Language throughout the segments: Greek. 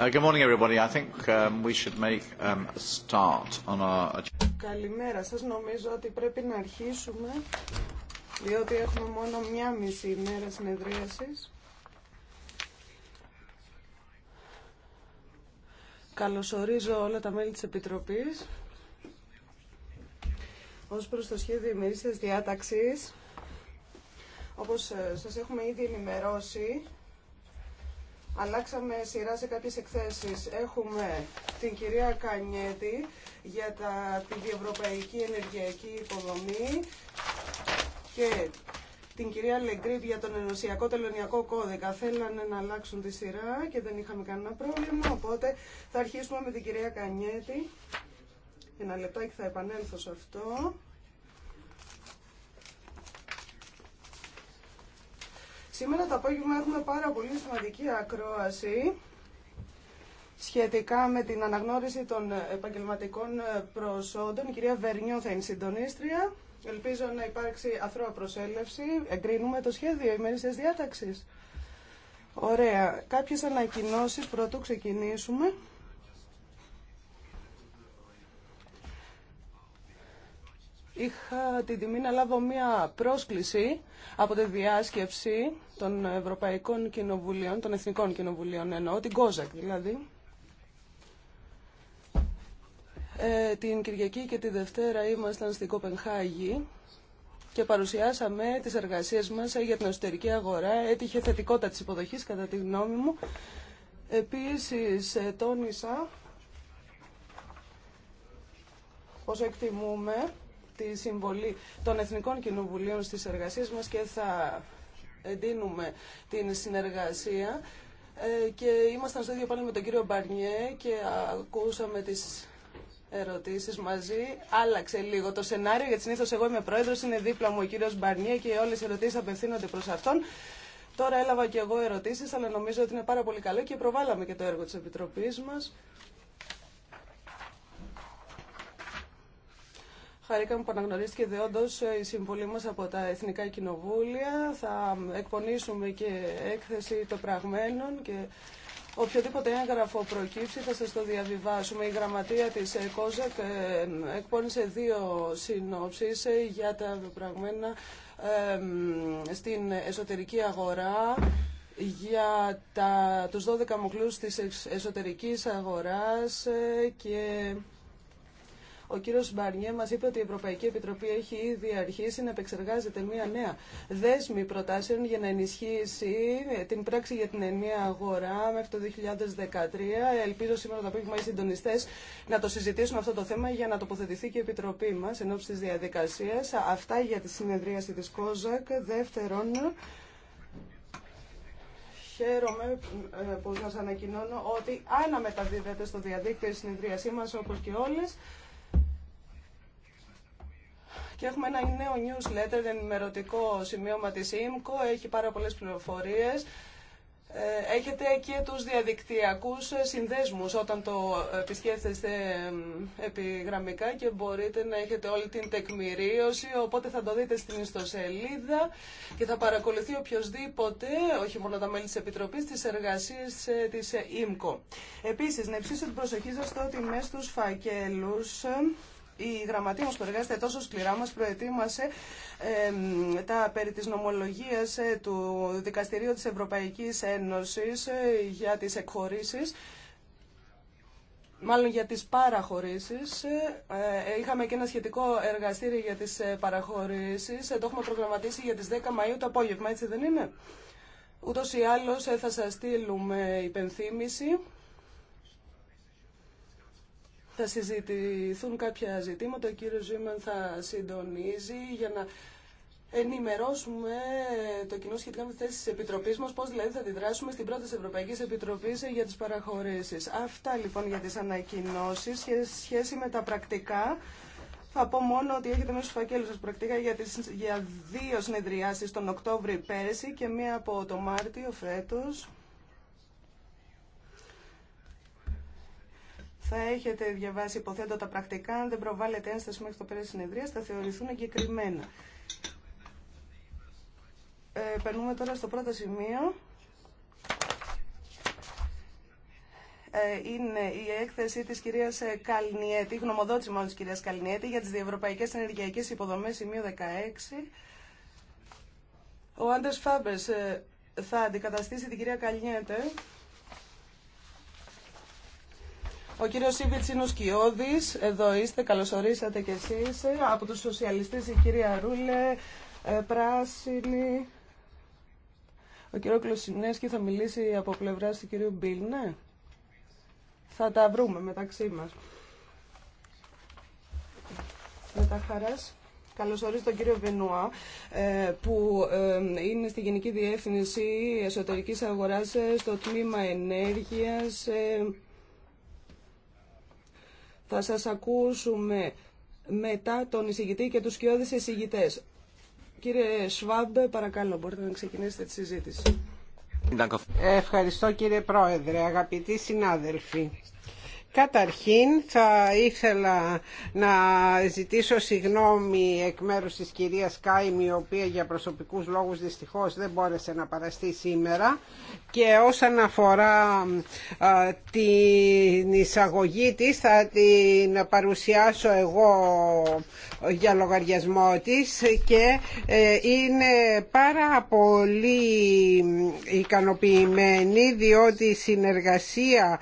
start Καλημέρα σας. Νομίζω ότι πρέπει να αρχίσουμε, διότι έχουμε μόνο μία μισή ημέρα συνεδρίασης. Καλωσορίζω όλα τα μέλη της Επιτροπής. Ως προς το σχέδιο ημερήσιας διάταξης, όπως ε, σας έχουμε ήδη ενημερώσει, Αλλάξαμε σειρά σε κάποιες εκθέσεις. Έχουμε την κυρία Κανιέτη για την Ευρωπαϊκή ενεργειακή υποδομή και την κυρία Λεγκρίπ για τον ενωσιακό τελωνιακό κώδικα. Θέλανε να αλλάξουν τη σειρά και δεν είχαμε κανένα πρόβλημα, οπότε θα αρχίσουμε με την κυρία Κανιέτη. Ένα λεπτάκι θα επανέλθω σε αυτό. Σήμερα το απόγευμα έχουμε πάρα πολύ σημαντική ακρόαση σχετικά με την αναγνώριση των επαγγελματικών προσόντων. Η κυρία Βερνιό θα είναι συντονίστρια. Ελπίζω να υπάρξει αθρώα προσέλευση. Εγκρίνουμε το σχέδιο ημερήσιας διάταξης. Ωραία. Κάποιες ανακοινώσεις πρωτού ξεκινήσουμε. είχα την τιμή να λάβω μία πρόσκληση από τη διάσκεψη των Ευρωπαϊκών Κοινοβουλίων, των Εθνικών Κοινοβουλίων εννοώ, την ΚΟΖΑΚ δηλαδή, ε, την Κυριακή και τη Δευτέρα ήμασταν στην Κοπενχάγη και παρουσιάσαμε τις εργασίες μας για την εσωτερική αγορά. Έτυχε θετικότητα της υποδοχής, κατά τη γνώμη μου. Επίσης, ε, τόνισα πόσο εκτιμούμε τη συμβολή των Εθνικών Κοινοβουλίων στις εργασίες μας και θα εντείνουμε την συνεργασία. Ε, και ήμασταν στο ίδιο πάνω με τον κύριο Μπαρνιέ και ακούσαμε τις ερωτήσεις μαζί. Άλλαξε λίγο το σενάριο, γιατί συνήθω εγώ είμαι πρόεδρος, είναι δίπλα μου ο κύριος Μπαρνιέ και όλες οι ερωτήσεις απευθύνονται προς αυτόν. Τώρα έλαβα και εγώ ερωτήσεις, αλλά νομίζω ότι είναι πάρα πολύ καλό και προβάλαμε και το έργο της Επιτροπής μας. Χαρήκαμε που αναγνωρίστηκε δεόντω ε, η συμβολή μα από τα Εθνικά Κοινοβούλια. Θα εκπονήσουμε και έκθεση των πραγμένων και οποιοδήποτε έγγραφο προκύψει θα σας το διαβιβάσουμε. Η γραμματεία της ΚΟΖΕΚ ε, εκπώνησε δύο συνόψεις ε, για τα πραγμένα στην εσωτερική αγορά για τα, τους 12 μοκλούς της εσωτερικής αγοράς και ο κύριος Μπαρνιέ μας είπε ότι η Ευρωπαϊκή Επιτροπή έχει ήδη αρχίσει να επεξεργάζεται μια νέα δέσμη προτάσεων για να ενισχύσει την πράξη για την ενιαία αγορά μέχρι το 2013. Ελπίζω σήμερα το απόγευμα οι συντονιστέ να το συζητήσουν αυτό το θέμα για να τοποθετηθεί και η Επιτροπή μα εν ώψη τη διαδικασία. Αυτά για τη συνεδρίαση τη ΚΟΖΑΚ. Δεύτερον, χαίρομαι ε, που σας ανακοινώνω ότι αναμεταδίδεται στο διαδίκτυο η συνεδρίασή μας όπως και όλες. Και έχουμε ένα νέο newsletter, ενημερωτικό σημείωμα της ΙΜΚΟ, έχει πάρα πολλές πληροφορίες. Ε, έχετε και τους διαδικτυακούς συνδέσμους όταν το επισκέφτεστε επιγραμμικά και μπορείτε να έχετε όλη την τεκμηρίωση, οπότε θα το δείτε στην ιστοσελίδα και θα παρακολουθεί οποιοδήποτε, όχι μόνο τα μέλη της Επιτροπής, τις εργασίες ε, της ΙΜΚΟ. Επίσης, να υψίσετε την προσοχή σα στο ότι μέσα στους φακέλους η γραμματεία μας που εργάζεται τόσο σκληρά μας προετοίμασε τα περί της νομολογίας ε, του Δικαστηρίου της Ευρωπαϊκής Ένωσης ε, για τις εκχωρήσεις μάλλον για τις παραχωρήσεις. Ε, είχαμε και ένα σχετικό εργαστήριο για τις παραχωρήσεις. Το έχουμε προγραμματίσει για τις 10 Μαΐου το απόγευμα, έτσι δεν είναι. Ούτως ή άλλως θα σας στείλουμε υπενθύμηση. Θα συζητηθούν κάποια ζητήματα, ο κύριος Ζήμαν θα συντονίζει για να ενημερώσουμε το κοινό σχετικά με θέσει τη Επιτροπή μα, πώ δηλαδή θα αντιδράσουμε στην πρώτη Ευρωπαϊκή Επιτροπή για τι παραχωρήσει. Αυτά λοιπόν για τι ανακοινώσει και σχέση με τα πρακτικά. Θα πω μόνο ότι έχετε μέσα στου φακέλου σα πρακτικά για, τις, για δύο συνεδριάσει τον Οκτώβριο πέρσι και μία από το Μάρτιο φέτο. Θα έχετε διαβάσει υποθέτω τα πρακτικά. Αν δεν προβάλλετε ένσταση μέχρι το πέρα συνεδρία, θα θεωρηθούν εγκεκριμένα. Ε, περνούμε τώρα στο πρώτο σημείο. Ε, είναι η έκθεση της κυρίας Καλνιέτη, η γνωμοδότηση μάλλον της κυρίας Καλνιέτη για τις διευρωπαϊκές ενεργειακές υποδομές σημείο 16. Ο Άντερς Φάμπερς ε, θα αντικαταστήσει την κυρία Καλνιέτε. Ο κύριος Σίβιτς είναι ο Σκιώδης. Εδώ είστε, καλωσορίσατε κι εσείς. Από τους σοσιαλιστές η κυρία Ρούλε, ε, πράσινη. Ο κύριο Κλωσινέσκι θα μιλήσει από πλευράς του κυρίου Μπίλνε. Ναι. Θα τα βρούμε μεταξύ μας. Με τα χαράς. Καλωσορίζω τον κύριο Βενουά ε, που ε, είναι στη Γενική Διεύθυνση Εσωτερικής Αγοράς στο Τμήμα Ενέργειας θα σας ακούσουμε μετά τον εισηγητή και τους σκιώδεις εισηγητέ. Κύριε Σβάντο, παρακαλώ, μπορείτε να ξεκινήσετε τη συζήτηση. Ευχαριστώ κύριε Πρόεδρε, αγαπητοί συνάδελφοι. Καταρχήν θα ήθελα να ζητήσω συγνώμη εκ μέρους της κυρίας Κάιμη η οποία για προσωπικούς λόγους δυστυχώς δεν μπόρεσε να παραστεί σήμερα και όσον αφορά την εισαγωγή της θα την παρουσιάσω εγώ για λογαριασμό της και ε, είναι πάρα πολύ ικανοποιημένη διότι η συνεργασία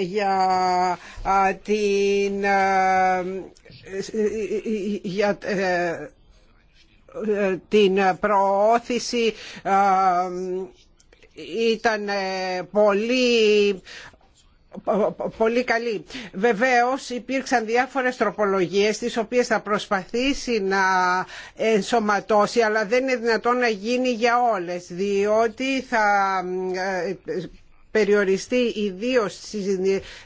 για την για ε, ε, την προώθηση ήταν ε, πολύ πολύ καλή. Βεβαίως υπήρξαν διάφορες τροπολογίες τις οποίες θα προσπαθήσει να ενσωματώσει αλλά δεν είναι δυνατόν να γίνει για όλες διότι θα περιοριστεί ιδίω στη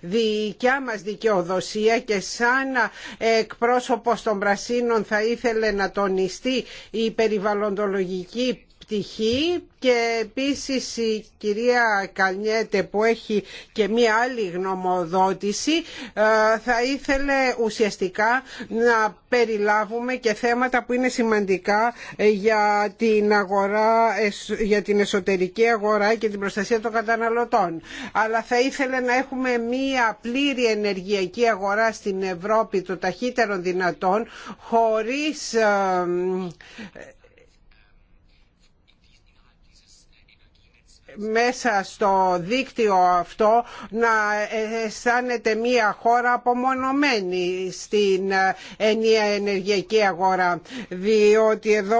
δικιά μας δικαιοδοσία και σαν εκπρόσωπος των Πρασίνων θα ήθελε να τονιστεί η περιβαλλοντολογική πτυχή και επίσης η κυρία Καλνιέτε που έχει και μία άλλη γνωμοδότηση ε, θα ήθελε ουσιαστικά να περιλάβουμε και θέματα που είναι σημαντικά ε, για την, αγορά, για την εσωτερική αγορά και την προστασία των καταναλωτών. Αλλά θα ήθελε να έχουμε μία πλήρη ενεργειακή αγορά στην Ευρώπη το ταχύτερων δυνατόν χωρίς ε, μέσα στο δίκτυο αυτό να αισθάνεται μία χώρα απομονωμένη στην ενιαία ενεργειακή αγορά διότι εδώ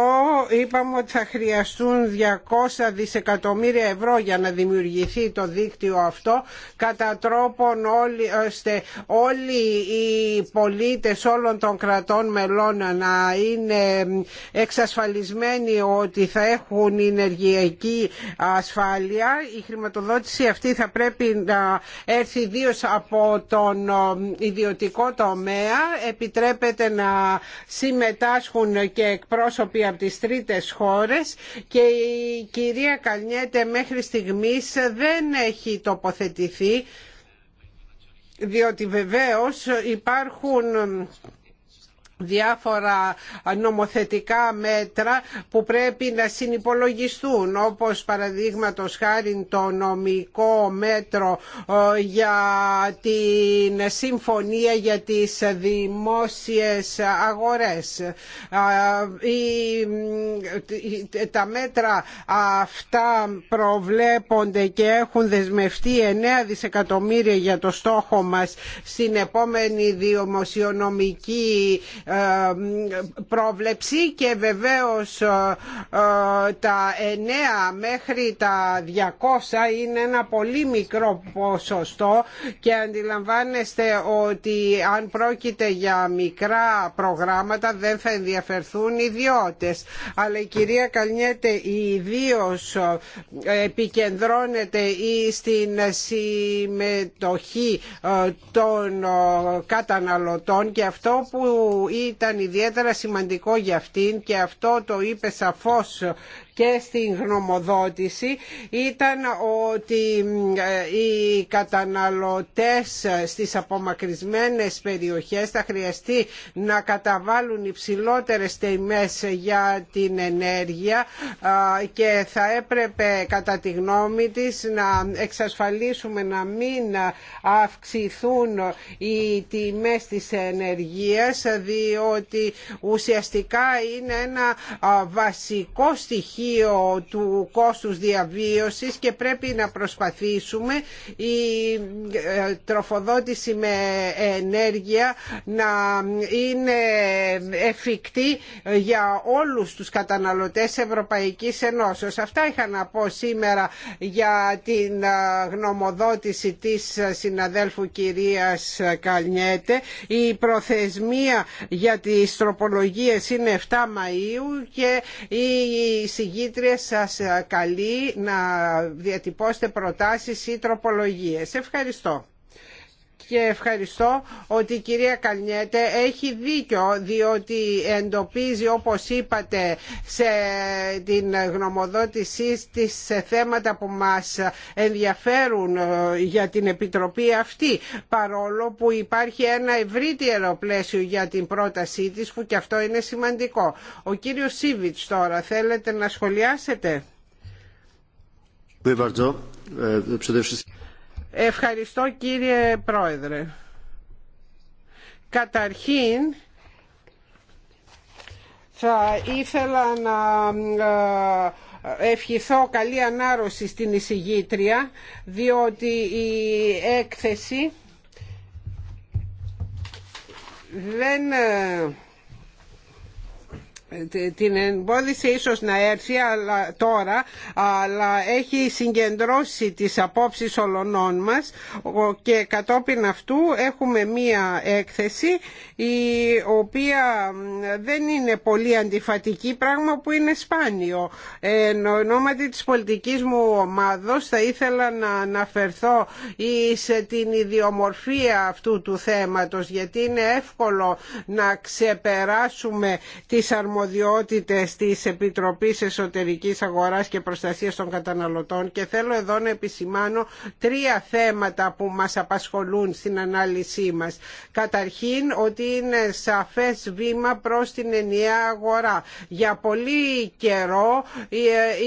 είπαμε ότι θα χρειαστούν 200 δισεκατομμύρια ευρώ για να δημιουργηθεί το δίκτυο αυτό κατά τρόπον όλοι, ώστε όλοι οι πολίτες όλων των κρατών μελών να είναι εξασφαλισμένοι ότι θα έχουν ενεργειακή ασφάλεια η χρηματοδότηση αυτή θα πρέπει να έρθει ιδίω από τον ε, ιδιωτικό τομέα. Επιτρέπεται να συμμετάσχουν και εκπρόσωποι από τις τρίτες χώρες και η κυρία Καλνιέτε μέχρι στιγμής δεν έχει τοποθετηθεί διότι βεβαίως υπάρχουν διάφορα νομοθετικά μέτρα που πρέπει να συνυπολογιστούν όπως παραδείγματος χάρη το νομικό μέτρο ε, για την συμφωνία για τις δημόσιες αγορές ε, ε, τα μέτρα αυτά προβλέπονται και έχουν δεσμευτεί 9 δισεκατομμύρια για το στόχο μας στην επόμενη δημοσιονομική ε, πρόβλεψη και βεβαίως ε, ε, τα 9 μέχρι τα 200 είναι ένα πολύ μικρό ποσοστό και αντιλαμβάνεστε ότι αν πρόκειται για μικρά προγράμματα δεν θα ενδιαφερθούν οι ιδιώτες. Αλλά η κυρία Καλνιέτε ιδίω επικεντρώνεται ή στην συμμετοχή των καταναλωτών και αυτό που ήταν ιδιαίτερα σημαντικό για αυτήν και αυτό το είπε σαφώς και στην γνωμοδότηση ήταν ότι ε, οι καταναλωτές στις απομακρυσμένες περιοχές θα χρειαστεί να καταβάλουν υψηλότερες τιμές για την ενέργεια ε, και θα έπρεπε κατά τη γνώμη της να εξασφαλίσουμε να μην αυξηθούν οι τιμές της ενεργείας διότι ουσιαστικά είναι ένα ε, βασικό στοιχείο στοιχείο του κόστους διαβίωσης και πρέπει να προσπαθήσουμε η ε, τροφοδότηση με ενέργεια να είναι εφικτή για όλους τους καταναλωτές Ευρωπαϊκής Ενώσεως. Αυτά είχα να πω σήμερα για την ε, γνωμοδότηση της συναδέλφου κυρίας Καλνιέτε. Η προθεσμία για τις τροπολογίες είναι 7 Μαΐου και η καθηγήτρια σας ε, καλεί να διατυπώσετε προτάσεις ή τροπολογίες. Ευχαριστώ και ευχαριστώ ότι η κυρία Καλνιέτε έχει δίκιο διότι εντοπίζει όπως είπατε σε την γνωμοδότησή της σε θέματα που μας ενδιαφέρουν ε, για την Επιτροπή αυτή παρόλο που υπάρχει ένα ευρύτερο πλαίσιο για την πρότασή της που και αυτό είναι σημαντικό. Ο κύριος Σίβιτς τώρα θέλετε να σχολιάσετε. Ευχαριστώ Ευχαριστώ κύριε Πρόεδρε. Καταρχήν θα ήθελα να ε, ευχηθώ καλή ανάρρωση στην εισηγήτρια διότι η έκθεση δεν ε, την εμπόδισε ίσως να έρθει αλλά, τώρα αλλά έχει συγκεντρώσει τις απόψεις ολονών μας και κατόπιν αυτού έχουμε μία έκθεση η οποία δεν είναι πολύ αντιφατική πράγμα που είναι σπάνιο εν ονόματι της πολιτικής μου ομάδος θα ήθελα να αναφερθώ σε την ιδιομορφία αυτού του θέματος γιατί είναι εύκολο να ξεπεράσουμε τις αρμοδιότητες αρμοδιότητες της Επιτροπής Εσωτερικής Αγοράς και Προστασίας των Καταναλωτών και θέλω εδώ να επισημάνω τρία θέματα που μας απασχολούν στην ανάλυση μας. Καταρχήν ότι είναι σαφές βήμα προς την ενιαία αγορά. Για πολύ καιρό ε,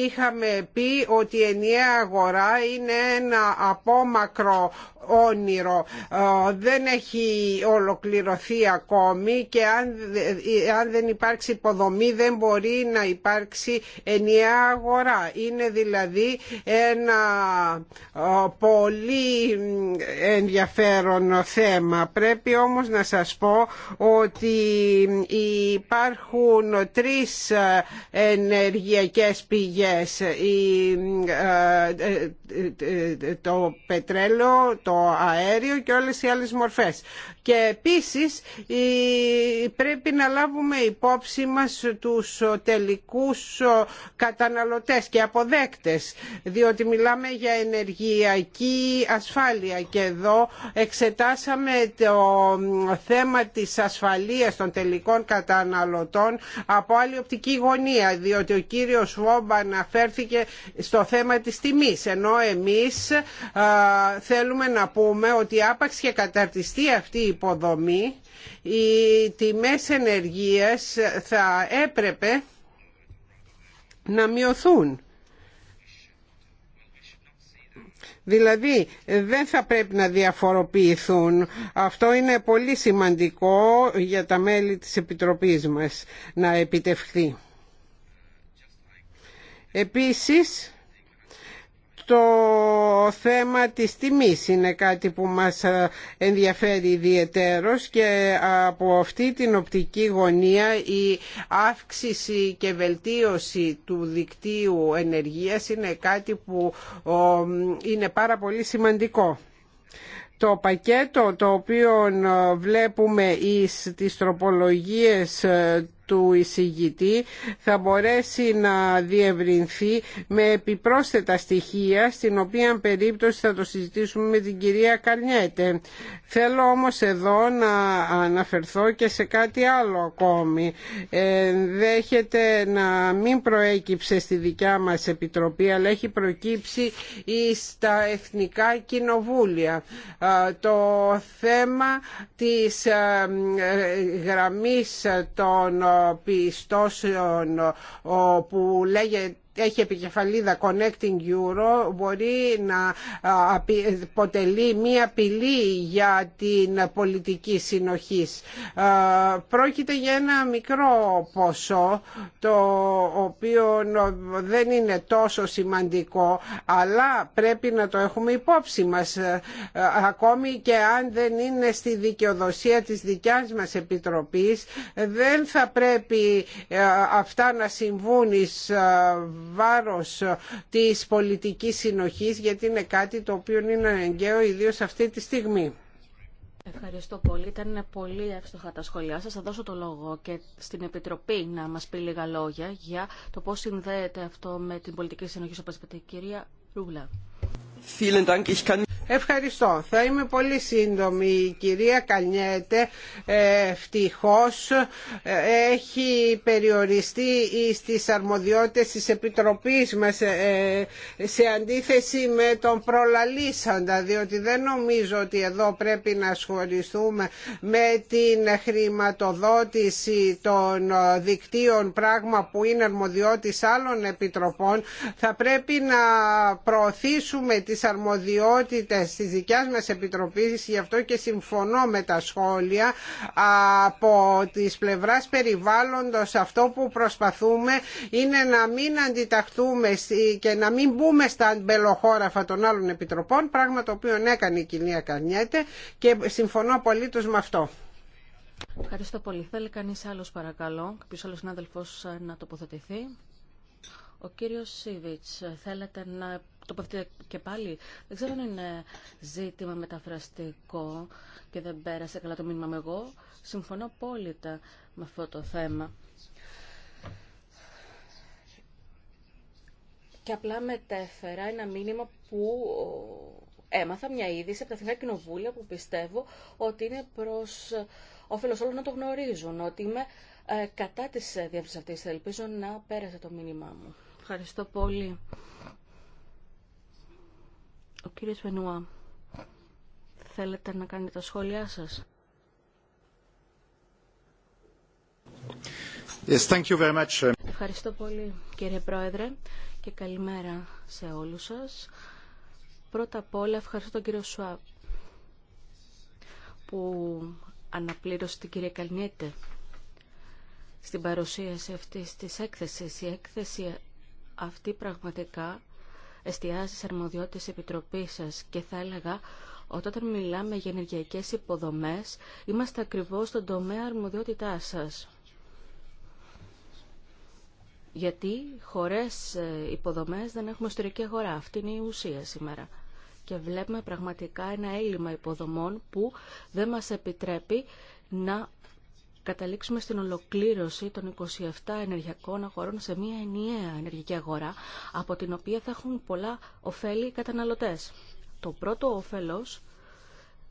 είχαμε πει ότι η ενιαία αγορά είναι ένα απόμακρο όνειρο ε, δεν έχει ολοκληρωθεί ακόμη και αν, ε, αν δεν υπάρξει υποδοχή υποδομή δεν μπορεί να υπάρξει ενιαία αγορά. Είναι δηλαδή ένα πολύ ενδιαφέρον θέμα. Πρέπει όμως να σας πω ότι υπάρχουν τρεις ενεργειακές πηγές. Ε, ε, ε, το πετρέλαιο, το αέριο και όλες οι άλλες μορφές. Και επίσης πρέπει να λάβουμε υπόψη μας τους τελικούς καταναλωτές και αποδέκτες, διότι μιλάμε για ενεργειακή ασφάλεια και εδώ εξετάσαμε το θέμα της ασφαλείας των τελικών καταναλωτών από άλλη οπτική γωνία, διότι ο κύριος Βόμπα αναφέρθηκε στο θέμα της τιμής, ενώ εμείς θέλουμε να πούμε ότι άπαξ και καταρτιστεί αυτή η υποδομή, οι τιμές ενεργείας θα έπρεπε να μειωθούν. Δηλαδή δεν θα πρέπει να διαφοροποιηθούν. Αυτό είναι πολύ σημαντικό για τα μέλη της Επιτροπής μας να επιτευχθεί. Επίσης, το θέμα της τιμής είναι κάτι που μας ε, ενδιαφέρει ιδιαιτέρως και από αυτή την οπτική γωνία η αύξηση και βελτίωση του δικτύου ενεργείας είναι κάτι που είναι πάρα πολύ σημαντικό. Το πακέτο το οποίο ε, βλέπουμε εις τις τροπολογίες ε, του εισηγητή θα μπορέσει να διευρυνθεί με επιπρόσθετα στοιχεία στην οποία περίπτωση θα το συζητήσουμε με την κυρία Καρνιέτε. Θέλω όμως εδώ να αναφερθώ και σε κάτι άλλο ακόμη. Ε, δέχεται να μην προέκυψε στη δικιά μας επιτροπή αλλά έχει προκύψει στα εθνικά κοινοβούλια. Το θέμα της ε, γραμμής των πιστώσεων που λέγεται έχει επικεφαλίδα Connecting Euro μπορεί να αποτελεί μία απειλή για την πολιτική συνοχής. Πρόκειται για ένα μικρό ποσό το οποίο δεν είναι τόσο σημαντικό αλλά πρέπει να το έχουμε υπόψη μας ακόμη και αν δεν είναι στη δικαιοδοσία της δικιάς μας Επιτροπής δεν θα πρέπει αυτά να συμβούν βάρος της πολιτικής συνοχής γιατί είναι κάτι το οποίο είναι αναγκαίο ιδίως αυτή τη στιγμή. Ευχαριστώ πολύ. Ήταν πολύ εύστοχα τα σχόλιά σας. Θα δώσω το λόγο και στην Επιτροπή να μας πει λίγα λόγια για το πώς συνδέεται αυτό με την πολιτική συνοχή όπως είπατε, κυρία Ρούλα. Ευχαριστώ. Θα είμαι πολύ σύντομη. Η κυρία Καλνιέτε ευτυχώς ε, έχει περιοριστεί στις αρμοδιότητες της Επιτροπής μας ε, σε αντίθεση με τον προλαλήσαντα διότι δεν νομίζω ότι εδώ πρέπει να ασχοληθούμε με την χρηματοδότηση των δικτύων πράγμα που είναι αρμοδιότης άλλων επιτροπών. Θα πρέπει να προωθήσουμε τις αρμοδιότητες της δικιάς μας Επιτροπής, γι' αυτό και συμφωνώ με τα σχόλια από τις πλευράς περιβάλλοντος αυτό που προσπαθούμε είναι να μην αντιταχθούμε και να μην μπούμε στα μπελοχώραφα των άλλων επιτροπών, πράγμα το οποίο έκανε η κοινία Καρνιέτε και συμφωνώ απολύτω με αυτό. Ευχαριστώ πολύ. Θέλει κανείς άλλος παρακαλώ, κάποιος άλλος συνάδελφος να τοποθετηθεί. Ο κύριος Σίβιτς, θέλετε να το πω και πάλι. Δεν ξέρω αν είναι ζήτημα μεταφραστικό και δεν πέρασε καλά το μήνυμα με εγώ. Συμφωνώ απόλυτα με αυτό το θέμα. Και απλά μετέφερα ένα μήνυμα που έμαθα μια είδηση από τα Εθνικά Κοινοβούλια που πιστεύω ότι είναι προς όφελος όλων να το γνωρίζουν, ότι είμαι ε, κατά της διεύθυνσης αυτής. Ελπίζω να πέρασε το μήνυμά μου. Ευχαριστώ πολύ. Ο κύριος Βενουά, θέλετε να κάνετε τα σχόλιά σας. thank you very much. Ευχαριστώ πολύ κύριε Πρόεδρε και καλημέρα σε όλους σας. Πρώτα απ' όλα ευχαριστώ τον κύριο Σουάπ που αναπλήρωσε την κυρία Καλνιέτε στην παρουσίαση αυτής της έκθεσης. Η έκθεση αυτή πραγματικά εστιάζει στι αρμοδιότητες της Επιτροπής σας και θα έλεγα ότι όταν μιλάμε για ενεργειακέ υποδομές είμαστε ακριβώς στον τομέα αρμοδιότητά σας. Γιατί χωρές ε, υποδομές δεν έχουμε ιστορική αγορά. Αυτή είναι η ουσία σήμερα. Και βλέπουμε πραγματικά ένα έλλειμμα υποδομών που δεν μας επιτρέπει να καταλήξουμε στην ολοκλήρωση των 27 ενεργειακών αγορών σε μια ενιαία ενεργειακή αγορά, από την οποία θα έχουν πολλά ωφέλη οι καταναλωτές. Το πρώτο όφελος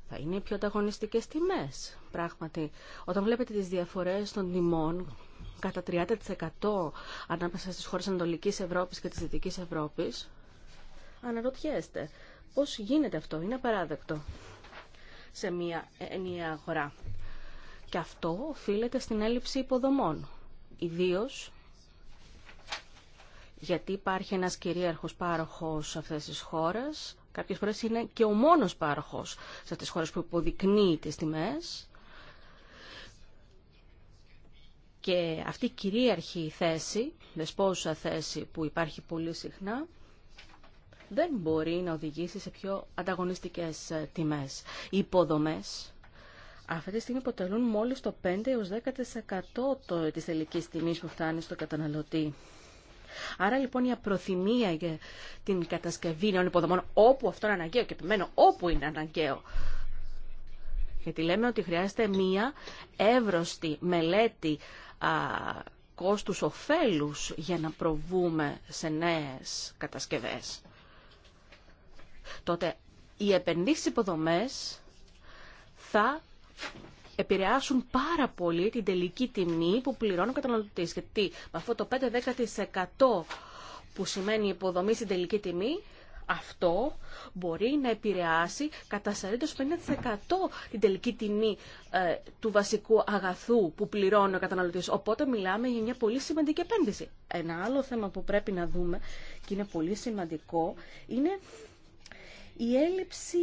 θα είναι οι πιο ανταγωνιστικές τιμές, πράγματι. Όταν βλέπετε τις διαφορές των τιμών, κατά 30% ανάμεσα στις χώρες ανατολική Ευρώπης και της Δυτικής Ευρώπης, αναρωτιέστε πώς γίνεται αυτό, είναι απαράδεκτο σε μια ενιαία αγορά. Και αυτό οφείλεται στην έλλειψη υποδομών. ιδίω, γιατί υπάρχει ένας κυρίαρχο πάροχος σε αυτές τις χώρες, κάποιες φορές είναι και ο μόνος πάροχος σε αυτές τις χώρες που υποδεικνύει τις τιμές, και αυτή η κυρίαρχη θέση, δεσπόζουσα θέση που υπάρχει πολύ συχνά, δεν μπορεί να οδηγήσει σε πιο ανταγωνιστικές ε, τιμές. Οι υποδομές αυτή τη στιγμή αποτελούν μόλις το 5 έως 10% της τελικής τιμής που φτάνει στο καταναλωτή. Άρα λοιπόν η απροθυμία για την κατασκευή νέων υποδομών όπου αυτό είναι αναγκαίο και επιμένω όπου είναι αναγκαίο γιατί λέμε ότι χρειάζεται μία εύρωστη μελέτη α, κόστους οφέλους για να προβούμε σε νέες κατασκευές. Τότε οι επενδύσεις υποδομές θα επηρεάσουν πάρα πολύ την τελική τιμή που πληρώνει ο καταναλωτής. Γιατί με αυτό το 5-10% που σημαίνει υποδομή στην τελική τιμή, αυτό μπορεί να επηρεάσει κατά 40-50% την τελική τιμή ε, του βασικού αγαθού που πληρώνει ο καταναλωτής. Οπότε μιλάμε για μια πολύ σημαντική επένδυση. Ένα άλλο θέμα που πρέπει να δούμε και είναι πολύ σημαντικό είναι η έλλειψη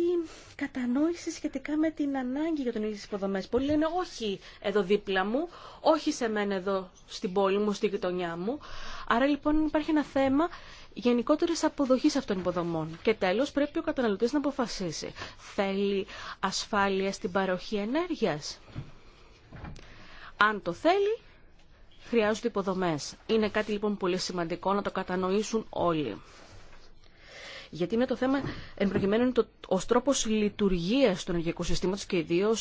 κατανόηση σχετικά με την ανάγκη για τον ίδιο υποδομέ. Πολλοί λένε όχι εδώ δίπλα μου, όχι σε μένα εδώ στην πόλη μου, στη γειτονιά μου. Άρα λοιπόν υπάρχει ένα θέμα γενικότερη αποδοχή αυτών των υποδομών. Και τέλο πρέπει ο καταναλωτή να αποφασίσει. Θέλει ασφάλεια στην παροχή ενέργεια. Αν το θέλει, χρειάζονται υποδομές. Είναι κάτι λοιπόν πολύ σημαντικό να το κατανοήσουν όλοι. Γιατί είναι το θέμα, εν προκειμένου, είναι ο τρόπος λειτουργίας του ενεργειακού συστήματο και ιδίω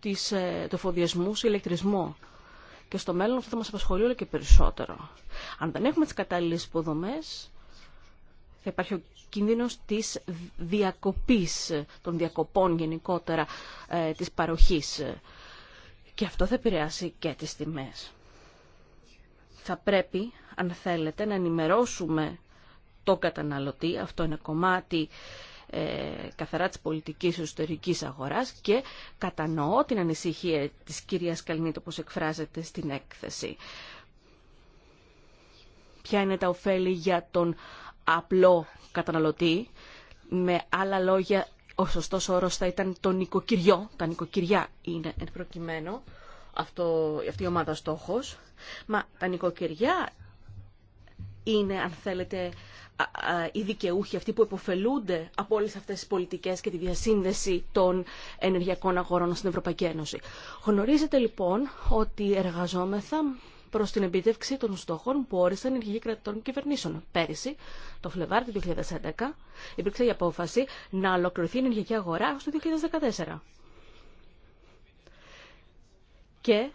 ε, ε, του εφοδιασμού σε ηλεκτρισμό. Και στο μέλλον αυτό θα μας απασχολεί όλο και περισσότερο. Αν δεν έχουμε τι κατάλληλε υποδομέ, θα υπάρχει ο κίνδυνο της διακοπής, των διακοπών γενικότερα ε, της παροχή. Και αυτό θα επηρεάσει και τις τιμές. Θα πρέπει, αν θέλετε, να ενημερώσουμε το καταναλωτή. Αυτό είναι κομμάτι ε, καθαρά της πολιτικής εσωτερικής αγοράς και κατανοώ την ανησυχία της κυρίας Καλνίτ όπως εκφράζεται στην έκθεση. Ποια είναι τα ωφέλη για τον απλό καταναλωτή. Με άλλα λόγια, ο σωστός όρος θα ήταν το νοικοκυριό. Τα νοικοκυριά είναι εν προκειμένου αυτό, αυτή η ομάδα στόχος. Μα τα νοικοκυριά είναι, αν θέλετε, οι δικαιούχοι αυτοί που υποφελούνται από όλες αυτές τις πολιτικές και τη διασύνδεση των ενεργειακών αγορών στην Ευρωπαϊκή Ένωση. Γνωρίζετε λοιπόν ότι εργαζόμεθα προς την επίτευξη των στόχων που όρισαν οι ενεργοί κρατών κυβερνήσεων. Πέρυσι, το Φλεβάρι του 2011, υπήρξε η απόφαση να ολοκληρωθεί η ενεργειακή αγορά στο 2014. Και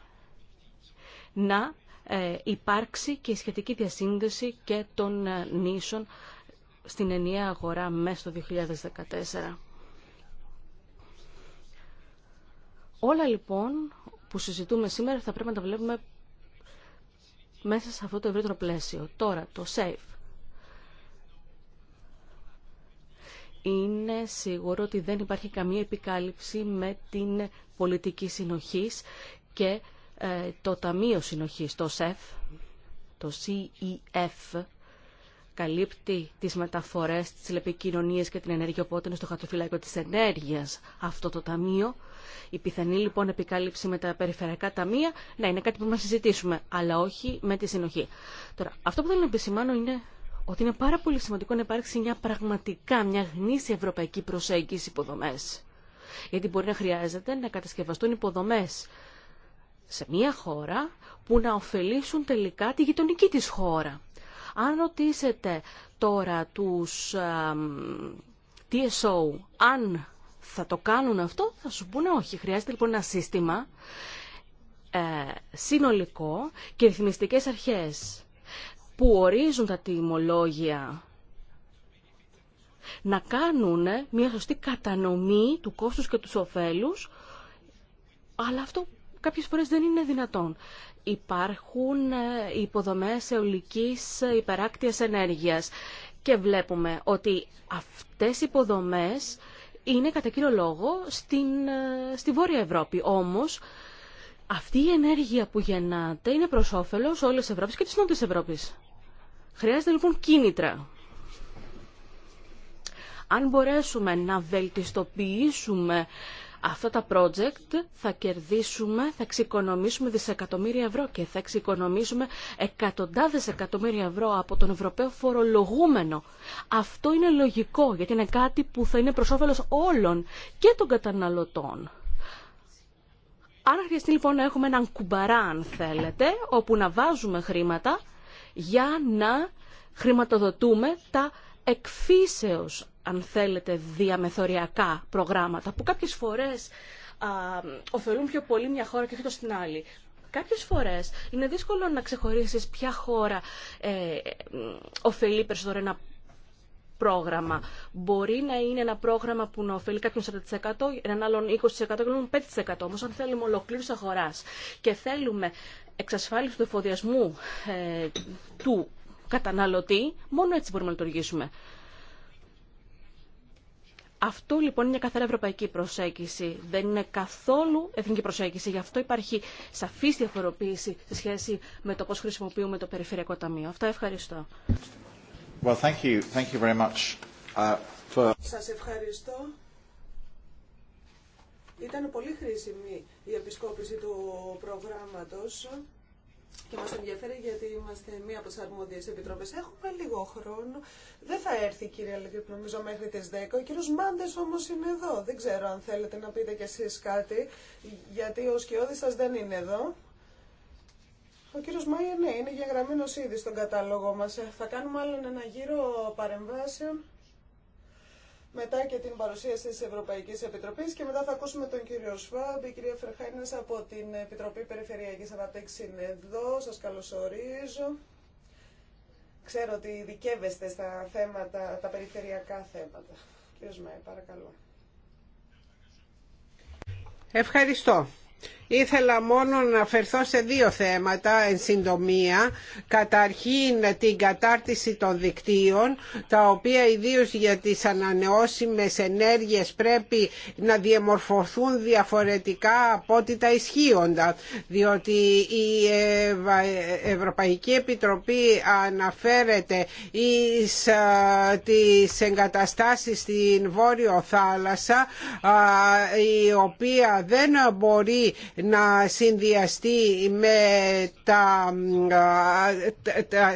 να ε, υπάρξει και η σχετική διασύνδεση και των ε, νήσων στην ενιαία αγορά μέσα στο 2014. Όλα λοιπόν που συζητούμε σήμερα θα πρέπει να τα βλέπουμε μέσα σε αυτό το ευρύτερο πλαίσιο. Τώρα, το SAFE. Είναι σίγουρο ότι δεν υπάρχει καμία επικάλυψη με την πολιτική συνοχής και ε, το Ταμείο Συνοχής, το ΣΕΦ, το CEF, καλύπτει τις μεταφορές, τις τηλεπικοινωνίες και την ενέργεια, οπότε είναι στο χαρτοφυλάκιο της ενέργειας αυτό το ταμείο. Η πιθανή λοιπόν επικάλυψη με τα περιφερειακά ταμεία, ναι, είναι κάτι που να συζητήσουμε, αλλά όχι με τη συνοχή. Τώρα, αυτό που θέλω να επισημάνω είναι ότι είναι πάρα πολύ σημαντικό να υπάρξει μια πραγματικά, μια γνήσια ευρωπαϊκή προσέγγιση υποδομές. Γιατί μπορεί να χρειάζεται να κατασκευαστούν υποδομές σε μια χώρα που να ωφελήσουν τελικά τη γειτονική της χώρα. Αν ρωτήσετε τώρα τους TSO αν θα το κάνουν αυτό, θα σου πούνε όχι. Χρειάζεται λοιπόν ένα σύστημα ε, συνολικό και ρυθμιστικές αρχές που ορίζουν τα τιμολόγια να κάνουν μια σωστή κατανομή του κόστους και τους ωφέλους αλλά αυτό κάποιες φορές δεν είναι δυνατόν. Υπάρχουν ε, υποδομές εολικής ε, υπεράκτιας ενέργειας και βλέπουμε ότι αυτές οι υποδομές είναι κατά κύριο λόγο στην, ε, στη Βόρεια Ευρώπη. Όμως αυτή η ενέργεια που γεννάται είναι προς όφελος όλες τη Ευρώπης και της Νότιας Ευρώπης. Χρειάζεται λοιπόν κίνητρα. Αν μπορέσουμε να βελτιστοποιήσουμε αυτά τα project θα κερδίσουμε, θα εξοικονομήσουμε δισεκατομμύρια ευρώ και θα εξοικονομήσουμε εκατοντάδες εκατομμύρια ευρώ από τον Ευρωπαίο φορολογούμενο. Αυτό είναι λογικό γιατί είναι κάτι που θα είναι προς όφελος όλων και των καταναλωτών. Άρα χρειαστεί λοιπόν να έχουμε έναν κουμπαρά αν θέλετε, όπου να βάζουμε χρήματα για να χρηματοδοτούμε τα εκφύσεως αν θέλετε, διαμεθοριακά προγράμματα που κάποιες φορές α, ωφελούν πιο πολύ μια χώρα και όχι το στην άλλη. Κάποιες φορές είναι δύσκολο να ξεχωρίσεις ποια χώρα ε, ωφελεί περισσότερο ένα πρόγραμμα. Μπορεί να είναι ένα πρόγραμμα που να ωφελεί κάποιον 40%, έναν άλλον 20% και έναν 5%. Όμως αν θέλουμε ολοκλήρωση αγοράς και θέλουμε εξασφάλιση του εφοδιασμού ε, του καταναλωτή, μόνο έτσι μπορούμε να λειτουργήσουμε. Αυτό λοιπόν είναι καθαρά ευρωπαϊκή προσέγγιση. Δεν είναι καθόλου εθνική προσέγγιση. Γι' αυτό υπάρχει σαφή διαφοροποίηση σε σχέση με το πώ χρησιμοποιούμε το Περιφερειακό Ταμείο. Αυτά ευχαριστώ. Well, thank you. Thank you very much, uh, for... Σας ευχαριστώ. Ήταν πολύ χρήσιμη η επισκόπηση του προγράμματος και μας ενδιαφέρει γιατί είμαστε μία από τις αρμόδιες επιτροπές. Έχουμε λίγο χρόνο. Δεν θα έρθει η κυρία νομίζω μέχρι τις 10. Ο κύριος Μάντες όμως είναι εδώ. Δεν ξέρω αν θέλετε να πείτε κι εσείς κάτι γιατί ο σκιώδης σας δεν είναι εδώ. Ο κύριος Μάιερ ναι, είναι γεγραμμένος ήδη στον κατάλογο μας. Ε, θα κάνουμε άλλον ένα γύρο παρεμβάσεων μετά και την παρουσίαση της Ευρωπαϊκής Επιτροπής και μετά θα ακούσουμε τον κύριο Σφάμπ, η κυρία Φερχάινες από την Επιτροπή Περιφερειακής Αναπτύξης είναι εδώ, σας καλωσορίζω. Ξέρω ότι ειδικεύεστε στα θέματα, τα περιφερειακά θέματα. Κύριος Μαΐ, παρακαλώ. Ευχαριστώ. Ήθελα μόνο να αφαιρθώ σε δύο θέματα εν συντομία. Καταρχήν την κατάρτιση των δικτύων, τα οποία ιδίω για τις ανανεώσιμες ενέργειες πρέπει να διαμορφωθούν διαφορετικά από ό,τι τα ισχύοντα. Διότι η Ευρωπαϊκή Επιτροπή αναφέρεται εις τις εγκαταστάσεις στην Βόρειο Θάλασσα, η οποία δεν μπορεί να συνδυαστεί με τα, τα,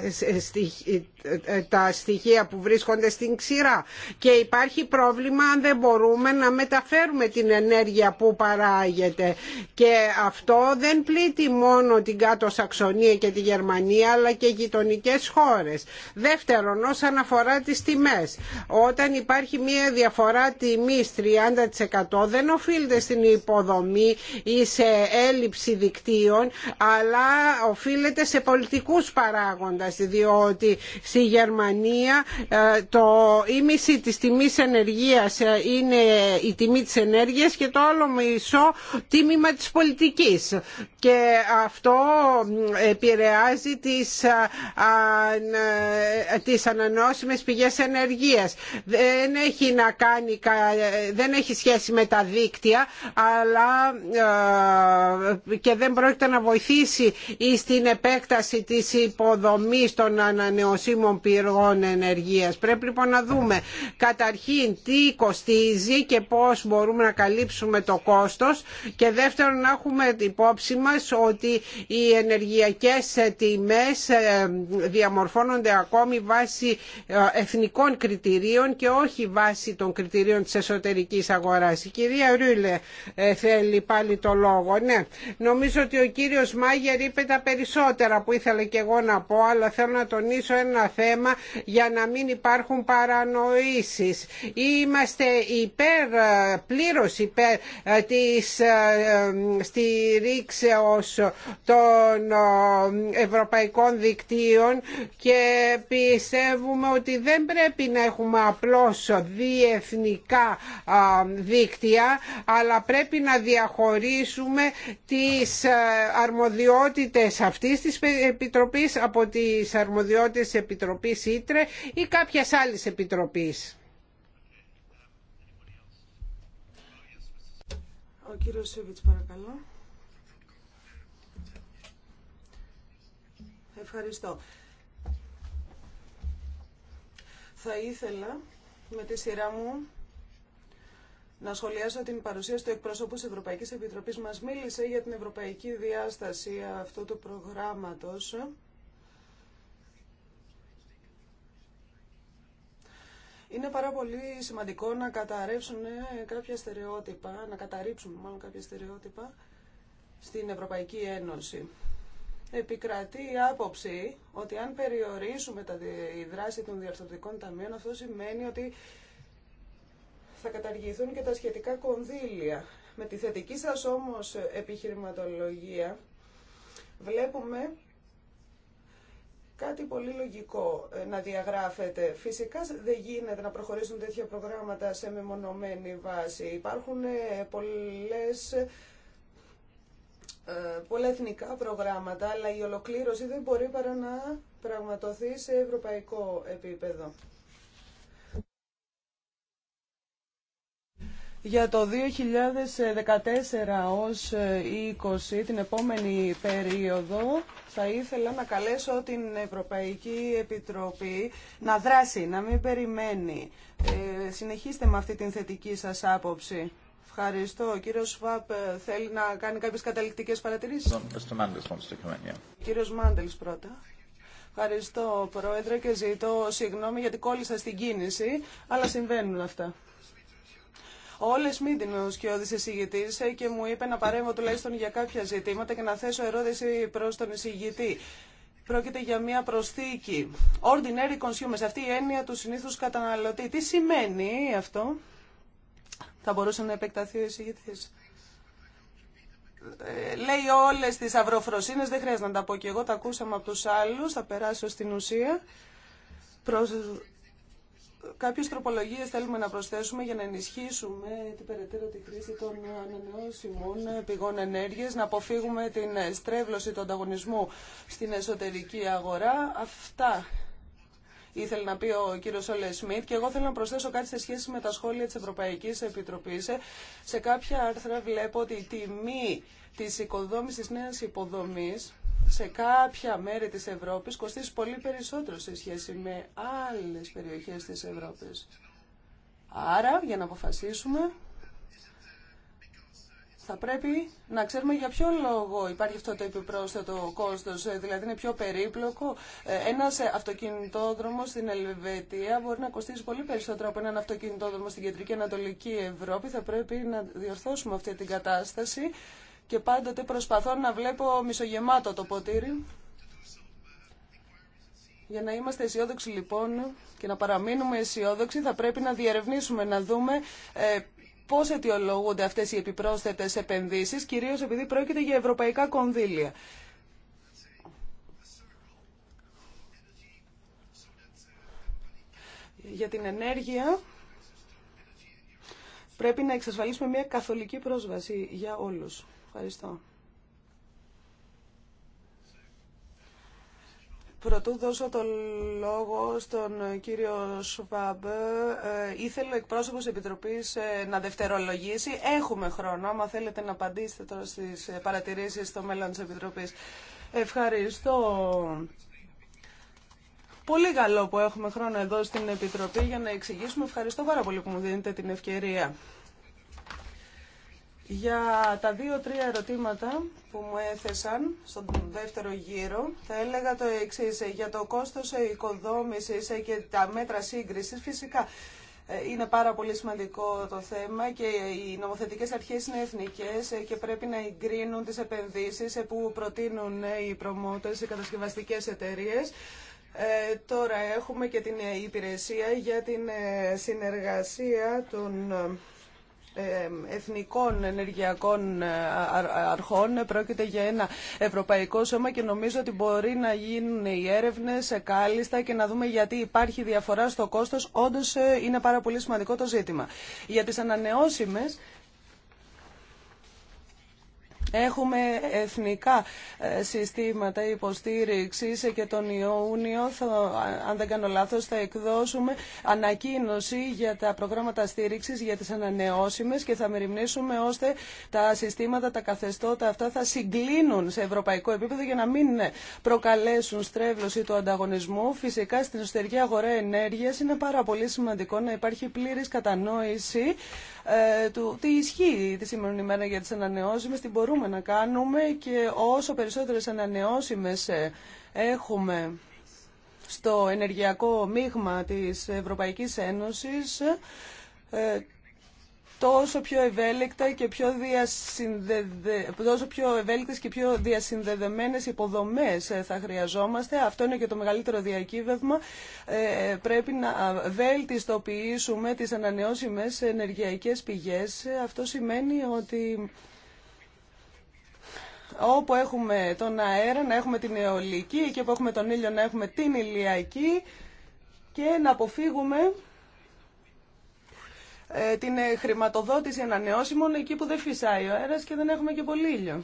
τα στοιχεία που βρίσκονται στην ξηρά και υπάρχει πρόβλημα αν δεν μπορούμε να μεταφέρουμε την ενέργεια που παράγεται και αυτό δεν πλήττει μόνο την κάτω Σαξονία και τη Γερμανία αλλά και γειτονικέ χώρες. Δεύτερον, όσον αφορά τις τιμές, όταν υπάρχει μια διαφορά τιμής 30% δεν οφείλεται στην υποδομή σε έλλειψη δικτύων αλλά οφείλεται σε πολιτικούς παράγοντας διότι στη Γερμανία ε, το ίμιση της τιμής ενεργείας ε, είναι η τιμή της ενέργειας και το άλλο μισό τίμημα της πολιτικής και αυτό επηρεάζει τις, ε, τις ανανεώσιμες πηγές ενεργείας δεν έχει να κάνει δεν έχει σχέση με τα δίκτυα αλλά και δεν πρόκειται να βοηθήσει στην επέκταση της υποδομής των ανανεωσίμων πυρών ενεργείας. Πρέπει λοιπόν να δούμε καταρχήν τι κοστίζει και πώς μπορούμε να καλύψουμε το κόστος και δεύτερον να έχουμε υπόψη μας ότι οι ενεργειακές τιμές ε, διαμορφώνονται ακόμη βάσει ε, εθνικών κριτηρίων και όχι βάσει των κριτηρίων της εσωτερικής αγοράς. Η κυρία Ρούλε ε, θέλει πάλι το λόγο. Ναι, νομίζω ότι ο κύριος Μάγερ είπε τα περισσότερα που ήθελα και εγώ να πω, αλλά θέλω να τονίσω ένα θέμα για να μην υπάρχουν παρανοήσεις. Είμαστε υπέρ, πλήρως υπέρ ε, της ε, ε, στηρίξεως των ευρωπαϊκών δικτύων και πιστεύουμε ότι δεν πρέπει να έχουμε απλώς διεθνικά δίκτυα αλλά πρέπει να διαχωρίσουμε μετακομίσουμε τις ε, αρμοδιότητες αυτής της Επιτροπής από τις αρμοδιότητες Επιτροπής Ήτρε ή κάποιας άλλης Επιτροπής. Ο κύριος Σίβιτς, παρακαλώ. Ευχαριστώ. Θα ήθελα με τη σειρά μου να σχολιάσω την παρουσία του εκπρόσωπου τη Ευρωπαϊκής Επιτροπής. Μας μίλησε για την ευρωπαϊκή διάσταση αυτού του προγράμματος. Είναι πάρα πολύ σημαντικό να καταρρεύσουν ε, κάποια στερεότυπα, να καταρρύψουν μάλλον κάποια στερεότυπα στην Ευρωπαϊκή Ένωση. Επικρατεί η άποψη ότι αν περιορίσουμε τη δράση των διαρθρωτικών ταμείων, αυτό σημαίνει ότι θα καταργηθούν και τα σχετικά κονδύλια. Με τη θετική σας όμως επιχειρηματολογία βλέπουμε κάτι πολύ λογικό ε, να διαγράφεται. Φυσικά δεν γίνεται να προχωρήσουν τέτοια προγράμματα σε μεμονωμένη βάση. Υπάρχουν ε, πολλές ε, πολλά εθνικά προγράμματα, αλλά η ολοκλήρωση δεν μπορεί παρά να πραγματοθεί σε ευρωπαϊκό επίπεδο. για το 2014 ως 20 ε, την επόμενη περίοδο θα ήθελα να καλέσω την Ευρωπαϊκή Επιτροπή να δράσει, να μην περιμένει. Ε, συνεχίστε με αυτή την θετική σας άποψη. Ευχαριστώ. Ο κύριος Σφάπ ε, θέλει να κάνει κάποιες καταληκτικές παρατηρήσεις. Κύριος Μάντελς πρώτα. Ευχαριστώ Πρόεδρε και ζητώ συγγνώμη γιατί κόλλησα στην κίνηση, αλλά συμβαίνουν αυτά. Όλες την ο Σκιώδη εισηγητή ε, και μου είπε να παρέμβω τουλάχιστον για κάποια ζητήματα και να θέσω ερώτηση προ τον εισηγητή. Πρόκειται για μια προσθήκη. Ordinary consumers, αυτή η έννοια του συνήθους καταναλωτή. Τι σημαίνει αυτό, θα μπορούσε να επεκταθεί ο εισηγητή. Ε, λέει όλε τι αυροφροσύνε, δεν χρειάζεται να τα πω και εγώ, τα ακούσαμε από του άλλου, θα περάσω στην ουσία. Κάποιες τροπολογίες θέλουμε να προσθέσουμε για να ενισχύσουμε την περαιτέρω τη χρήση των ανανεώσιμων πηγών ενέργειας, να αποφύγουμε την στρέβλωση του ανταγωνισμού στην εσωτερική αγορά. Αυτά ήθελε να πει ο κύριος Όλε Σμιτ και εγώ θέλω να προσθέσω κάτι σε σχέση με τα σχόλια της Ευρωπαϊκής Επιτροπής. Ε, σε κάποια άρθρα βλέπω ότι η τιμή της οικοδόμησης νέας υποδομής σε κάποια μέρη της Ευρώπης κοστίζει πολύ περισσότερο σε σχέση με άλλες περιοχές της Ευρώπης. Άρα, για να αποφασίσουμε, θα πρέπει να ξέρουμε για ποιο λόγο υπάρχει αυτό το επιπρόσθετο κόστος, ε, δηλαδή είναι πιο περίπλοκο. Ε, ένας αυτοκινητόδρομος στην Ελβετία μπορεί να κοστίζει πολύ περισσότερο από έναν αυτοκινητόδρομο στην Κεντρική Ανατολική Ευρώπη. Θα πρέπει να διορθώσουμε αυτή την κατάσταση και πάντοτε προσπαθώ να βλέπω μισογεμάτο το ποτήρι. Για να είμαστε αισιόδοξοι λοιπόν και να παραμείνουμε αισιόδοξοι θα πρέπει να διερευνήσουμε, να δούμε ε, πώς αιτιολογούνται αυτές οι επιπρόσθετες επενδύσεις, κυρίως επειδή πρόκειται για ευρωπαϊκά κονδύλια. Για την ενέργεια πρέπει να εξασφαλίσουμε μια καθολική πρόσβαση για όλους. Ευχαριστώ. Πρωτού δώσω το λόγο στον κύριο Σουβάμπ. Ε, ήθελε ο εκπρόσωπο τη Επιτροπή ε, να δευτερολογήσει. Έχουμε χρόνο, άμα θέλετε να απαντήσετε τώρα στι ε, παρατηρήσει στο μέλλον τη Επιτροπή. Ευχαριστώ. Πολύ καλό που έχουμε χρόνο εδώ στην Επιτροπή για να εξηγήσουμε. Ευχαριστώ πάρα πολύ που μου δίνετε την ευκαιρία. Για τα δύο-τρία ερωτήματα που μου έθεσαν στον δεύτερο γύρο, θα έλεγα το εξή. Για το κόστος οικοδόμησης και τα μέτρα σύγκρισης, φυσικά ε, είναι πάρα πολύ σημαντικό το θέμα και οι νομοθετικές αρχές είναι εθνικές ε, και πρέπει να εγκρίνουν τις επενδύσεις ε, που προτείνουν οι προμότες, οι κατασκευαστικές εταιρείες. τώρα έχουμε και την υπηρεσία για την συνεργασία των εθνικών ενεργειακών ε, αρχών. Πρόκειται για ένα ευρωπαϊκό σώμα και νομίζω ότι μπορεί να γίνουν οι έρευνες κάλλιστα και να δούμε γιατί υπάρχει διαφορά στο κόστος. Όντως ε, είναι πάρα πολύ σημαντικό το ζήτημα. Για τις ανανεώσιμες Έχουμε εθνικά ε, συστήματα υποστήριξης και τον Ιούνιο, θα, αν δεν κάνω λάθο, θα εκδώσουμε ανακοίνωση για τα προγράμματα στήριξης για τις ανανεώσιμες και θα μεριμνήσουμε ώστε τα συστήματα, τα καθεστώτα αυτά θα συγκλίνουν σε ευρωπαϊκό επίπεδο για να μην προκαλέσουν στρέβλωση του ανταγωνισμού. Φυσικά στην εσωτερική αγορά ενέργεια. είναι πάρα πολύ σημαντικό να υπάρχει πλήρη κατανόηση ε, του τι ισχύει τη σημερινή μέρα για τις ανανεώσιμες, τι μπορούμε να κάνουμε και όσο περισσότερες ανανεώσιμες ε, έχουμε στο ενεργειακό μείγμα της Ευρωπαϊκής Ένωσης, ε, τόσο πιο ευέλικτα και πιο, διασυνδεδε... πιο ευέλικτες και πιο διασυνδεδεμένες υποδομές ε, θα χρειαζόμαστε. Αυτό είναι και το μεγαλύτερο διακύβευμα. πρέπει να βέλτιστοποιήσουμε τις ανανεώσιμες ενεργειακές πηγές. Αυτό σημαίνει ότι όπου έχουμε τον αέρα να έχουμε την αιωλική, εκεί όπου έχουμε τον ήλιο να έχουμε την ηλιακή και να αποφύγουμε ε, την χρηματοδότηση ανανεώσιμων εκεί που δεν φυσάει ο αέρας και δεν έχουμε και πολύ ήλιο.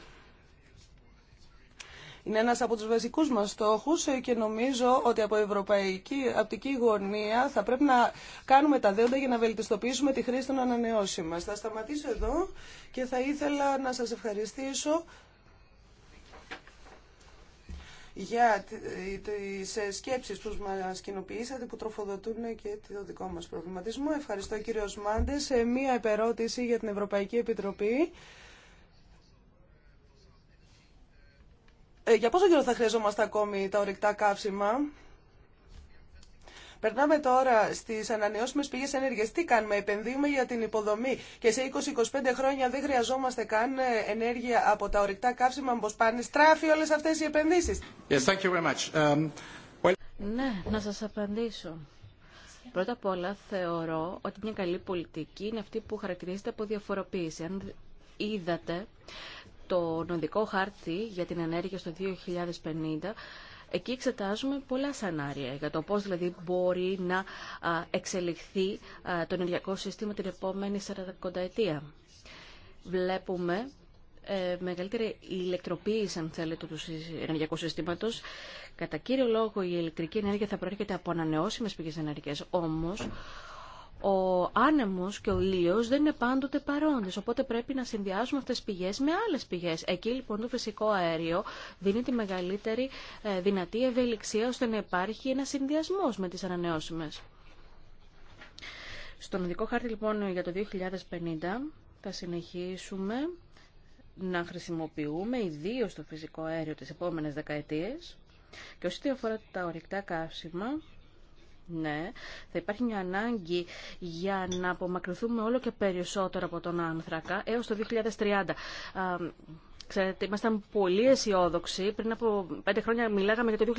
Είναι ένας από τους βασικούς μας στόχους ε, και νομίζω ότι από ευρωπαϊκή απτική γωνία θα πρέπει να κάνουμε τα δέοντα για να βελτιστοποιήσουμε τη χρήση των ανανεώσιμων. Θα σταματήσω εδώ και θα ήθελα να σας ευχαριστήσω για ε, τις ε, σκέψεις που μας κοινοποιήσατε που τροφοδοτούν και το δικό μας προβληματισμό. Ευχαριστώ κύριο σε Μία επερώτηση για την Ευρωπαϊκή Επιτροπή. Ε, για πόσο καιρό θα χρειαζόμαστε ακόμη τα ορυκτά καύσιμα Περνάμε τώρα στι ανανεώσιμε πηγέ ενέργεια. Τι κάνουμε, επενδύουμε για την υποδομή και σε 20-25 χρόνια δεν χρειαζόμαστε καν ε, ενέργεια από τα ορυκτά καύσιμα. μπω πάνε στράφει όλε αυτέ οι επενδύσει. Yes, thank you very much. Um, well... Ναι, να σα απαντήσω. Πρώτα απ' όλα θεωρώ ότι μια καλή πολιτική είναι αυτή που χαρακτηρίζεται από διαφοροποίηση. Αν είδατε το νοδικό χάρτη για την ενέργεια στο 2050 Εκεί εξετάζουμε πολλά σανάρια για το πώς δηλαδή μπορεί να εξελιχθεί το ενεργειακό σύστημα την επόμενη 40 ετία. Βλέπουμε ε, μεγαλύτερη ηλεκτροποίηση, αν θέλετε, του ενεργειακού συστήματο. Κατά κύριο λόγο, η ηλεκτρική ενέργεια θα προέρχεται από ανανεώσιμε πηγέ ενέργεια. όμως ο άνεμος και ο ήλιος δεν είναι πάντοτε παρόντες, οπότε πρέπει να συνδυάζουμε αυτές τις πηγές με άλλες πηγές. Εκεί λοιπόν το φυσικό αέριο δίνει τη μεγαλύτερη ε, δυνατή ευελιξία ώστε να υπάρχει ένα συνδυασμός με τις ανανεώσιμες. Στον ειδικό χάρτη λοιπόν για το 2050 θα συνεχίσουμε να χρησιμοποιούμε ιδίως το φυσικό αέριο τις επόμενες δεκαετίες και όσοι αφορά τα ορυκτά καύσιμα ναι, θα υπάρχει μια ανάγκη για να απομακρυνθούμε όλο και περισσότερο από τον άνθρακα έως το 2030. Ξέρετε, ήμασταν πολύ αισιόδοξοι. Πριν από πέντε χρόνια μιλάγαμε για το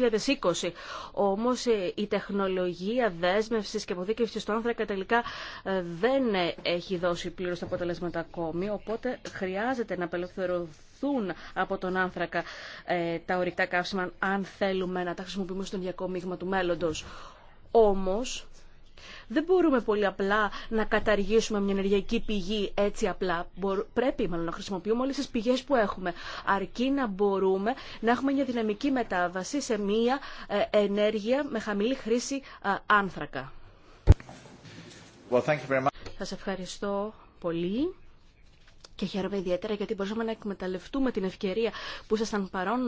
2020. Όμω ε, η τεχνολογία δέσμευση και αποδίκευση του άνθρακα τελικά ε, δεν έχει δώσει πλήρω τα αποτελέσματα ακόμη. Οπότε χρειάζεται να απελευθερωθούν από τον άνθρακα ε, τα ορυκτά καύσιμα, αν θέλουμε να τα χρησιμοποιούμε στον διακόμιγμα του μέλλοντο. Όμως, δεν μπορούμε πολύ απλά να καταργήσουμε μια ενεργειακή πηγή έτσι απλά. Πρέπει μάλλον να χρησιμοποιούμε όλες τις πηγές που έχουμε, αρκεί να μπορούμε να έχουμε μια δυναμική μετάβαση σε μια ε, ενέργεια με χαμηλή χρήση άνθρακα. Well, Σας ευχαριστώ πολύ. Και χαίρομαι ιδιαίτερα γιατί μπορούσαμε να εκμεταλλευτούμε την ευκαιρία που ήσασταν παρόν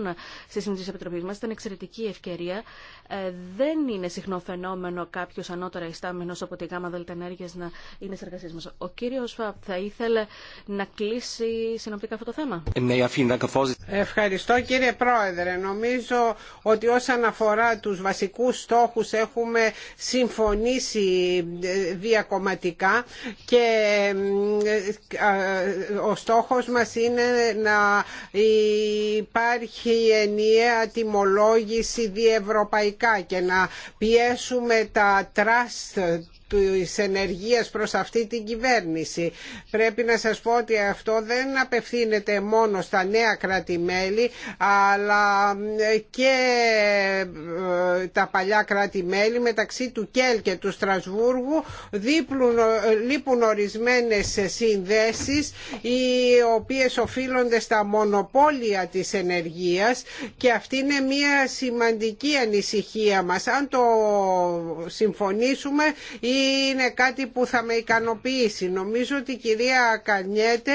στη Συνήθεια τη Επιτροπή μα. Ήταν εξαιρετική ευκαιρία. Ε, δεν είναι συχνό φαινόμενο κάποιο ανώτερα ιστάμενο από τη ΓΑΜΑ ΔΕΛΤΑ ενέργεια να είναι σε εργασίε μα. Ο κύριο Φαπ θα ήθελε να κλείσει συνοπτικά αυτό το θέμα. Ευχαριστώ κύριε Πρόεδρε. Νομίζω ότι όσον αφορά του βασικού στόχου έχουμε συμφωνήσει ε, διακομματικά και ε, ο στόχος μας είναι να υπάρχει ενιαία τιμολόγηση διευρωπαϊκά και να πιέσουμε τα trust της ενεργείας προς αυτή την κυβέρνηση. Πρέπει να σας πω ότι αυτό δεν απευθύνεται μόνο στα νέα κράτη-μέλη αλλά και ε, τα παλιά κράτη-μέλη μεταξύ του ΚΕΛ και του Στρασβούργου δίπλουν, λείπουν ορισμένες συνδέσεις οι οποίες οφείλονται στα μονοπόλια της ενεργείας και αυτή είναι μια σημαντική ανησυχία μας. Αν το συμφωνήσουμε είναι κάτι που θα με ικανοποιήσει. Νομίζω ότι η κυρία Κανιέτε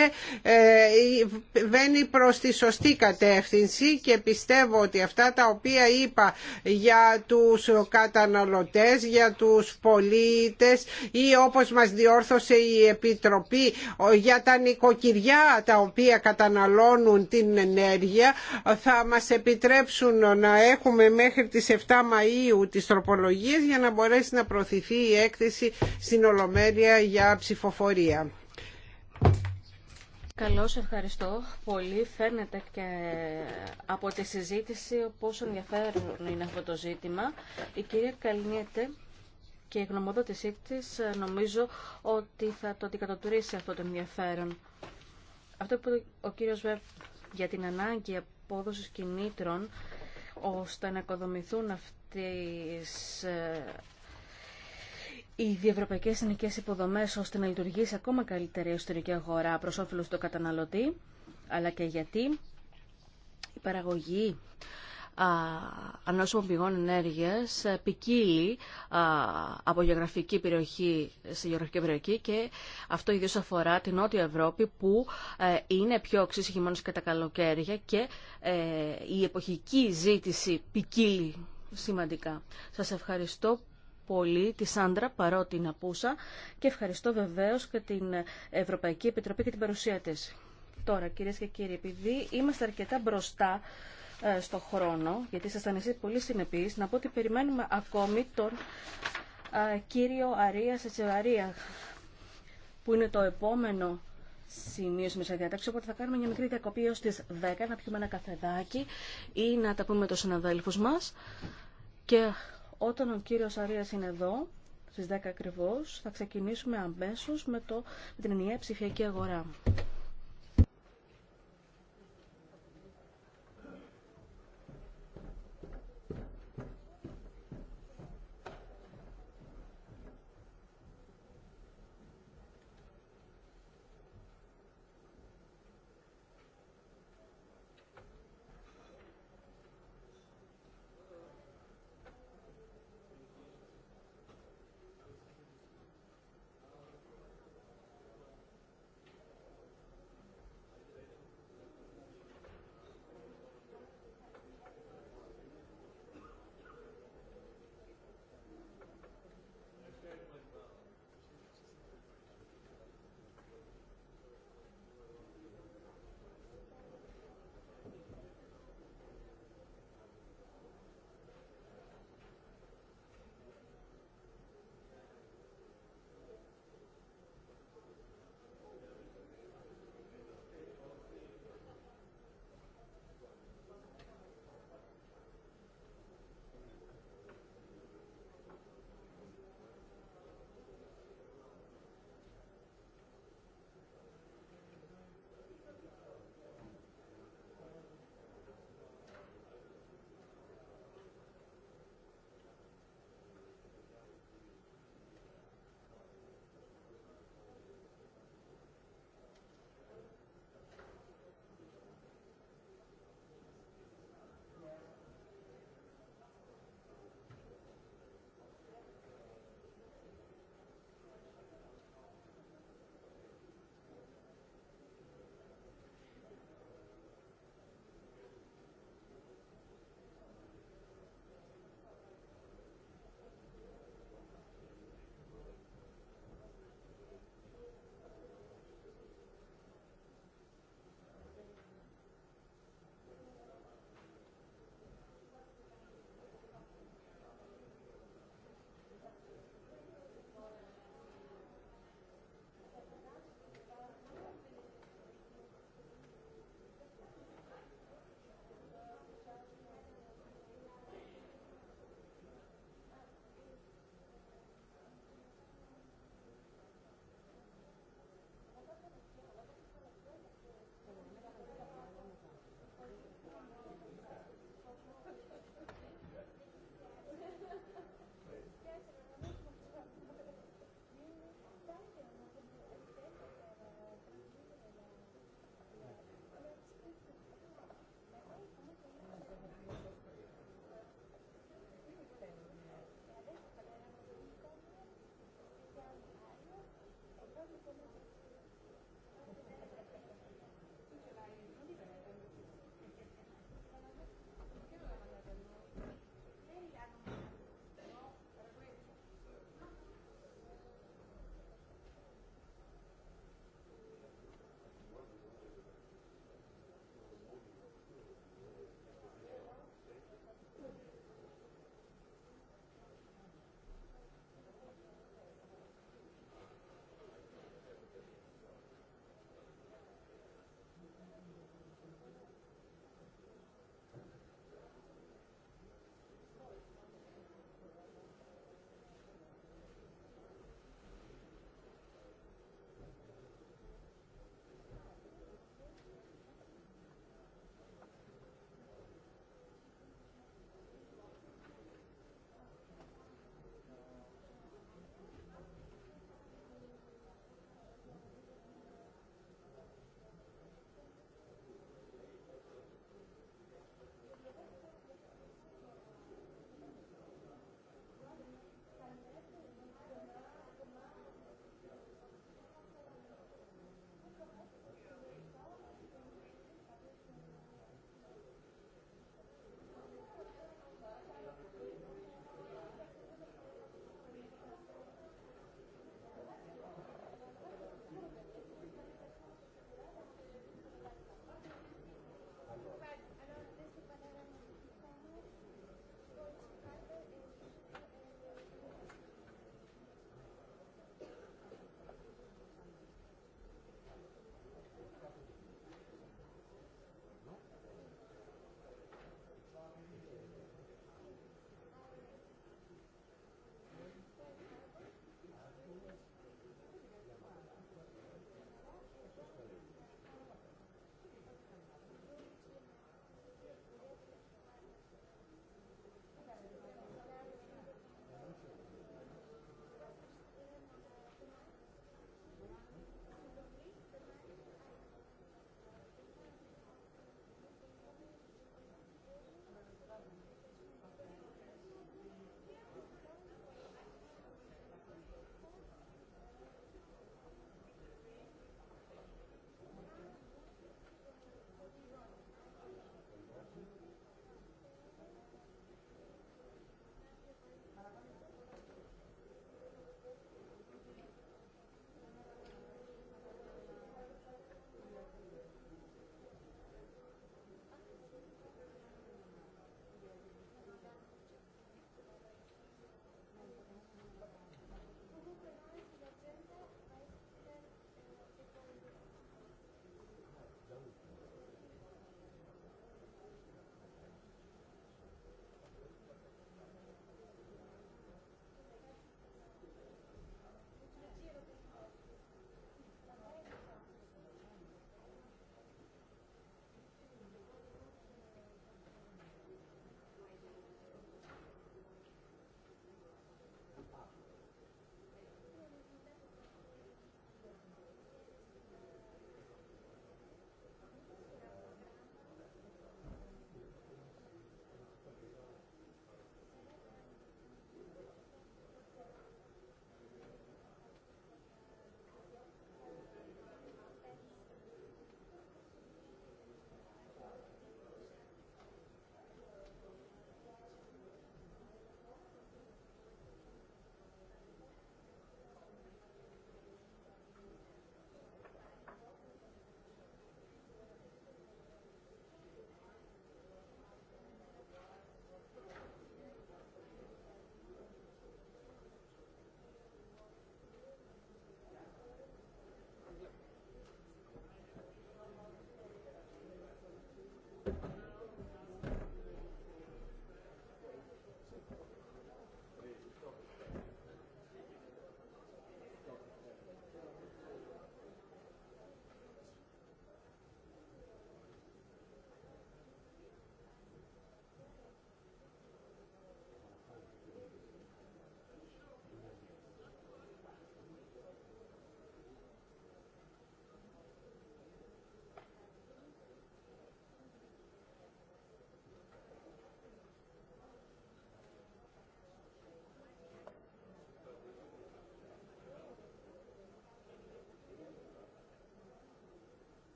βαίνει προς τη σωστή κατεύθυνση και πιστεύω ότι αυτά τα οποία είπα για τους καταναλωτές, για τους πολίτες ή όπως μας διόρθωσε η Επιτροπή για τα νοικοκυριά τα οποία καταναλώνουν την ενέργεια θα μας επιτρέψουν να έχουμε μέχρι τις 7 Μαΐου τις τροπολογίες για να μπορέσει να προωθηθεί η έκθεση στην Ολομέλεια για ψηφοφορία. Καλώς, ευχαριστώ πολύ. Φαίνεται και από τη συζήτηση πόσο ενδιαφέρον είναι αυτό το ζήτημα. Η κυρία Καλνιέτε και η γνωμοδότησή τη, νομίζω ότι θα το αντικατοτουρήσει αυτό το ενδιαφέρον. Αυτό που ο κύριος Βεβ για την ανάγκη απόδοσης κινήτρων ώστε να οικοδομηθούν αυτές ε, οι διευρωπαϊκέ Ελληνικέ υποδομέ ώστε να λειτουργήσει ακόμα καλύτερα η εσωτερική αγορά προ όφελο του καταναλωτή, αλλά και γιατί η παραγωγή α, ανώσιμων πηγών ενέργειας ε, ποικίλει από γεωγραφική περιοχή σε γεωγραφική περιοχή και αυτό ιδίω αφορά την Νότια Ευρώπη που ε, είναι πιο οξύς και κατά καλοκαίρια και ε, η εποχική ζήτηση ποικίλει σημαντικά. Σας ευχαριστώ πολύ τη Σάντρα, παρότι να πούσα και ευχαριστώ βεβαίως και την Ευρωπαϊκή Επιτροπή και την παρουσία της. Τώρα, κυρίες και κύριοι, επειδή είμαστε αρκετά μπροστά ε, στο χρόνο, γιατί ήσασταν εσείς πολύ συνεπείς, να πω ότι περιμένουμε ακόμη τον ε, κύριο Αρία Σετσεβαρία, που είναι το επόμενο σημείο στη διατάξη, οπότε θα κάνουμε μια μικρή διακοπή έως τις 10, να πιούμε ένα καφεδάκι ή να τα πούμε με τους συναδέλφους μας. Και όταν ο κύριος Αρίας είναι εδώ, στις 10 ακριβώς, θα ξεκινήσουμε αμέσως με, το, με την ενιαία ψηφιακή αγορά.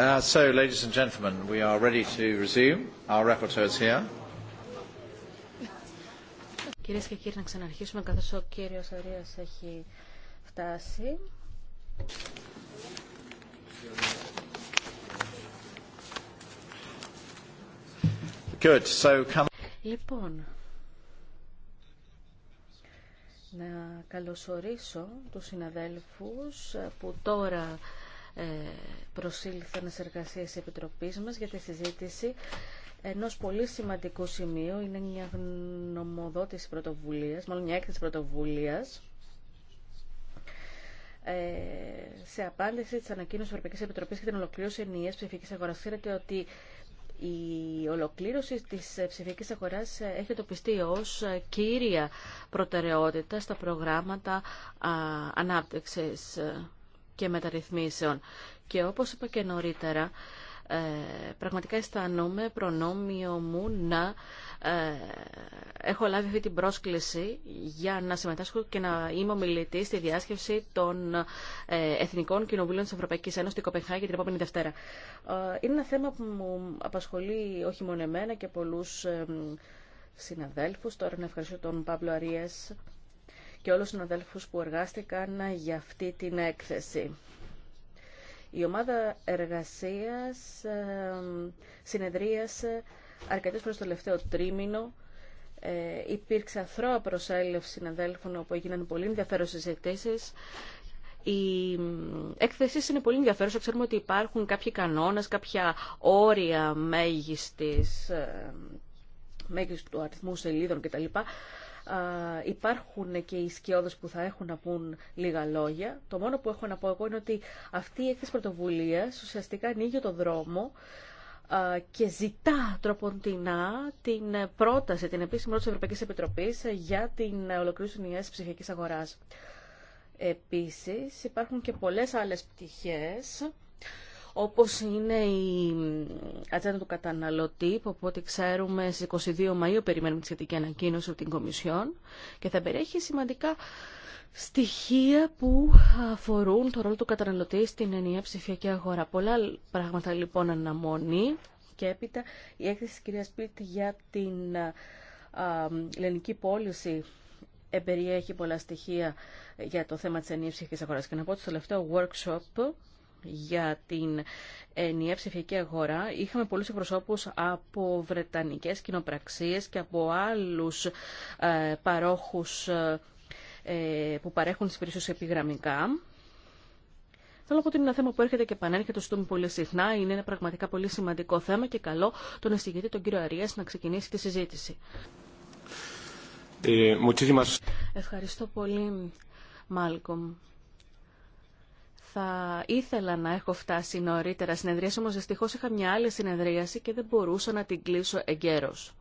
Uh, so, ladies and gentlemen, we are ready to resume. Our rapporteur is here. Κυρίες και κύριοι, να ξαναρχίσουμε καθώς ο κύριος Αρίας έχει φτάσει. Good. So, come... Λοιπόν, να καλωσορίσω τους συναδέλφους που τώρα ε, προσήλθαν σε εργασίες της Επιτροπής μας για τη συζήτηση ενό πολύ σημαντικού σημείου. Είναι μια γνωμοδότηση πρωτοβουλίας, μάλλον μια έκθεση πρωτοβουλίας ε, σε απάντηση της ανακοίνωσης της Ευρωπαϊκής Επιτροπής για την ολοκλήρωση ενιαίας ψηφικής αγοράς. Ξέρετε ότι η ολοκλήρωση της ψηφιακής αγοράς έχει τοπιστεί ως κύρια προτεραιότητα στα προγράμματα ανάπτυξης και μεταρρυθμίσεων. Και όπως είπα και νωρίτερα, ε, πραγματικά αισθανόμαι προνόμιο μου να ε, έχω λάβει αυτή την πρόσκληση για να συμμετάσχω και να είμαι ομιλητή στη διάσκεψη των ε, Εθνικών Κοινοβουλίων της Ευρωπαϊκής Ένωσης στην Κοπενχάγη την επόμενη Δευτέρα. είναι ένα θέμα που μου απασχολεί όχι μόνο εμένα και πολλούς συναδέλφους. Τώρα να ευχαριστώ τον Παύλο Αρίες και όλους τους συναδέλφους που εργάστηκαν για αυτή την έκθεση. Η ομάδα εργασίας συνεδρίασε αρκετές προς το τελευταίο τρίμηνο. Ε, υπήρξε αθρώα προσέλευση συναδέλφων όπου έγιναν πολύ ενδιαφέρουσες συζητήσει. Η έκθεση είναι πολύ ενδιαφέρουσα. Ξέρουμε ότι υπάρχουν κάποιοι κανόνες, κάποια όρια μέγιστης, μέγιστου αριθμού σελίδων κτλ υπάρχουν και οι σκιώδες που θα έχουν να πούν λίγα λόγια. Το μόνο που έχω να πω εγώ είναι ότι αυτή η έκθεση πρωτοβουλία ουσιαστικά ανοίγει το δρόμο και ζητά τροποντινά την πρόταση, την επίσημη πρόταση της Ευρωπαϊκής Επιτροπής για την ολοκλήρωση της ψυχικής αγοράς. Επίσης, υπάρχουν και πολλές άλλες πτυχές όπως είναι η ατζέντα του καταναλωτή, που από ό,τι ξέρουμε στις 22 Μαΐου περιμένουμε τη σχετική ανακοίνωση από την Κομισιόν και θα περιέχει σημαντικά στοιχεία που αφορούν το ρόλο του καταναλωτή στην ενιαία ψηφιακή αγορά. Πολλά πράγματα λοιπόν αναμονή και έπειτα η έκθεση της κυρίας Πίτ για την ελληνική πώληση εμπεριέχει πολλά στοιχεία για το θέμα της ενιαίας ψηφιακής αγοράς. Και να πω ότι στο τελευταίο workshop για την ενιαία ψηφιακή αγορά είχαμε πολλούς εκπροσώπους από βρετανικές κοινοπραξίες και από άλλους ε, παρόχους ε, ε, που παρέχουν τις υπηρεσίες επιγραμμικά. Θέλω να πω ότι είναι ένα θέμα που έρχεται και επανέρχεται στο πολύ συχνά. Είναι ένα πραγματικά πολύ σημαντικό θέμα και καλό τον εισηγητή τον κύριο Αρίας να ξεκινήσει τη συζήτηση. Ε, Ευχαριστώ πολύ, Μάλκομ. Θα ήθελα να έχω φτάσει νωρίτερα συνεδρίαση, όμως δυστυχώς είχα μια άλλη συνεδρίαση και δεν μπορούσα να την κλείσω εγκαίρως.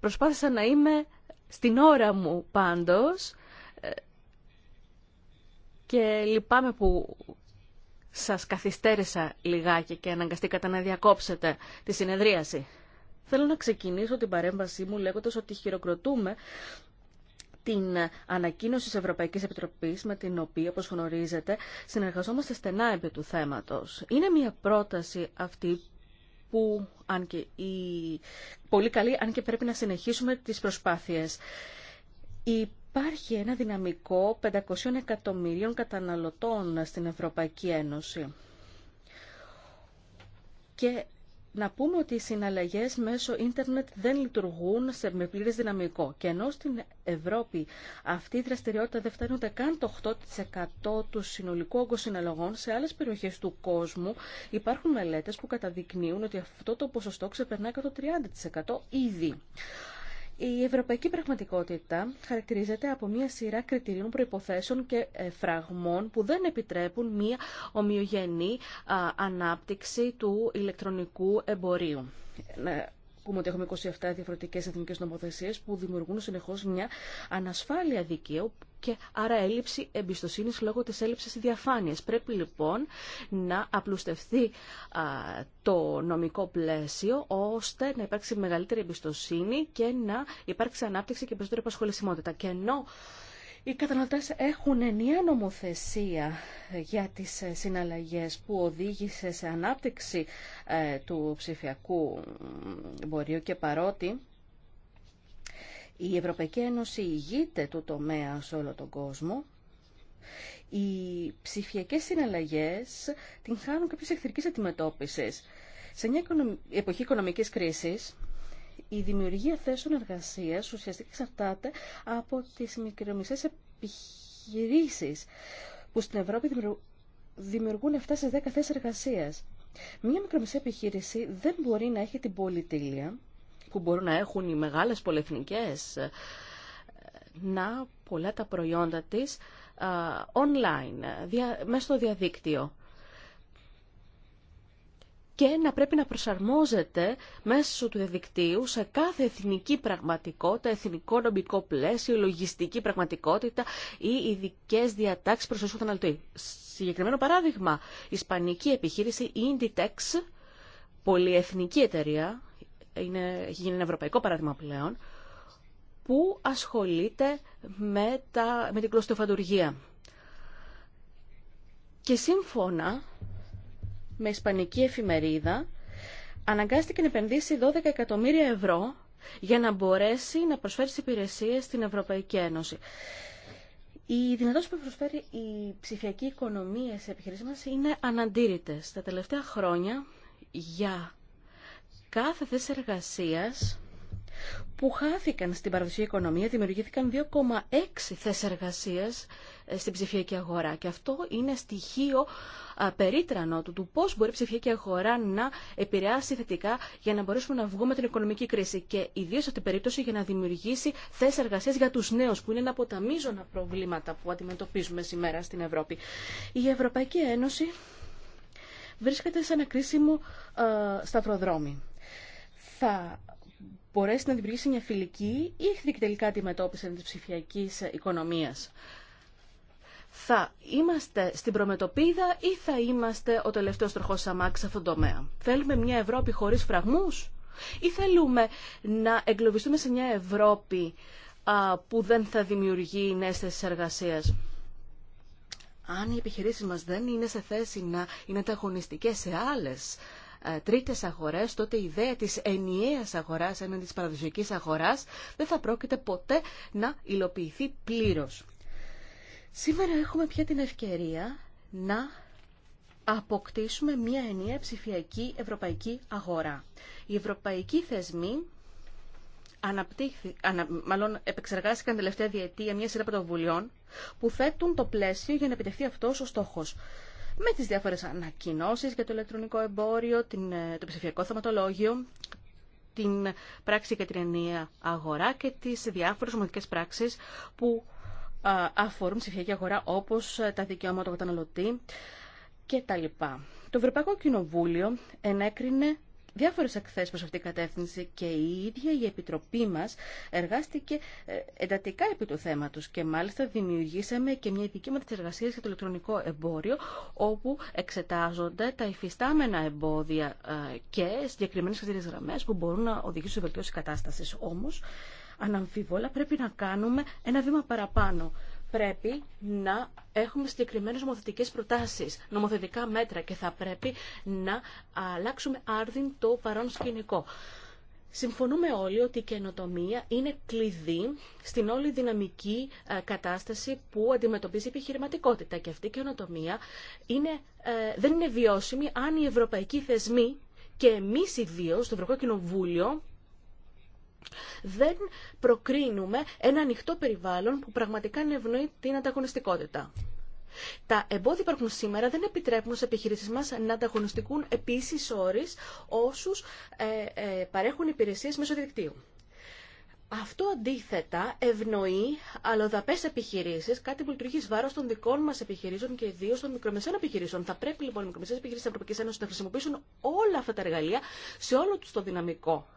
Προσπάθησα να είμαι στην ώρα μου πάντως ε, και λυπάμαι που σας καθυστέρησα λιγάκι και αναγκαστήκατε να διακόψετε τη συνεδρίαση. Θέλω να ξεκινήσω την παρέμβασή μου λέγοντας ότι χειροκροτούμε την ανακοίνωση της Ευρωπαϊκής Επιτροπής με την οποία, όπως γνωρίζετε, συνεργαζόμαστε στενά επί του θέματος. Είναι μια πρόταση αυτή που, αν και η... πολύ καλή, αν και πρέπει να συνεχίσουμε τις προσπάθειες. Υπάρχει ένα δυναμικό 500 εκατομμυρίων καταναλωτών στην Ευρωπαϊκή Ένωση. Και να πούμε ότι οι συναλλαγές μέσω ίντερνετ δεν λειτουργούν σε με πλήρε δυναμικό. Και ενώ στην Ευρώπη αυτή η δραστηριότητα δεν φτάνει ούτε καν το 8% του συνολικού όγκου συναλλαγών, σε άλλε περιοχές του κόσμου υπάρχουν μελέτες που καταδεικνύουν ότι αυτό το ποσοστό ξεπερνά 130% ήδη. Η ευρωπαϊκή πραγματικότητα χαρακτηρίζεται από μια σειρά κριτηρίων, προϋποθέσεων και ε, φραγμών που δεν επιτρέπουν μια ομοιογενή ανάπτυξη του ηλεκτρονικού εμπορίου. Ε, πούμε ότι έχουμε 27 διαφορετικές εθνικές νομοθεσίες που δημιουργούν συνεχώς μια ανασφάλεια δικαίου και άρα έλλειψη εμπιστοσύνης λόγω της έλλειψης διαφάνειας. Πρέπει λοιπόν να απλουστευτεί το νομικό πλαίσιο ώστε να υπάρξει μεγαλύτερη εμπιστοσύνη και να υπάρξει ανάπτυξη και περισσότερη απασχολησιμότητα. Και οι καταναλωτές έχουν ενιαία νομοθεσία για τις ε, συναλλαγές που οδήγησε σε ανάπτυξη ε, του ψηφιακού εμπορίου και παρότι η Ευρωπαϊκή Ένωση ηγείται του τομέα σε όλο τον κόσμο, οι ψηφιακές συναλλαγές την χάνουν κάποιες εχθρικής αντιμετώπισης. Σε μια εποχή οικονομικής κρίσης, η δημιουργία θέσεων εργασίας ουσιαστικά εξαρτάται από τις μικρομισές επιχειρήσεις που στην Ευρώπη δημιουργούν 7 στις 10 θέσεις εργασίας. Μία μικρομεσαία επιχείρηση δεν μπορεί να έχει την πολυτήλεια που μπορούν να έχουν οι μεγάλες πολυεθνικές ε, να πολλά τα προϊόντα της ε, online, ε, μέσα στο διαδίκτυο και να πρέπει να προσαρμόζεται μέσω του διαδικτύου σε κάθε εθνική πραγματικότητα, εθνικό νομικό πλαίσιο, λογιστική πραγματικότητα ή ειδικέ διατάξει προ καταναλωτή. Συγκεκριμένο παράδειγμα, η ισπανική επιχείρηση Inditex, πολυεθνική εταιρεία, είναι, έχει γίνει ένα ευρωπαϊκό παράδειγμα πλέον, που ασχολείται με, τα, με την κλωστοφαντουργία. Και σύμφωνα με ισπανική εφημερίδα, αναγκάστηκε να επενδύσει 12 εκατομμύρια ευρώ για να μπορέσει να προσφέρει τις υπηρεσίες στην Ευρωπαϊκή Ένωση. Οι δυνατότητε που προσφέρει η ψηφιακή οικονομία σε επιχειρήσεις μας είναι αναντήρητες. Τα τελευταία χρόνια για κάθε θέση εργασίας που χάθηκαν στην παραδοσιακή οικονομία, δημιουργήθηκαν 2,6 θέσει εργασία ε, στην ψηφιακή αγορά. Και αυτό είναι στοιχείο περίτρανο του, του πώ μπορεί η ψηφιακή αγορά να επηρεάσει θετικά για να μπορέσουμε να βγούμε την οικονομική κρίση. Και ιδίω αυτή την περίπτωση για να δημιουργήσει θέσει εργασία για του νέου, που είναι ένα από τα μείζωνα προβλήματα που αντιμετωπίζουμε σήμερα στην Ευρώπη. Η Ευρωπαϊκή Ένωση βρίσκεται σε ένα κρίσιμο α, σταυροδρόμι. Θα μπορέσει να δημιουργήσει μια φιλική ή εχθρική τελικά αντιμετώπιση τη ψηφιακή οικονομία. Θα είμαστε στην προμετωπίδα ή θα είμαστε ο τελευταίο τροχός αμάξι σε αυτόν τον τομέα. Θέλουμε μια Ευρώπη χωρί φραγμούς ή θέλουμε να εγκλωβιστούμε σε μια Ευρώπη που δεν θα δημιουργεί νέες θέσει εργασία. Αν οι επιχειρήσει μα δεν είναι σε θέση να είναι ανταγωνιστικέ σε άλλε. Ε, Τρίτε αγορέ, τότε η ιδέα της ενιαία αγοράς έναντι τη παραδοσιακή αγορά, δεν θα πρόκειται ποτέ να υλοποιηθεί πλήρως. Σήμερα έχουμε πια την ευκαιρία να αποκτήσουμε μια ενιαία ψηφιακή ευρωπαϊκή αγορά. Οι ευρωπαϊκοί θεσμοί μάλλον επεξεργάστηκαν τελευταία διετία μια σειρά πρωτοβουλειών που θέτουν το πλαίσιο για να επιτευχθεί αυτός ο στόχος με τις διάφορες ανακοινώσεις για το ηλεκτρονικό εμπόριο, την, ε, το ψηφιακό θεματολόγιο, την πράξη για την ενιαία αγορά και τις διάφορες ομαδικές πράξεις που αφορούν ψηφιακή αγορά όπως ε, τα δικαιώματα του καταναλωτή κτλ. Το Ευρωπαϊκό Κοινοβούλιο ενέκρινε διάφορες εκθέσεις προς αυτήν την κατεύθυνση και η ίδια η Επιτροπή μας εργάστηκε ε, εντατικά επί του θέματος και μάλιστα δημιουργήσαμε και μια ειδική της εργασίας για το ηλεκτρονικό εμπόριο όπου εξετάζονται τα υφιστάμενα εμπόδια ε, και συγκεκριμένε καθαρές γραμμές που μπορούν να οδηγήσουν σε βελτίωση κατάστασης. Όμως, αναμφίβολα πρέπει να κάνουμε ένα βήμα παραπάνω πρέπει να έχουμε συγκεκριμένες νομοθετικές προτάσεις, νομοθετικά μέτρα και θα πρέπει να αλλάξουμε άρδιν το παρόν σκηνικό. Συμφωνούμε όλοι ότι η καινοτομία είναι κλειδί στην όλη δυναμική ε, κατάσταση που αντιμετωπίζει η επιχειρηματικότητα. Και αυτή η καινοτομία είναι, ε, δεν είναι βιώσιμη αν οι ευρωπαϊκοί θεσμοί και εμείς ιδίως, το Ευρωπαϊκό Κοινοβούλιο, δεν προκρίνουμε ένα ανοιχτό περιβάλλον που πραγματικά ευνοεί την ανταγωνιστικότητα. Τα εμπόδια που υπάρχουν σήμερα δεν επιτρέπουν στι επιχειρήσει μα να ανταγωνιστικούν επίση όρει όσου ε, ε, παρέχουν υπηρεσίε μέσω δικτύου. Αυτό αντίθετα ευνοεί αλλοδαπέ επιχειρήσει, κάτι που λειτουργεί βάρο των δικών μα επιχειρήσεων και ιδίω των μικρομεσαίων επιχειρήσεων. Θα πρέπει λοιπόν οι μικρομεσαίε επιχειρήσει τη Ευρωπαϊκή Ένωση να χρησιμοποιήσουν όλα αυτά τα εργαλεία σε όλο του το δυναμικό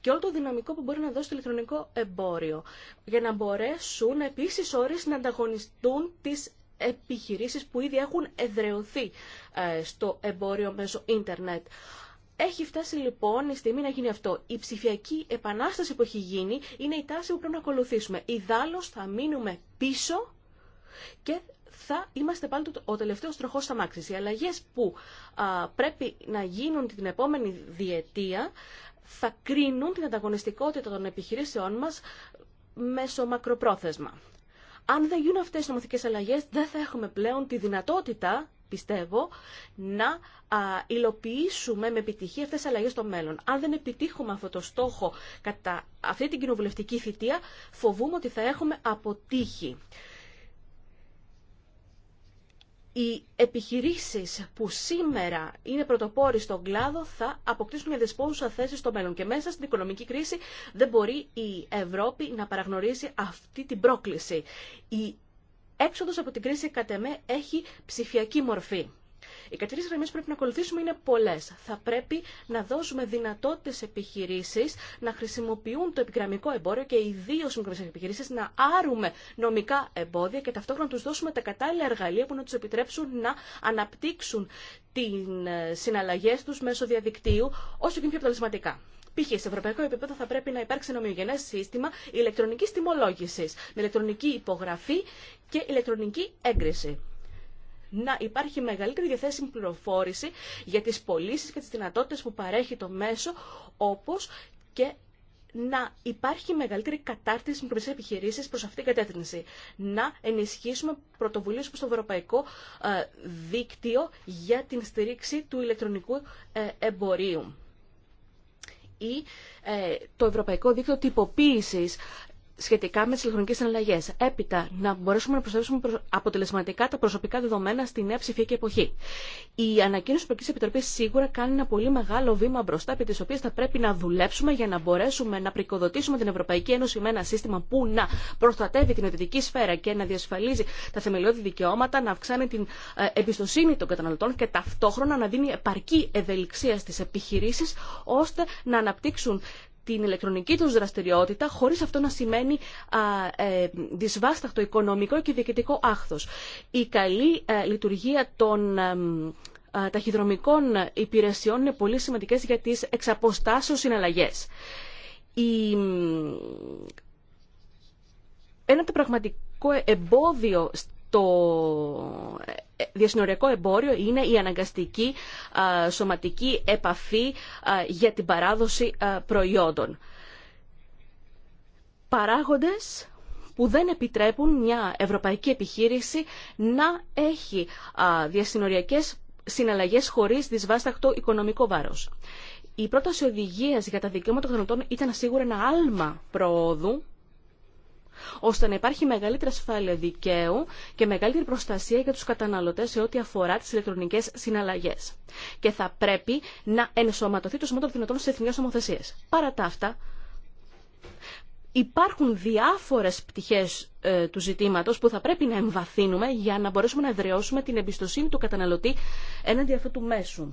και όλο το δυναμικό που μπορεί να δώσει το ηλεκτρονικό εμπόριο για να μπορέσουν επίσης όρες να ανταγωνιστούν τις επιχειρήσεις που ήδη έχουν εδρεωθεί ε, στο εμπόριο μέσω ίντερνετ. Έχει φτάσει λοιπόν η στιγμή να γίνει αυτό. Η ψηφιακή επανάσταση που έχει γίνει είναι η τάση που πρέπει να ακολουθήσουμε. Ιδάλλως θα μείνουμε πίσω και θα είμαστε πάλι ο τελευταίο τροχό στα Οι αλλαγές που πρέπει να γίνουν την επόμενη διετία θα κρίνουν την ανταγωνιστικότητα των επιχειρήσεών μας μέσω μακροπρόθεσμα. Αν δεν γίνουν αυτές οι νομοθετικές αλλαγές, δεν θα έχουμε πλέον τη δυνατότητα, πιστεύω, να υλοποιήσουμε με επιτυχία αυτές τις αλλαγές στο μέλλον. Αν δεν επιτύχουμε αυτό το στόχο κατά αυτή την κοινοβουλευτική θητεία, φοβούμαι ότι θα έχουμε αποτύχει οι επιχειρήσεις που σήμερα είναι πρωτοπόροι στον κλάδο θα αποκτήσουν μια δεσπόζουσα θέση στο μέλλον. Και μέσα στην οικονομική κρίση δεν μπορεί η Ευρώπη να παραγνωρίσει αυτή την πρόκληση. Η έξοδος από την κρίση κατεμέ με, έχει ψηφιακή μορφή. Οι κατηρίε γραμμέ που πρέπει να ακολουθήσουμε είναι πολλέ. Θα πρέπει να δώσουμε δυνατότητε επιχειρήσει να χρησιμοποιούν το επιγραμμικό εμπόριο και ιδίω οι μικρομεσαίε επιχειρήσει να άρουμε νομικά εμπόδια και ταυτόχρονα του δώσουμε τα κατάλληλα εργαλεία που να του επιτρέψουν να αναπτύξουν τι ε, συναλλαγέ του μέσω διαδικτύου όσο και πιο αποτελεσματικά. Π.χ. σε ευρωπαϊκό επίπεδο θα πρέπει να υπάρξει νομιογενέ σύστημα ηλεκτρονική τιμολόγηση με ηλεκτρονική υπογραφή και ηλεκτρονική έγκριση να υπάρχει μεγαλύτερη διαθέσιμη πληροφόρηση για τις πωλήσει και τις δυνατότητες που παρέχει το μέσο, όπως και να υπάρχει μεγαλύτερη κατάρτιση μικρομεσαίε επιχειρήσει προς αυτήν την κατεύθυνση. Να ενισχύσουμε πρωτοβουλίε προς το Ευρωπαϊκό ε, Δίκτυο για την στήριξη του ηλεκτρονικού ε, εμπορίου ή ε, το Ευρωπαϊκό Δίκτυο Τυποποίησης σχετικά με τις ηλεκτρονικές συναλλαγές. Έπειτα, να μπορέσουμε να προστατεύσουμε αποτελεσματικά τα προσωπικά δεδομένα στη νέα ψηφιακή εποχή. Η ανακοίνωση της Ευρωπαϊκής Επιτροπής σίγουρα κάνει ένα πολύ μεγάλο βήμα μπροστά, επί της οποίας θα πρέπει να δουλέψουμε για να μπορέσουμε να πρικοδοτήσουμε την Ευρωπαϊκή Ένωση με ένα σύστημα που να προστατεύει την ιδιωτική σφαίρα και να διασφαλίζει τα θεμελιώδη δικαιώματα, να αυξάνει την ε, εμπιστοσύνη των καταναλωτών και ταυτόχρονα να δίνει επαρκή ευελιξία στις επιχειρήσεις ώστε να αναπτύξουν την ηλεκτρονική τους δραστηριότητα χωρίς αυτό να σημαίνει ε, δυσβάσταχτο οικονομικό και διοικητικό άχθος. Η καλή ε, λειτουργία των ταχυδρομικών υπηρεσιών είναι πολύ σημαντικές για τις εξαποστάσεως συναλλαγές. Η... Ένα από πραγματικό εμπόδιο το ε, διασυνοριακό εμπόριο είναι η αναγκαστική σωματική επαφή για την παράδοση προϊόντων. Παράγοντες που δεν επιτρέπουν μια ευρωπαϊκή επιχείρηση να έχει διασυνοριακές συναλλαγές χωρίς δυσβάστακτο οικονομικό βάρος. Η πρόταση οδηγίας για τα δικαιώματα των ήταν σίγουρα ένα άλμα προόδου ώστε να υπάρχει μεγαλύτερη ασφάλεια δικαίου και μεγαλύτερη προστασία για τους καταναλωτές σε ό,τι αφορά τις ηλεκτρονικές συναλλαγές. Και θα πρέπει να ενσωματωθεί το των δυνατόν στις εθνικές νομοθεσίες. Παρά τα αυτά, υπάρχουν διάφορες πτυχές ε, του ζητήματος που θα πρέπει να εμβαθύνουμε για να μπορέσουμε να εδραιώσουμε την εμπιστοσύνη του καταναλωτή έναντι αυτού του μέσου.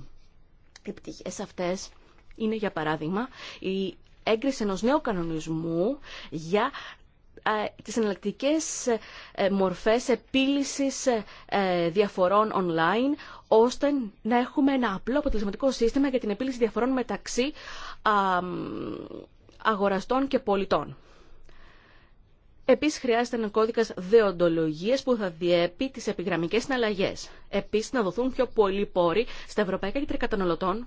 Οι πτυχές αυτές είναι, για παράδειγμα, η έγκριση ενός νέου κανονισμού για ε, τις εναλλακτικέ ε, μορφές επίλυσης ε, διαφορών online, ώστε να έχουμε ένα απλό αποτελεσματικό σύστημα για την επίλυση διαφορών μεταξύ αγοραστών και πολιτών. Επίσης χρειάζεται ένα κώδικα δεοντολογίας που θα διέπει τις επιγραμμικές συναλλαγές. Επίσης να δοθούν πιο πολλοί πόροι στα Ευρωπαϊκά Κέντρα Καταναλωτών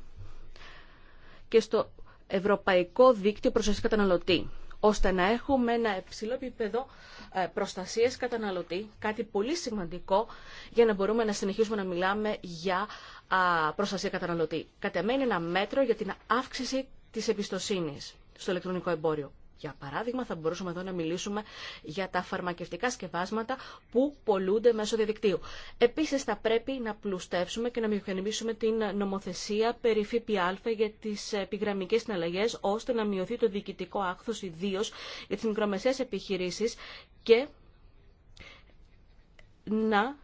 και στο Ευρωπαϊκό Δίκτυο Προσοχής Καταναλωτή ώστε να έχουμε ένα υψηλό επίπεδο ε, προστασίας καταναλωτή, κάτι πολύ σημαντικό για να μπορούμε να συνεχίσουμε να μιλάμε για προστασία καταναλωτή. Κατεμένει ένα μέτρο για την αύξηση της εμπιστοσύνη στο ηλεκτρονικό εμπόριο. Για παράδειγμα, θα μπορούσαμε εδώ να μιλήσουμε για τα φαρμακευτικά σκευάσματα που πολλούνται μέσω διαδικτύου. Επίση, θα πρέπει να πλουστεύσουμε και να μηχανημίσουμε την νομοθεσία περί ΦΠΑ για τι επιγραμμικέ συναλλαγέ, ώστε να μειωθεί το διοικητικό άκθο, ιδίω για τι μικρομεσαίε επιχειρήσει και να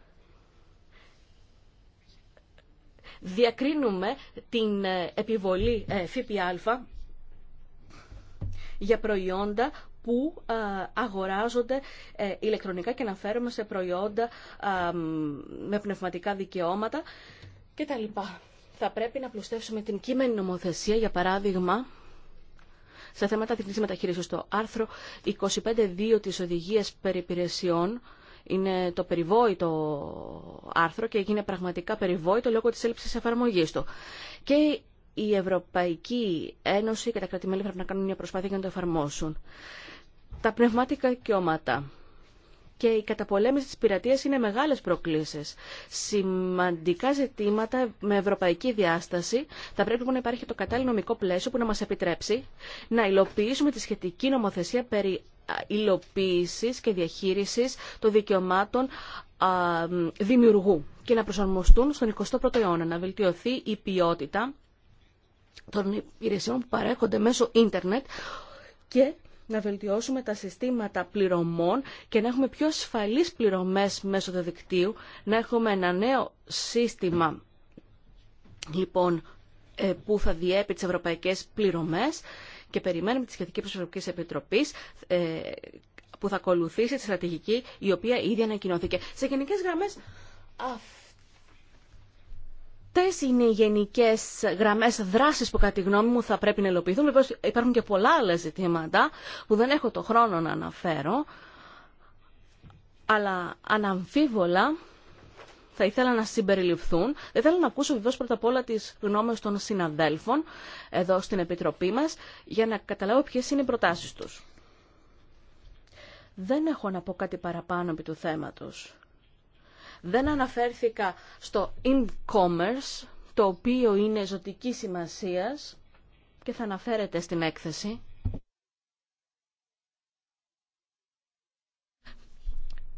διακρίνουμε την επιβολή ε, ΦΠΑ για προϊόντα που ε, αγοράζονται ε, ηλεκτρονικά και να αναφέρομαι σε προϊόντα ε, με πνευματικά δικαιώματα και τα λοιπά Θα πρέπει να πλουστεύσουμε την κείμενη νομοθεσία, για παράδειγμα, σε θέματα διεθνής μεταχείρισης. Το άρθρο 25.2 της Οδηγίας Περιπηρεσιών είναι το περιβόητο άρθρο και έγινε πραγματικά περιβόητο λόγω της έλλειψης εφαρμογής του. Και η Ευρωπαϊκή Ένωση και τα κρατημέλη πρέπει να κάνουν μια προσπάθεια για να το εφαρμόσουν. Τα πνευματικά δικαιώματα και η καταπολέμηση της πειρατείας είναι μεγάλες προκλήσεις. Σημαντικά ζητήματα με ευρωπαϊκή διάσταση θα πρέπει λοιπόν να υπάρχει το κατάλληλο νομικό πλαίσιο που να μας επιτρέψει να υλοποιήσουμε τη σχετική νομοθεσία περί υλοποίησης και διαχείρισης των δικαιωμάτων δημιουργού και να προσαρμοστούν στον 21ο αιώνα, να βελτιωθεί η ποιότητα των υπηρεσιών που παρέχονται μέσω ίντερνετ και να βελτιώσουμε τα συστήματα πληρωμών και να έχουμε πιο ασφαλείς πληρωμές μέσω του δικτύου, να έχουμε ένα νέο σύστημα λοιπόν, ε, που θα διέπει τις ευρωπαϊκές πληρωμές και περιμένουμε τη σχετική προσωπική επιτροπή ε, που θα ακολουθήσει τη στρατηγική η οποία ήδη ανακοινώθηκε. Σε γενικές γραμμές, Αυτές είναι οι γενικές γραμμές δράσης που κατά τη γνώμη μου θα πρέπει να υλοποιηθούν. υπάρχουν και πολλά άλλα ζητήματα που δεν έχω το χρόνο να αναφέρω. Αλλά αναμφίβολα θα ήθελα να συμπεριληφθούν. θα ήθελα να ακούσω βεβαίω πρώτα απ' όλα τι γνώμε των συναδέλφων εδώ στην Επιτροπή μα για να καταλάβω ποιε είναι οι προτάσει του. Δεν έχω να πω κάτι παραπάνω επί του θέματος. Δεν αναφέρθηκα στο e-commerce, το οποίο είναι ζωτική σημασίας και θα αναφέρεται στην έκθεση.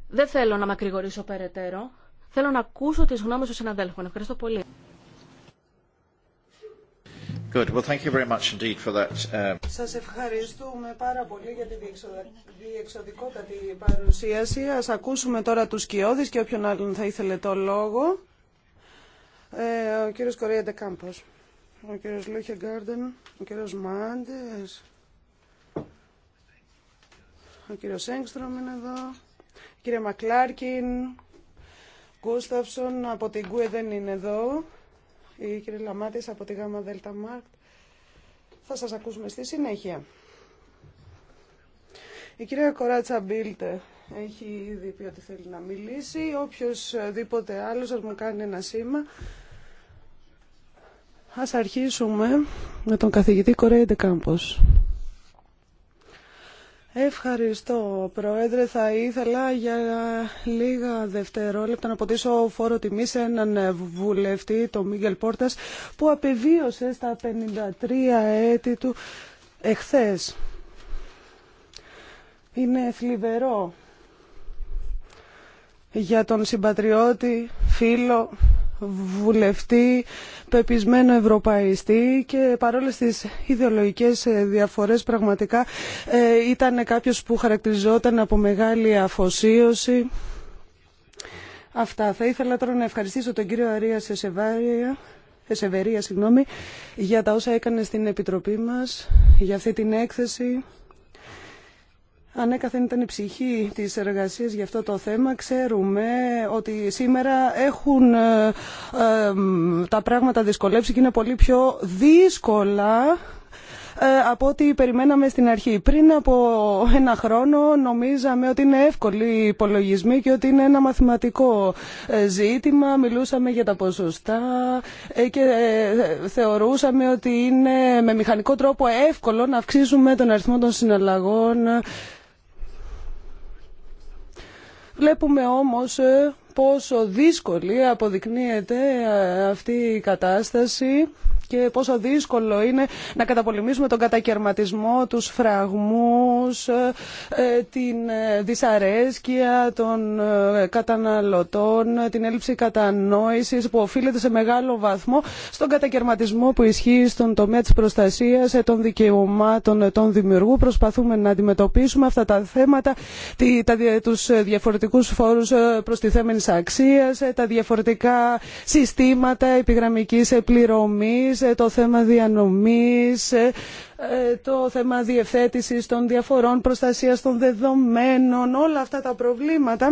Δεν θέλω να μακρηγορήσω περαιτέρω. Θέλω να ακούσω τις γνώμες των συναδέλφων. Ευχαριστώ πολύ. Good. Uh, Σας ευχαριστούμε πάρα πολύ για τη διεξοδικότατη παρουσίαση. Ας ακούσουμε τώρα τους Κιώδης και όποιον άλλον θα ήθελε το λόγο. Ε, ο κύριος Κορέα Ντεκάμπος, ο κύριος Λούχε Γκάρντεν, ο κύριος Μάντες, ο κύριος Έγκστρομ είναι εδώ, κύριε Μακλάρκιν, Γκούσταυσον από την ΚΟΕ δεν είναι εδώ η κυρία Λαμάτης από τη ΓΑΜΑ ΔΕΛΤΑ ΜΑΡΚΤ. Θα σας ακούσουμε στη συνέχεια. Η κυρία Κοράτσα Μπίλτε έχει ήδη πει ότι θέλει να μιλήσει. Ε, δίποτε άλλος θα μου κάνει ένα σήμα. Ας αρχίσουμε με τον καθηγητή Κορέιντε Κάμπος. Ευχαριστώ, Πρόεδρε. Θα ήθελα για λίγα δευτερόλεπτα να ποτίσω φόρο τιμή σε έναν βουλευτή, τον Μίγκελ Πόρτας, που απεβίωσε στα 53 έτη του εχθές. Είναι θλιβερό για τον συμπατριώτη, φίλο, βουλευτή, πεπισμένο ευρωπαϊστή και παρόλες τις ιδεολογικές ε, διαφορές πραγματικά ε, ήταν κάποιος που χαρακτηριζόταν από μεγάλη αφοσίωση. Αυτά. Θα ήθελα τώρα να ευχαριστήσω τον κύριο Αρία Σεσεβάρια Εσεβερία, συγγνώμη, για τα όσα έκανε στην Επιτροπή μας, για αυτή την έκθεση. Ανέκαθεν ήταν η ψυχή της εργασίας για αυτό το θέμα. Ξέρουμε ότι σήμερα έχουν ε, ε, τα πράγματα δυσκολέψει και είναι πολύ πιο δύσκολα ε, από ό,τι περιμέναμε στην αρχή. Πριν από ένα χρόνο νομίζαμε ότι είναι εύκολοι οι υπολογισμοί και ότι είναι ένα μαθηματικό ζήτημα. Μιλούσαμε για τα ποσοστά και θεωρούσαμε ότι είναι με μηχανικό τρόπο εύκολο να αυξήσουμε τον αριθμό των συναλλαγών Βλέπουμε όμως ε, πόσο δύσκολη αποδεικνύεται ε, αυτή η κατάσταση και πόσο δύσκολο είναι να καταπολεμήσουμε τον κατακαιρματισμό, τους φραγμούς, ε, ε, την ε, δυσαρέσκεια των καταναλωτών, την έλλειψη κατανόηση που οφείλεται σε μεγάλο βαθμό στον κατακαιρματισμό που ισχύει στον τομέα της προστασίας των δικαιωμάτων των δημιουργού. Προσπαθούμε να αντιμετωπίσουμε αυτά τα θέματα, τους διαφορετικούς φόρους προστιθέμενη αξία, τα διαφορετικά συστήματα επιγραμμικής πληρωμή. Ε, το θέμα διανομής, ε, ε, το θέμα διευθέτησης των διαφορών, προστασίας των δεδομένων, όλα αυτά τα προβλήματα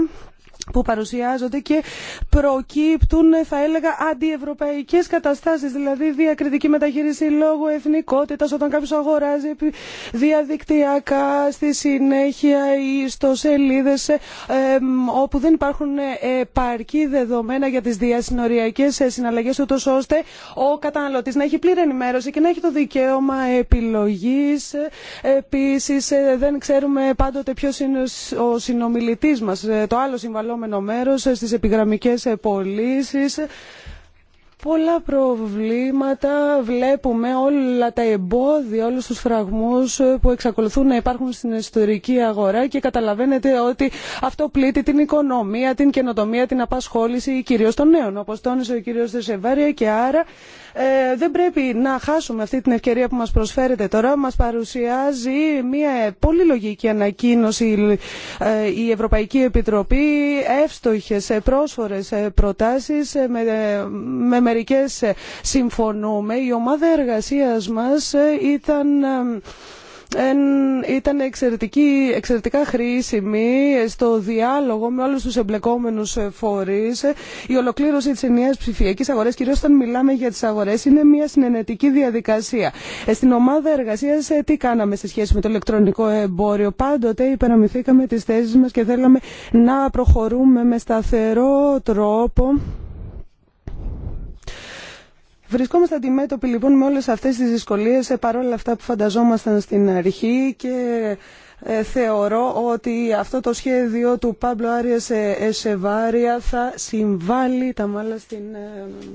που παρουσιάζονται και προκύπτουν, θα έλεγα, αντιευρωπαϊκές καταστάσεις, δηλαδή διακριτική μεταχείριση λόγω εθνικότητα, όταν κάποιο αγοράζει διαδικτυακά στη συνέχεια ή στο σελίδες ε, όπου δεν υπάρχουν ε, επαρκή δεδομένα για τις διασυνοριακές ε, συναλλαγές ούτω ώστε ο καταναλωτής να έχει πλήρη ενημέρωση και να έχει το δικαίωμα επιλογής. Επίσης δεν ξέρουμε πάντοτε ποιο είναι ο συνομιλητής μας, το άλλο συμβαλόμενο Στι μέρος ε, στις επιγραμμικές ε, πωλήσει. Πολλά προβλήματα βλέπουμε, όλα τα εμπόδια, όλους τους φραγμούς ε, που εξακολουθούν να υπάρχουν στην ιστορική αγορά και καταλαβαίνετε ότι αυτό πλήττει την οικονομία, την καινοτομία, την απασχόληση κυρίως των νέων, όπως τόνισε ο κύριος Δεσεβάρια και άρα ε, δεν πρέπει να χάσουμε αυτή την ευκαιρία που μας προσφέρεται τώρα. Μας παρουσιάζει μια πολύ λογική ανακοίνωση ε, η Ευρωπαϊκή Επιτροπή, εύστοχες, ε, πρόσφορες προτάσεις, με, με μερικές συμφωνούμε. Η ομάδα εργασίας μας ήταν ήταν εξαιρετικά χρήσιμη στο διάλογο με όλους τους εμπλεκόμενους ε, φορείς. Η ολοκλήρωση της ενιαίας ψηφιακής αγοράς, κυρίως όταν μιλάμε για τις αγορές, είναι μια συνενετική διαδικασία. Ε, στην ομάδα εργασίας ε, τι κάναμε σε σχέση με το ηλεκτρονικό εμπόριο. Πάντοτε υπεραμηθήκαμε τις θέσεις μας και θέλαμε να προχωρούμε με σταθερό τρόπο Βρισκόμαστε αντιμέτωποι λοιπόν με όλες αυτές τις δυσκολίες ε, παρόλα αυτά που φανταζόμασταν στην αρχή και ε, θεωρώ ότι αυτό το σχέδιο του Πάμπλο Άριας ε, Εσεβάρια θα συμβάλλει τα μάλλα στην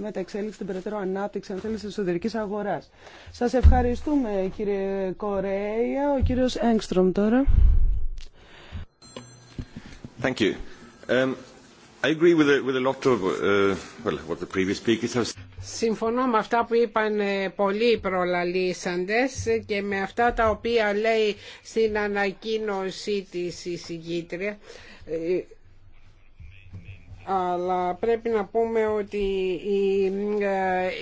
μεταξέλιξη, την περαιτέρω ανάπτυξη αν θέλει, της εσωτερικής αγοράς. Σας ευχαριστούμε κύριε Κορέα. Ο κύριος Έγκστρομ τώρα. Thank you. Um, Συμφωνώ με αυτά που είπαν ε, πολλοί προλαλήσαντες και με αυτά τα οποία λέει στην ανακοίνωσή της η συγκήτρια ε, αλλά πρέπει να πούμε ότι η, ε,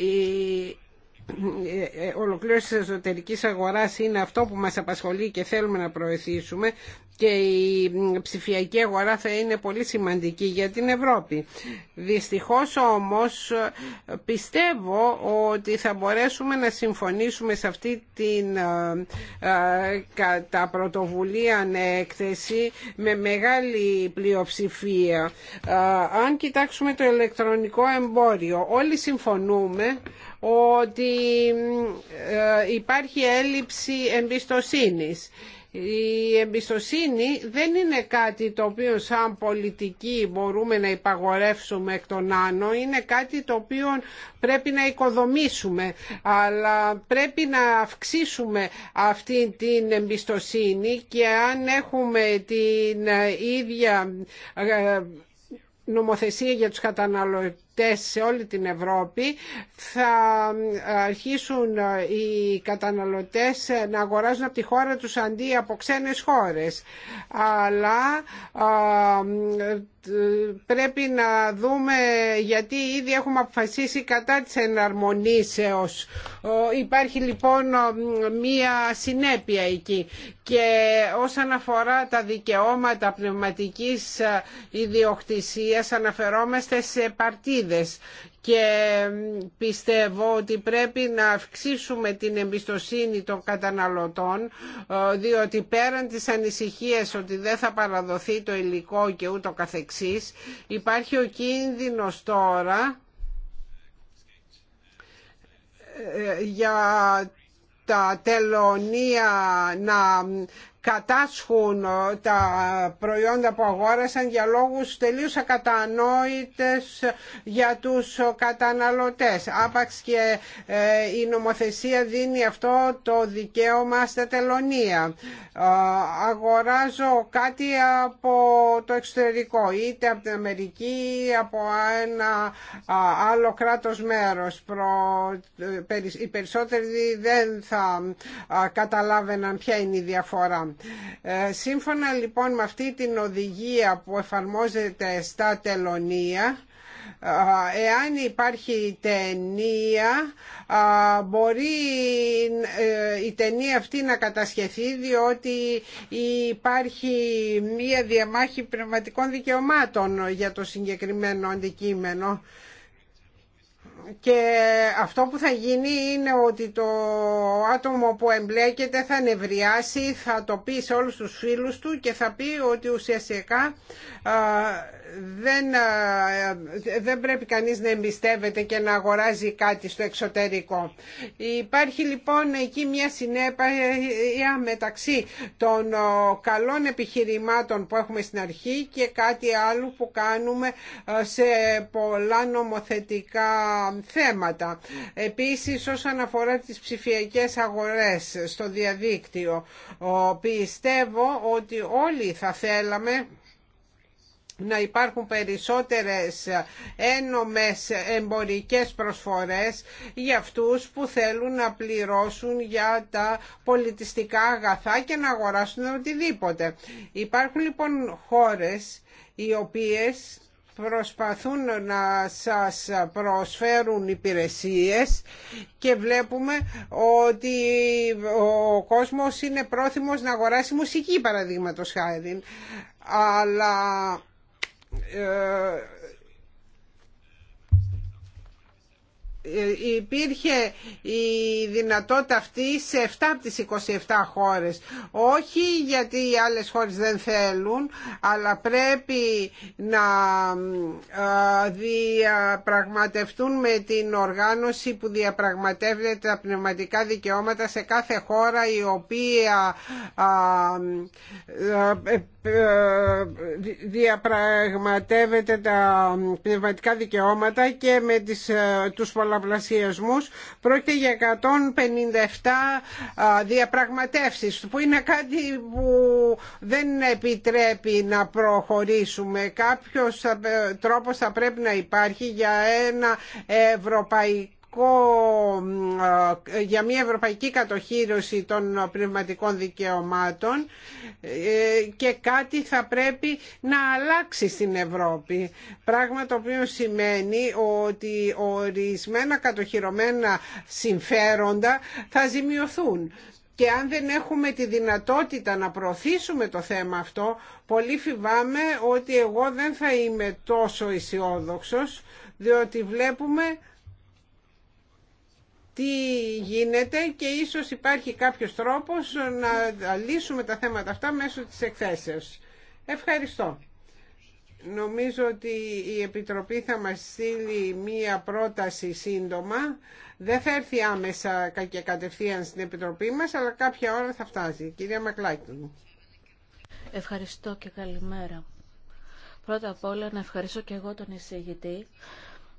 ολοκλήρωση της εσωτερικής αγοράς είναι αυτό που μας απασχολεί και θέλουμε να προωθήσουμε και η ψηφιακή αγορά θα είναι πολύ σημαντική για την Ευρώπη. Δυστυχώς όμως πιστεύω ότι θα μπορέσουμε να συμφωνήσουμε σε αυτή την ε, ε, κατά πρωτοβουλία έκθεση με μεγάλη πλειοψηφία. Ε, αν κοιτάξουμε το ηλεκτρονικό εμπόριο, όλοι συμφωνούμε ότι ε, υπάρχει έλλειψη εμπιστοσύνης. Η εμπιστοσύνη δεν είναι κάτι το οποίο σαν πολιτική μπορούμε να υπαγορεύσουμε εκ των άνω, είναι κάτι το οποίο πρέπει να οικοδομήσουμε, αλλά πρέπει να αυξήσουμε αυτή την εμπιστοσύνη και αν έχουμε την ε, ίδια ε, νομοθεσία για τους καταναλωτές σε όλη την Ευρώπη θα ε, αρχίσουν ε, οι καταναλωτές ε, να αγοράζουν από τη χώρα τους αντί από ξένες χώρες. Αλλά πρέπει να δούμε γιατί ήδη έχουμε αποφασίσει κατά της εναρμονήσεως. Υπάρχει λοιπόν μία συνέπεια εκεί και όσον αφορά τα δικαιώματα πνευματικής ιδιοκτησίας αναφερόμαστε σε παρτίδες και πιστεύω ότι πρέπει να αυξήσουμε την εμπιστοσύνη των καταναλωτών ε, διότι πέραν της ανησυχίας ότι δεν θα παραδοθεί το υλικό και ούτω καθεξής υπάρχει ο κίνδυνος τώρα ε, για τα τελωνία να κατάσχουν ε, τα προϊόντα που αγόρασαν για λόγους τελείως ακατανόητες για τους καταναλωτές. Άπαξ και ε, η νομοθεσία δίνει αυτό το δικαίωμα στα τελωνία. Ε, αγοράζω κάτι από το εξωτερικό, είτε από την Αμερική από ένα άλλο κράτος μέρος. Οι περισσότεροι δεν θα καταλάβαιναν ποια είναι η διαφορά. Ε, σύμφωνα λοιπόν με αυτή την οδηγία που εφαρμόζεται στα τελωνία, ε, εάν υπάρχει ταινία ε, μπορεί η ταινία αυτή να κατασχεθεί διότι υπάρχει μία διαμάχη πνευματικών δικαιωμάτων για το συγκεκριμένο αντικείμενο και αυτό που θα γίνει είναι ότι το άτομο που εμπλέκεται θα νευριάσει, θα το πει σε όλους τους φίλους του και θα πει ότι ουσιαστικά δεν, δεν πρέπει κανείς να εμπιστεύεται και να αγοράζει κάτι στο εξωτερικό. Υπάρχει λοιπόν εκεί μια συνέπεια μεταξύ των καλών επιχειρημάτων που έχουμε στην αρχή και κάτι άλλο που κάνουμε σε πολλά νομοθετικά θέματα. Επίσης όσον αφορά τις ψηφιακές αγορές στο διαδίκτυο πιστεύω ότι όλοι θα θέλαμε να υπάρχουν περισσότερες ένομες εμπορικές προσφορές για αυτούς που θέλουν να πληρώσουν για τα πολιτιστικά αγαθά και να αγοράσουν οτιδήποτε. Υπάρχουν λοιπόν χώρες οι οποίες προσπαθούν να σας προσφέρουν υπηρεσίες και βλέπουμε ότι ο κόσμος είναι πρόθυμος να αγοράσει μουσική παραδείγματος χάρη αλλά ε, ε, υπήρχε η δυνατότητα αυτή σε 7 από τις 27 χώρες. Όχι γιατί οι άλλες χώρες δεν θέλουν, αλλά πρέπει να ε, διαπραγματευτούν με την οργάνωση που διαπραγματεύεται τα πνευματικά δικαιώματα σε κάθε χώρα η οποία ε, διαπραγματεύεται τα πνευματικά δικαιώματα και με τις, ε, τους πολλαπλασιασμούς πρόκειται για 157 διαπραγματεύσεις που είναι κάτι που δεν επιτρέπει να προχωρήσουμε κάποιος ε, τρόπος θα πρέπει να υπάρχει για ένα ευρωπαϊκό για μια ευρωπαϊκή κατοχήρωση των πνευματικών δικαιωμάτων ε, και κάτι θα πρέπει να αλλάξει στην Ευρώπη. Πράγμα το οποίο σημαίνει ότι ορισμένα κατοχυρωμένα συμφέροντα θα ζημιωθούν. Και αν δεν έχουμε τη δυνατότητα να προωθήσουμε το θέμα αυτό, πολύ φοβάμαι ότι εγώ δεν θα είμαι τόσο αισιόδοξο, διότι βλέπουμε τι γίνεται και ίσως υπάρχει κάποιος τρόπος να λύσουμε τα θέματα αυτά μέσω της εκθέσεως. Ευχαριστώ. Νομίζω ότι η Επιτροπή θα μας στείλει μία πρόταση σύντομα. Δεν θα έρθει άμεσα και κατευθείαν στην Επιτροπή μας, αλλά κάποια ώρα θα φτάσει. Κυρία Μακλάκη. Ευχαριστώ και καλημέρα. Πρώτα απ' όλα να ευχαριστώ και εγώ τον εισηγητή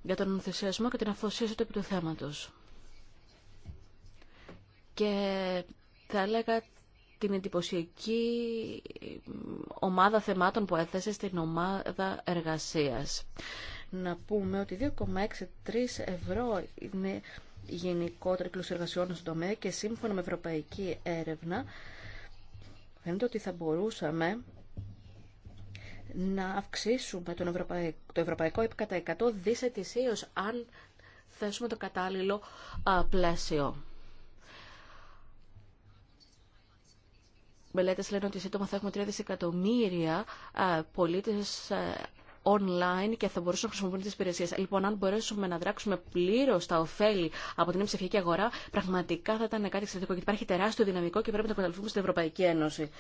για τον ενθουσιασμό και την αφοσίωση του επί του θέματος και θα έλεγα την εντυπωσιακή ομάδα θεμάτων που έθεσε στην ομάδα εργασίας. Να πούμε ότι 2,63 ευρώ είναι γενικότερη γενικότερη εργασιών στον τομέα και σύμφωνα με ευρωπαϊκή έρευνα φαίνεται ότι θα μπορούσαμε να αυξήσουμε ευρωπαϊκό, το ευρωπαϊκό επί κατά 100 αν θέσουμε το κατάλληλο πλαίσιο. μελέτες λένε ότι σύντομα θα έχουμε 3 δισεκατομμύρια ε, πολίτες ε, online και θα μπορούσαν να χρησιμοποιούν τι υπηρεσίε. Λοιπόν, αν μπορέσουμε να δράξουμε πλήρω τα ωφέλη από την ψηφιακή αγορά, πραγματικά θα ήταν κάτι εξαιρετικό. Γιατί υπάρχει τεράστιο δυναμικό και πρέπει να το καταλαβαίνουμε στην Ευρωπαϊκή Ένωση.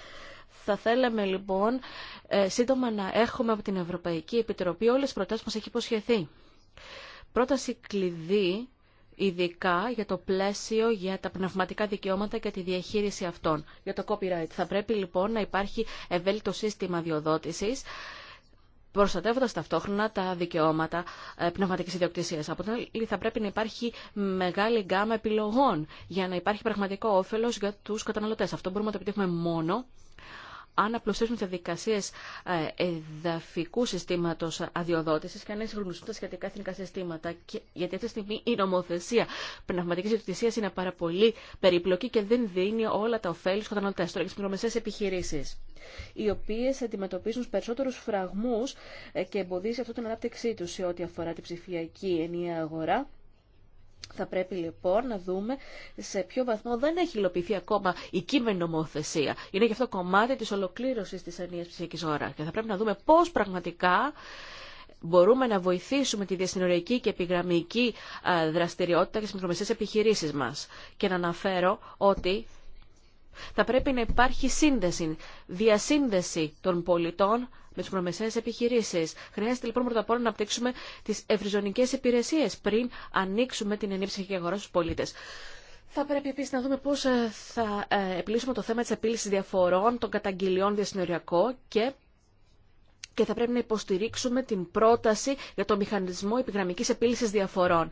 Θα θέλαμε λοιπόν ε, σύντομα να έχουμε από την Ευρωπαϊκή Επιτροπή όλε τι προτάσει που μα έχει υποσχεθεί. Πρόταση κλειδί ειδικά για το πλαίσιο για τα πνευματικά δικαιώματα και τη διαχείριση αυτών, για το copyright. Θα πρέπει λοιπόν να υπάρχει ευέλικτο σύστημα διοδότησης, προστατεύοντα ταυτόχρονα τα δικαιώματα ε, πνευματικής ιδιοκτησίας. Από την άλλη, θα πρέπει να υπάρχει μεγάλη γκάμα επιλογών για να υπάρχει πραγματικό όφελος για του καταναλωτέ. Αυτό μπορούμε να το επιτύχουμε μόνο αν απλουστεύσουμε τι διαδικασίε ε, εδαφικού συστήματο αδειοδότηση και αν εσυγχρονιστούν τα σχετικά εθνικά συστήματα. Και, γιατί αυτή τη στιγμή η νομοθεσία πνευματική ιδιοκτησία είναι πάρα πολύ περιπλοκή και δεν δίνει όλα τα ωφέλη στου καταναλωτέ. Τώρα για τι μικρομεσαίε επιχειρήσει, οι οποίε αντιμετωπίζουν του περισσότερου φραγμού ε, και εμποδίζει αυτό την ανάπτυξή του σε ό,τι αφορά την ψηφιακή ενιαία αγορά θα πρέπει λοιπόν να δούμε σε ποιο βαθμό δεν έχει υλοποιηθεί ακόμα η κείμενη νομοθεσία. Είναι γι' αυτό κομμάτι της ολοκλήρωσης της ενίας ψυχικής ώρας. Και θα πρέπει να δούμε πώς πραγματικά μπορούμε να βοηθήσουμε τη διασυνοριακή και επιγραμμική δραστηριότητα και στις μικρομεσαίες επιχειρήσεις μας. Και να αναφέρω ότι θα πρέπει να υπάρχει σύνδεση, διασύνδεση των πολιτών με τι προμεσαίε επιχειρήσεις. Χρειάζεται λοιπόν πρώτα απ' όλα να απτύξουμε τις ευρυζωνικέ υπηρεσίε πριν ανοίξουμε την και αγορά στου πολίτε. Θα πρέπει επίση να δούμε πώ ε, θα ε, επιλύσουμε το θέμα τη επίλυση διαφορών των καταγγελιών διασυνοριακό και και θα πρέπει να υποστηρίξουμε την πρόταση για το μηχανισμό επιγραμμικής επίλυσης διαφορών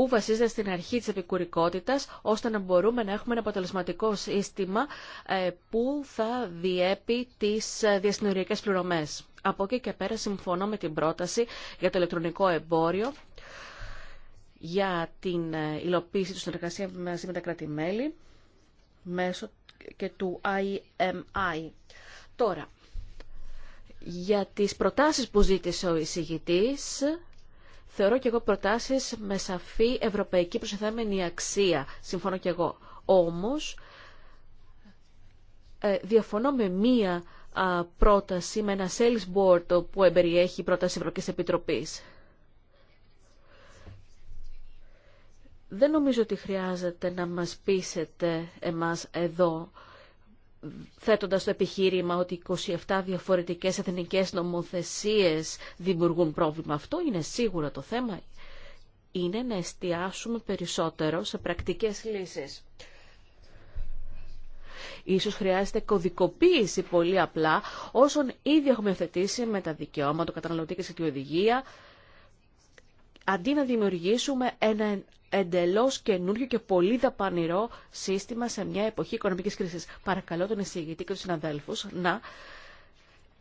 που βασίζεται στην αρχή της επικουρικότητας, ώστε να μπορούμε να έχουμε ένα αποτελεσματικό σύστημα ε, που θα διέπει τις ε, διασυνοριακές πληρωμές. Από εκεί και πέρα συμφωνώ με την πρόταση για το ηλεκτρονικό εμπόριο, για την ε, υλοποίηση του συνεργασία μαζί με τα κράτη-μέλη, μέσω και του IMI. Τώρα, για τις προτάσεις που ζήτησε ο εισηγητής, θεωρώ και εγώ προτάσεις με σαφή ευρωπαϊκή προσεθέμενη αξία. Συμφωνώ και εγώ. Όμως, ε, διαφωνώ με μία πρόταση, με ένα sales board που εμπεριέχει πρόταση Ευρωπαϊκής Επιτροπής. Δεν νομίζω ότι χρειάζεται να μας πείσετε εμάς εδώ θέτοντας το επιχείρημα ότι 27 διαφορετικές εθνικές νομοθεσίες δημιουργούν πρόβλημα. Αυτό είναι σίγουρα το θέμα. Είναι να εστιάσουμε περισσότερο σε πρακτικές λύσεις. Ίσως χρειάζεται κωδικοποίηση πολύ απλά όσων ήδη έχουμε θετήσει με τα δικαιώματα του καταναλωτή και στην οδηγία, αντί να δημιουργήσουμε ένα εντελώς καινούριο και πολύ δαπανηρό σύστημα σε μια εποχή οικονομικής κρίσης. Παρακαλώ τον εισηγητή και του συναδέλφου, να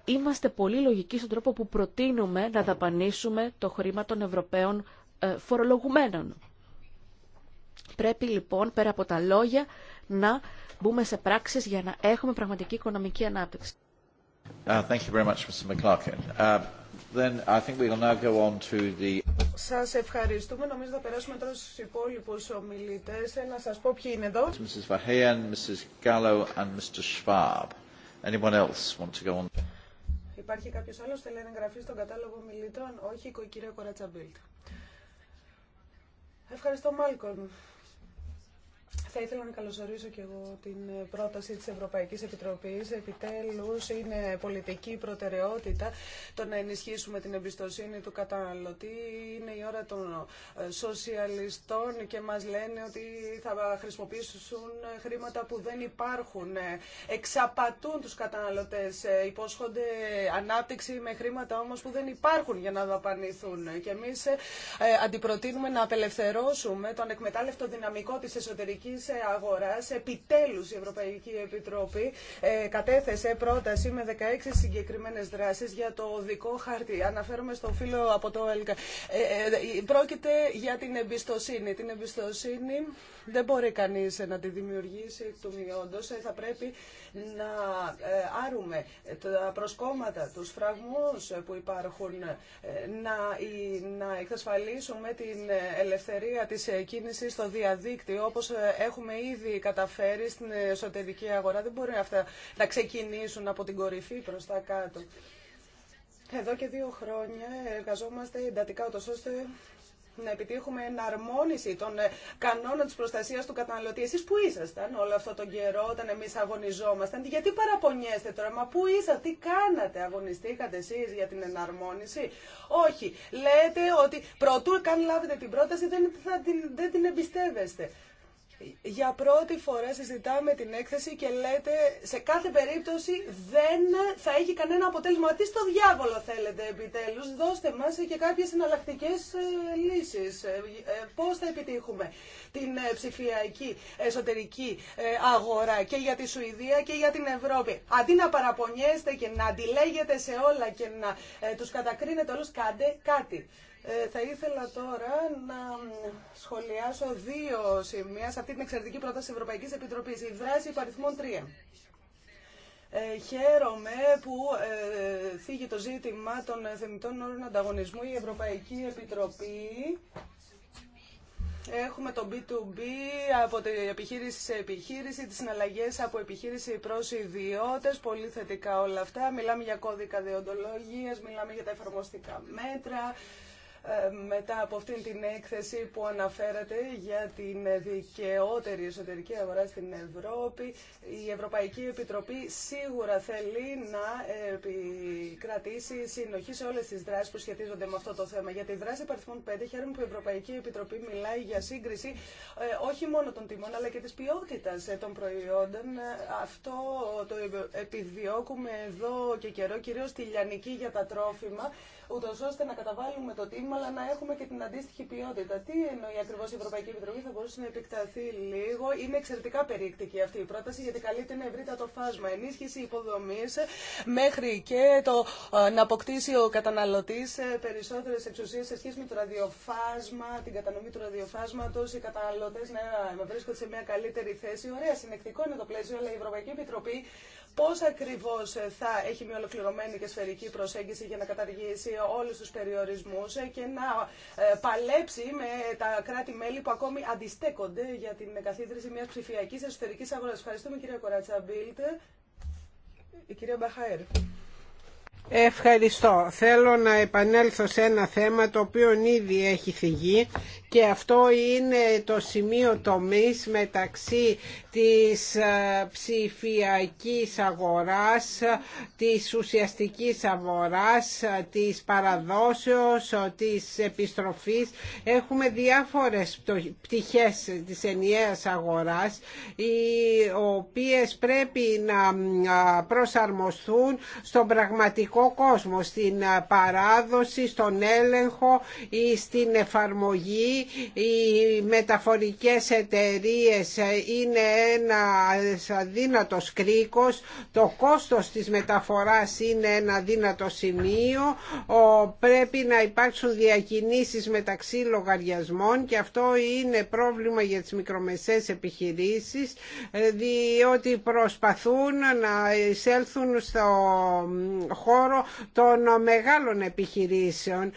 είμαστε πολύ λογικοί στον τρόπο που προτείνουμε να δαπανίσουμε το χρήμα των Ευρωπαίων ε, φορολογουμένων. Πρέπει λοιπόν πέρα από τα λόγια να μπούμε σε πράξεις για να έχουμε πραγματική οικονομική ανάπτυξη. Uh, thank you very much, Mr. Σας ευχαριστούμε. Νομίζω θα περάσουμε τώρα στους υπόλοιπους ομιλητές. Ε, να σας πω ποιοι είναι εδώ. Mrs. Mrs. Gallo Υπάρχει κάποιος άλλος θέλει να εγγραφεί στον κατάλογο ομιλητών. Όχι, η κυρία Κορατσαμπίλτ. Ευχαριστώ, Μάλκον. Θα ήθελα να καλωσορίσω και εγώ την πρόταση της Ευρωπαϊκής Επιτροπής. Επιτέλους είναι πολιτική προτεραιότητα το να ενισχύσουμε την εμπιστοσύνη του καταναλωτή. Είναι η ώρα των σοσιαλιστών και μας λένε ότι θα χρησιμοποιήσουν χρήματα που δεν υπάρχουν. Εξαπατούν τους καταναλωτές, υπόσχονται ανάπτυξη με χρήματα όμως που δεν υπάρχουν για να δαπανηθούν. Και εμείς ε, αντιπροτείνουμε να απελευθερώσουμε τον εκμετάλλευτο δυναμικό της αγοράς. Επιτέλους η Ευρωπαϊκή Επιτροπή ε, κατέθεσε πρόταση με 16 συγκεκριμένες δράσεις για το οδικό χαρτί. Αναφέρομαι στο φίλο από το ΕΛΚΑ. Ε, ε, πρόκειται για την εμπιστοσύνη. Την εμπιστοσύνη δεν μπορεί κανείς να τη δημιουργήσει του μειόντος. Θα πρέπει να άρουμε τα προσκόμματα, τους φραγμούς που υπάρχουν, να, να εξασφαλίσουμε την ελευθερία της κίνησης στο διαδίκτυο, όπως έχουμε ήδη καταφέρει στην εσωτερική αγορά. Δεν μπορεί αυτά να ξεκινήσουν από την κορυφή προς τα κάτω. Εδώ και δύο χρόνια εργαζόμαστε εντατικά ούτως ώστε να επιτύχουμε εναρμόνιση των κανόνων της προστασίας του καταναλωτή. Εσείς που ήσασταν όλο αυτό τον καιρό όταν εμείς αγωνιζόμασταν, γιατί παραπονιέστε τώρα, μα που ήσασταν, τι κάνατε, αγωνιστήκατε εσείς για την εναρμόνιση. Όχι, λέτε ότι προτού καν λάβετε την πρόταση δεν, θα δεν την εμπιστεύεστε. Για πρώτη φορά συζητάμε την έκθεση και λέτε σε κάθε περίπτωση δεν θα έχει κανένα αποτέλεσμα. Τι στο διάβολο θέλετε επιτέλους, δώστε μας και κάποιες εναλλακτικέ ε, λύσεις. Ε, ε, πώς θα επιτύχουμε την ψηφιακή εσωτερική αγορά και για τη Σουηδία και για την Ευρώπη. Αντί να παραπονιέστε και να αντιλέγετε σε όλα και να τους κατακρίνετε όλους, κάντε κάτι. Ε, θα ήθελα τώρα να σχολιάσω δύο σημεία σε αυτή την εξαιρετική πρόταση της Ευρωπαϊκής Επιτροπής. Η δράση υπαριθμών 3. Ε, χαίρομαι που ε, θίγει το ζήτημα των θεμητών όρων ανταγωνισμού η Ευρωπαϊκή Επιτροπή. Έχουμε το B2B από την επιχείρηση σε επιχείρηση, τις συναλλαγές από επιχείρηση προς ιδιώτες, πολύ θετικά όλα αυτά. Μιλάμε για κώδικα διοντολογίας, μιλάμε για τα εφαρμοστικά μέτρα, ε, μετά από αυτήν την έκθεση που αναφέρατε για την δικαιότερη εσωτερική αγορά στην Ευρώπη. Η Ευρωπαϊκή Επιτροπή σίγουρα θέλει να κρατήσει συνοχή σε όλες τις δράσεις που σχετίζονται με αυτό το θέμα. Για τη δράση παριθμών 5 χαίρομαι που η Ευρωπαϊκή Επιτροπή μιλάει για σύγκριση ε, όχι μόνο των τιμών αλλά και της ποιότητας ε, των προϊόντων. Αυτό το επιδιώκουμε εδώ και καιρό, κυρίως τη Λιανική για τα τρόφιμα ούτω ώστε να καταβάλουμε το τίμημα, αλλά να έχουμε και την αντίστοιχη ποιότητα. Τι εννοεί ακριβώ η Ευρωπαϊκή Επιτροπή, θα μπορούσε να επεκταθεί λίγο. Είναι εξαιρετικά περίεκτική αυτή η πρόταση, γιατί καλείται να ευρύτατο φάσμα ενίσχυση υποδομή μέχρι και το ε, να αποκτήσει ο καταναλωτή ε, περισσότερε εξουσίε σε σχέση με το ραδιοφάσμα, την κατανομή του ραδιοφάσματο, οι καταναλωτέ να βρίσκονται σε μια καλύτερη θέση. Ωραία, συνεκτικό είναι το πλαίσιο, αλλά η Ευρωπαϊκή Επιτροπή Πώ ακριβώ ε, θα έχει μια ολοκληρωμένη και σφαιρική προσέγγιση για να καταργήσει όλους τους περιορισμούς ε, και να ε, παλέψει με τα κράτη-μέλη που ακόμη αντιστέκονται για την καθίδρυση μια ψηφιακή εσωτερική αγορά. Ευχαριστούμε κυρία Κορατσαμπίλτ. Η κυρία Μπαχαέρ. Ευχαριστώ. Θέλω να επανέλθω σε ένα θέμα το οποίο ήδη έχει θυγεί και αυτό είναι το σημείο τομής μεταξύ της ε, ψηφιακής αγοράς, της ουσιαστικής αγοράς, ε, της παραδόσεως, ε, της επιστροφής. Έχουμε διάφορες πτυχές της ενιαίας αγοράς, οι οποίες πρέπει να προσαρμοστούν στον πραγματικό κόσμο, στην παράδοση, στον έλεγχο ή στην εφαρμογή οι μεταφορικές εταιρείες είναι ένα αδύνατος κρίκος, το κόστος της μεταφοράς είναι ένα δύνατο σημείο, πρέπει να υπάρξουν διακινήσεις μεταξύ λογαριασμών και αυτό είναι πρόβλημα για τις μικρομεσαίες επιχειρήσεις, διότι προσπαθούν να εισέλθουν στο χώρο των μεγάλων επιχειρήσεων.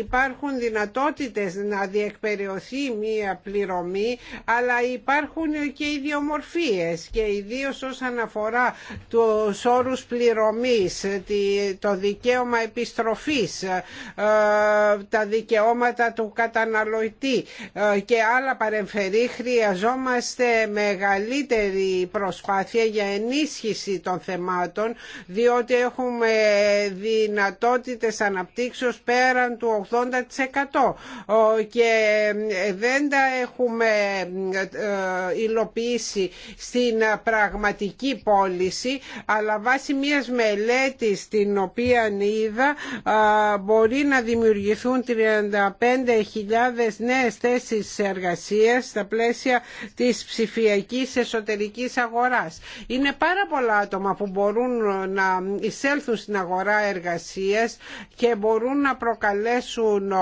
Υπάρχουν δυνατότητες να εκπαιρεωθεί μία πληρωμή αλλά υπάρχουν και ιδιομορφίες και ιδίως όσον αφορά του όρου πληρωμής, το δικαίωμα επιστροφής, ε, τα δικαιώματα του καταναλωτή ε, και άλλα παρεμφερή χρειαζόμαστε μεγαλύτερη προσπάθεια για ενίσχυση των θεμάτων διότι έχουμε δυνατότητες αναπτύξεως πέραν του 80% ε, και δεν τα έχουμε ε, υλοποιήσει στην πραγματική πώληση αλλά βάσει μιας μελέτης την οποία είδα μπορεί να δημιουργηθούν 35.000 νέες θέσεις εργασίας στα πλαίσια της ψηφιακής εσωτερικής αγοράς. Είναι πάρα πολλά άτομα που μπορούν να εισέλθουν στην αγορά εργασίας και μπορούν να προκαλέσουν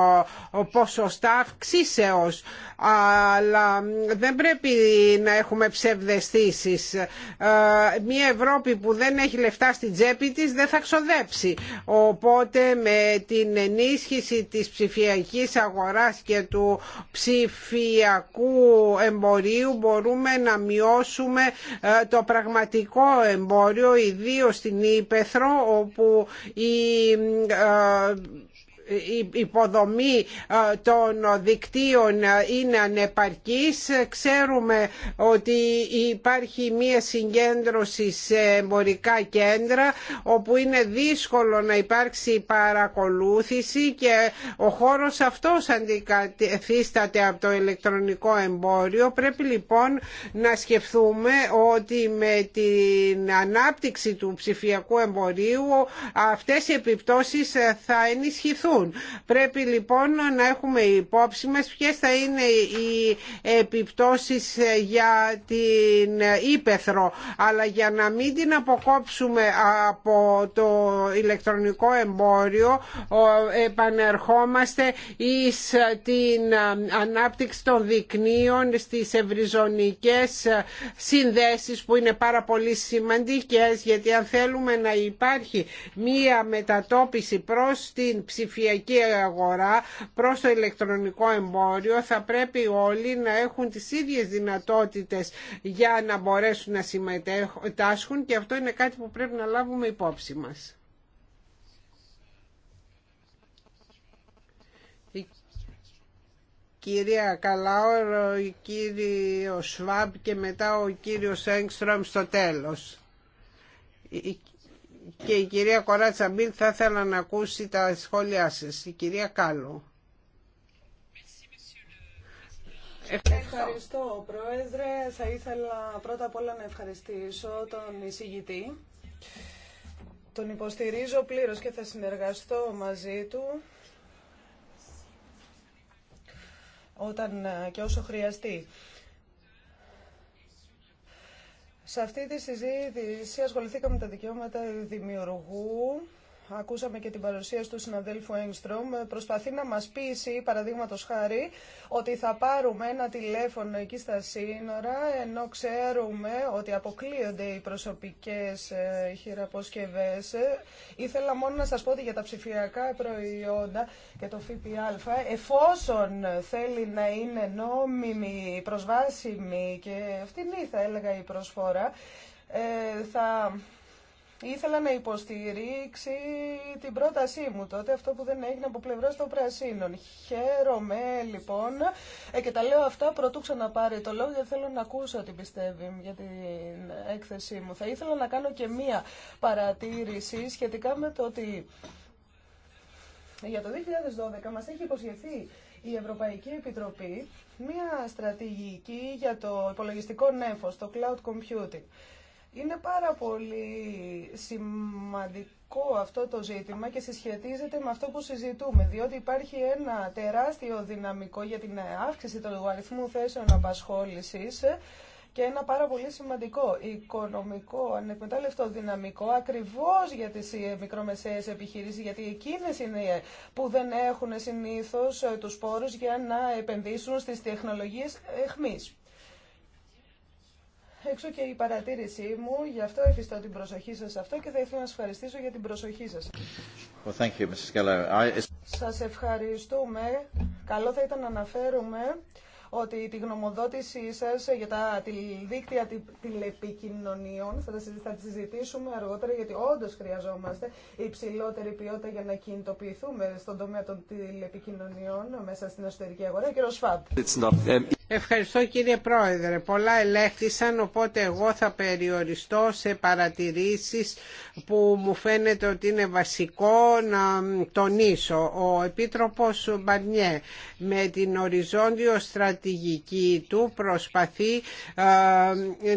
ποσοστά αυξήσεως αλλά δεν πρέπει να έχουμε ψευδεστήσεις. Ε, μια Ευρώπη που δεν έχει λεφτά στην τσέπη της δεν θα ξοδέψει. Οπότε με την ενίσχυση της ψηφιακής αγοράς και του ψηφιακού εμπορίου μπορούμε να μειώσουμε ε, το πραγματικό εμπόριο, ιδίως στην Ήπεθρο όπου η ε, υποδομή ε, των δικτύων ε, είναι ανεπαρκής. Ξέρουμε ότι υπάρχει μία συγκέντρωση σε εμπορικά κέντρα όπου είναι δύσκολο να υπάρξει παρακολούθηση και ο χώρος αυτός αντικαθίσταται από το ηλεκτρονικό εμπόριο. Πρέπει λοιπόν να σκεφτούμε ότι με την ανάπτυξη του ψηφιακού εμπορίου αυτές οι επιπτώσεις θα ενισχυθούν Πρέπει λοιπόν να έχουμε υπόψη μας ποιες θα είναι οι επιπτώσεις για την ύπεθρο αλλά για να μην την αποκόψουμε από το ηλεκτρονικό εμπόριο επανερχόμαστε εις την ανάπτυξη των δεικνύων στις ευρυζωνικές συνδέσεις που είναι πάρα πολύ σημαντικές γιατί αν θέλουμε να υπάρχει μία μετατόπιση προς την ψηφιακή ψηφιακή αγορά προς το ηλεκτρονικό εμπόριο θα πρέπει όλοι να έχουν τις ίδιες δυνατότητες για να μπορέσουν να συμμετάσχουν και αυτό είναι κάτι που πρέπει να λάβουμε υπόψη μας. κυρία Καλάορο, ο κύριος Σβάμπ και μετά ο κύριος Έγκστρομ στο τέλος και η κυρία Κοράτσα Μπίλ θα ήθελα να ακούσει τα σχόλιά σας. Η κυρία Κάλλου. Ευχαριστώ, Πρόεδρε. Θα ήθελα πρώτα απ' όλα να ευχαριστήσω τον εισηγητή. Τον υποστηρίζω πλήρως και θα συνεργαστώ μαζί του όταν ε, και όσο χρειαστεί. Σε αυτή τη συζήτηση ασχοληθήκαμε με τα δικαιώματα δημιουργού ακούσαμε και την παρουσίαση του συναδέλφου Έγκστρομ, προσπαθεί να μας πείσει, παραδείγματο χάρη, ότι θα πάρουμε ένα τηλέφωνο εκεί στα σύνορα, ενώ ξέρουμε ότι αποκλείονται οι προσωπικές ε, χειραποσκευές. Ε, ήθελα μόνο να σας πω ότι για τα ψηφιακά προϊόντα και το ΦΠΑ, εφόσον θέλει να είναι νόμιμη, προσβάσιμη και φτηνή θα έλεγα η προσφορά, ε, θα ήθελα να υποστηρίξει την πρότασή μου τότε, αυτό που δεν έγινε από πλευρά των Πρασίνων. Χαίρομαι λοιπόν ε, και τα λέω αυτά πρωτού ξαναπάρει το λόγο γιατί θέλω να ακούσω τι πιστεύει για την έκθεσή μου. Θα ήθελα να κάνω και μία παρατήρηση σχετικά με το ότι για το 2012 μας έχει υποσχεθεί η Ευρωπαϊκή Επιτροπή μία στρατηγική για το υπολογιστικό νέφος, το cloud computing. Είναι πάρα πολύ σημαντικό αυτό το ζήτημα και συσχετίζεται με αυτό που συζητούμε, διότι υπάρχει ένα τεράστιο δυναμικό για την αύξηση του αριθμού θέσεων απασχόλησης και ένα πάρα πολύ σημαντικό οικονομικό ανεκμετάλλευτο δυναμικό ακριβώς για τις μικρομεσαίες επιχειρήσεις γιατί εκείνες είναι που δεν έχουν συνήθως τους πόρους για να επενδύσουν στις τεχνολογίες εχμής έξω και η παρατήρησή μου, γι' αυτό εφιστώ την προσοχή σας αυτό και θα ήθελα να σας ευχαριστήσω για την προσοχή σας. Well, thank you, Mrs. I... Σας ευχαριστούμε. Καλό θα ήταν να αναφέρουμε ότι τη γνωμοδότησή σας για τα δίκτυα τηλεπικοινωνιών θα, τη συζητήσουμε αργότερα γιατί όντως χρειαζόμαστε υψηλότερη ποιότητα για να κινητοποιηθούμε στον τομέα των τηλεπικοινωνιών μέσα στην εσωτερική αγορά. Κύριο Σφάπ. Ευχαριστώ κύριε Πρόεδρε. Πολλά ελέγχθησαν οπότε εγώ θα περιοριστώ σε παρατηρήσεις που μου φαίνεται ότι είναι βασικό να τονίσω. Ο Επίτροπος Μπαρνιέ με την οριζόντιο στρατηγική του προσπαθεί ε, ε, ε,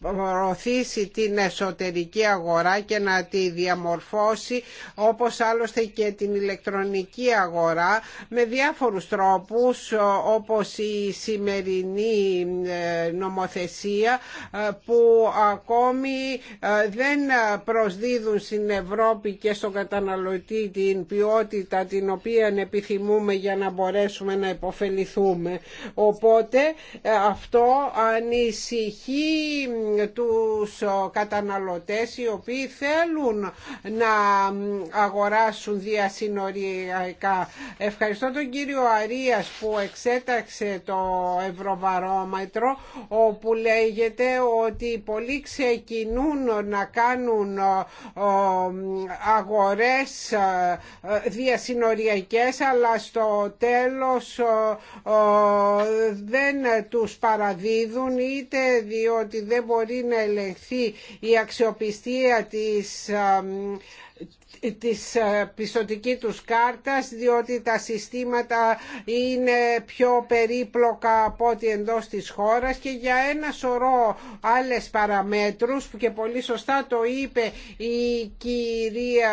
προωθήσει την εσωτερική αγορά και να τη διαμορφώσει όπως άλλωστε και την ηλεκτρονική αγορά με διάφορους τρόπους όπως η σημερινή ε, νομοθεσία ε, που ακόμη ε, δεν προσδίδουν στην Ευρώπη και στον καταναλωτή την ποιότητα την οποία επιθυμούμε για να μπορέσουμε να υποφεληθούμε. Οπότε αυτό ανησυχεί τους ε, καταναλωτές οι οποίοι θέλουν να αγοράσουν διασυνοριακά. Ευχαριστώ τον κύριο Αρίας που εξέταξε το Ευρωβαρόμετρο όπου λέγεται ότι πολλοί ξεκινούν να κάνουν ε, ε, αγορές διασυνοριακές αλλά στο τέλος δεν τους παραδίδουν είτε διότι δεν μπορούν μπορεί να ελεγχθεί η αξιοπιστία της της ε, πιστοτική τους κάρτας διότι τα συστήματα είναι πιο περίπλοκα από ό,τι εντός της χώρας και για ένα σωρό άλλες παραμέτρους που και πολύ σωστά το είπε η κυρία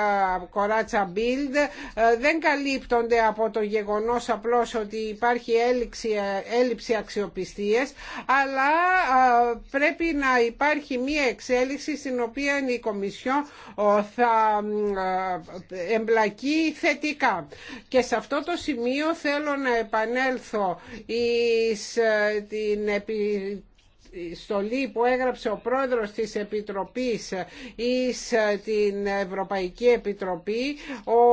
Κοράτσα Μπίλντ ε, δεν καλύπτονται από το γεγονός απλώς ότι υπάρχει έλλειψη, ε, έλλειψη αξιοπιστίας αλλά πρέπει να υπάρχει μία εξέλιξη στην οποία η Κομισιόν θα εμπλακεί θετικά. Και σε αυτό το σημείο θέλω να επανέλθω εις ε, την στολή που έγραψε ο πρόεδρος της Επιτροπής ής ε, την Ευρωπαϊκή Επιτροπή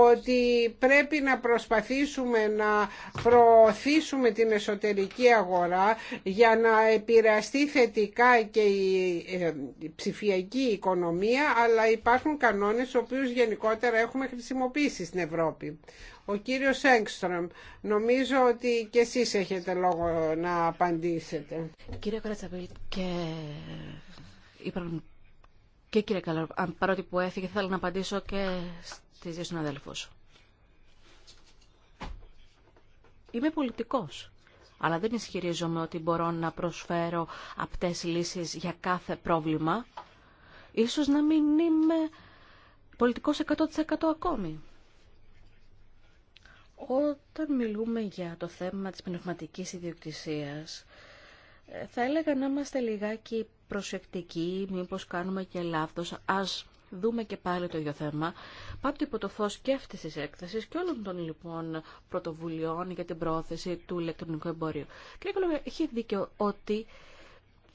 ότι πρέπει να προσπαθήσουμε να προωθήσουμε την εσωτερική αγορά για να επηρεαστεί θετικά και η ε, ψηφιακή οικονομία αλλά υπάρχουν κανόνες οποίους γενικότερα έχουμε χρησιμοποιήσει στην Ευρώπη. Ο κύριος Έγκστρομ, νομίζω ότι και εσείς έχετε λόγο να απαντήσετε. Κύριε Κορατσαπίλ, και και κύριε Καλαρ, παρότι που έφυγε, θέλω να απαντήσω και στις δύο συναδέλφους. Είμαι πολιτικός, αλλά δεν ισχυρίζομαι ότι μπορώ να προσφέρω απτές λύσεις για κάθε πρόβλημα. Ίσως να μην είμαι πολιτικός 100% ακόμη. Όταν μιλούμε για το θέμα της πνευματικής ιδιοκτησίας, ε, θα έλεγα να είμαστε λιγάκι προσεκτικοί, μήπως κάνουμε και λάθος. Ας δούμε και πάλι το ίδιο θέμα. Πάντοτε υπό το φως και αυτής της έκθεσης και όλων των λοιπόν πρωτοβουλειών για την πρόθεση του ηλεκτρονικού εμπορίου. Και έχει δίκιο ότι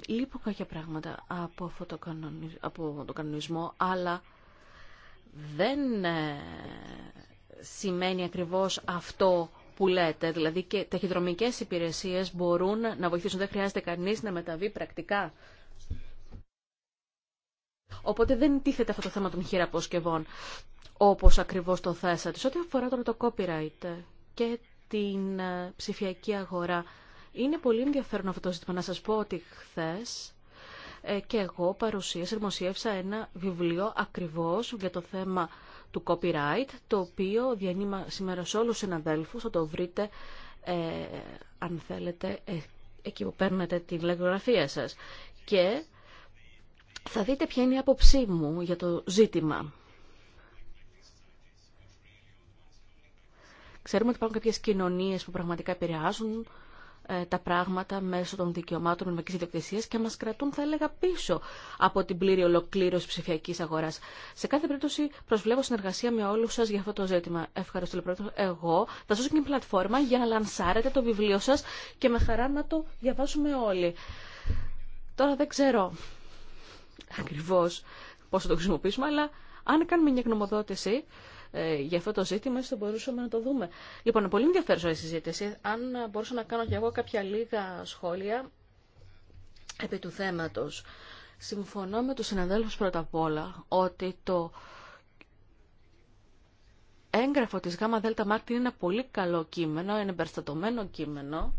λείπουν κάποια πράγματα από, αυτό το κανονισμό, από τον κανονισμό, αλλά δεν ε, σημαίνει ακριβώς αυτό που λέτε. Δηλαδή και ταχυδρομικές υπηρεσίες μπορούν να βοηθήσουν. Δεν χρειάζεται κανείς να μεταβεί πρακτικά. Οπότε δεν τίθεται αυτό το θέμα των χειραποσκευών, όπως ακριβώς το θέσατε. Σε ό,τι αφορά τώρα το copyright και την ε, ψηφιακή αγορά, είναι πολύ ενδιαφέρον αυτό το ζήτημα. Να σας πω ότι χθες ε, και εγώ παρουσίασα, δημοσίευσα ένα βιβλίο ακριβώς για το θέμα του copyright, το οποίο διανύμα σήμερα σε όλους τους συναδέλφους, θα το βρείτε ε, αν θέλετε ε, εκεί που παίρνετε τη σας. Και θα δείτε ποια είναι η άποψή μου για το ζήτημα. Ξέρουμε ότι υπάρχουν κάποιες κοινωνίες που πραγματικά επηρεάζουν ε, τα πράγματα μέσω των δικαιωμάτων νομικής ιδιοκτησίας και μας κρατούν, θα έλεγα, πίσω από την πλήρη ολοκλήρωση ψηφιακή αγοράς. Σε κάθε περίπτωση προσβλέπω συνεργασία με όλους σας για αυτό το ζήτημα. Ευχαριστώ, λοιπόν Εγώ θα σας δώσω μια πλατφόρμα για να λανσάρετε το βιβλίο σας και με χαρά να το διαβάσουμε όλοι. Τώρα δεν ξέρω ακριβώς πώς θα το χρησιμοποιήσουμε, αλλά αν κάνουμε μια γνωμοδότηση ε, για αυτό το ζήτημα, έτσι θα μπορούσαμε να το δούμε. Λοιπόν, πολύ ενδιαφέρουσα η συζήτηση. Αν μπορούσα να κάνω κι εγώ κάποια λίγα σχόλια επί του θέματος. Συμφωνώ με τους συναδέλφους πρώτα απ' όλα ότι το έγγραφο της ΓΔΜ είναι ένα πολύ καλό κείμενο, ένα εμπεριστατωμένο κείμενο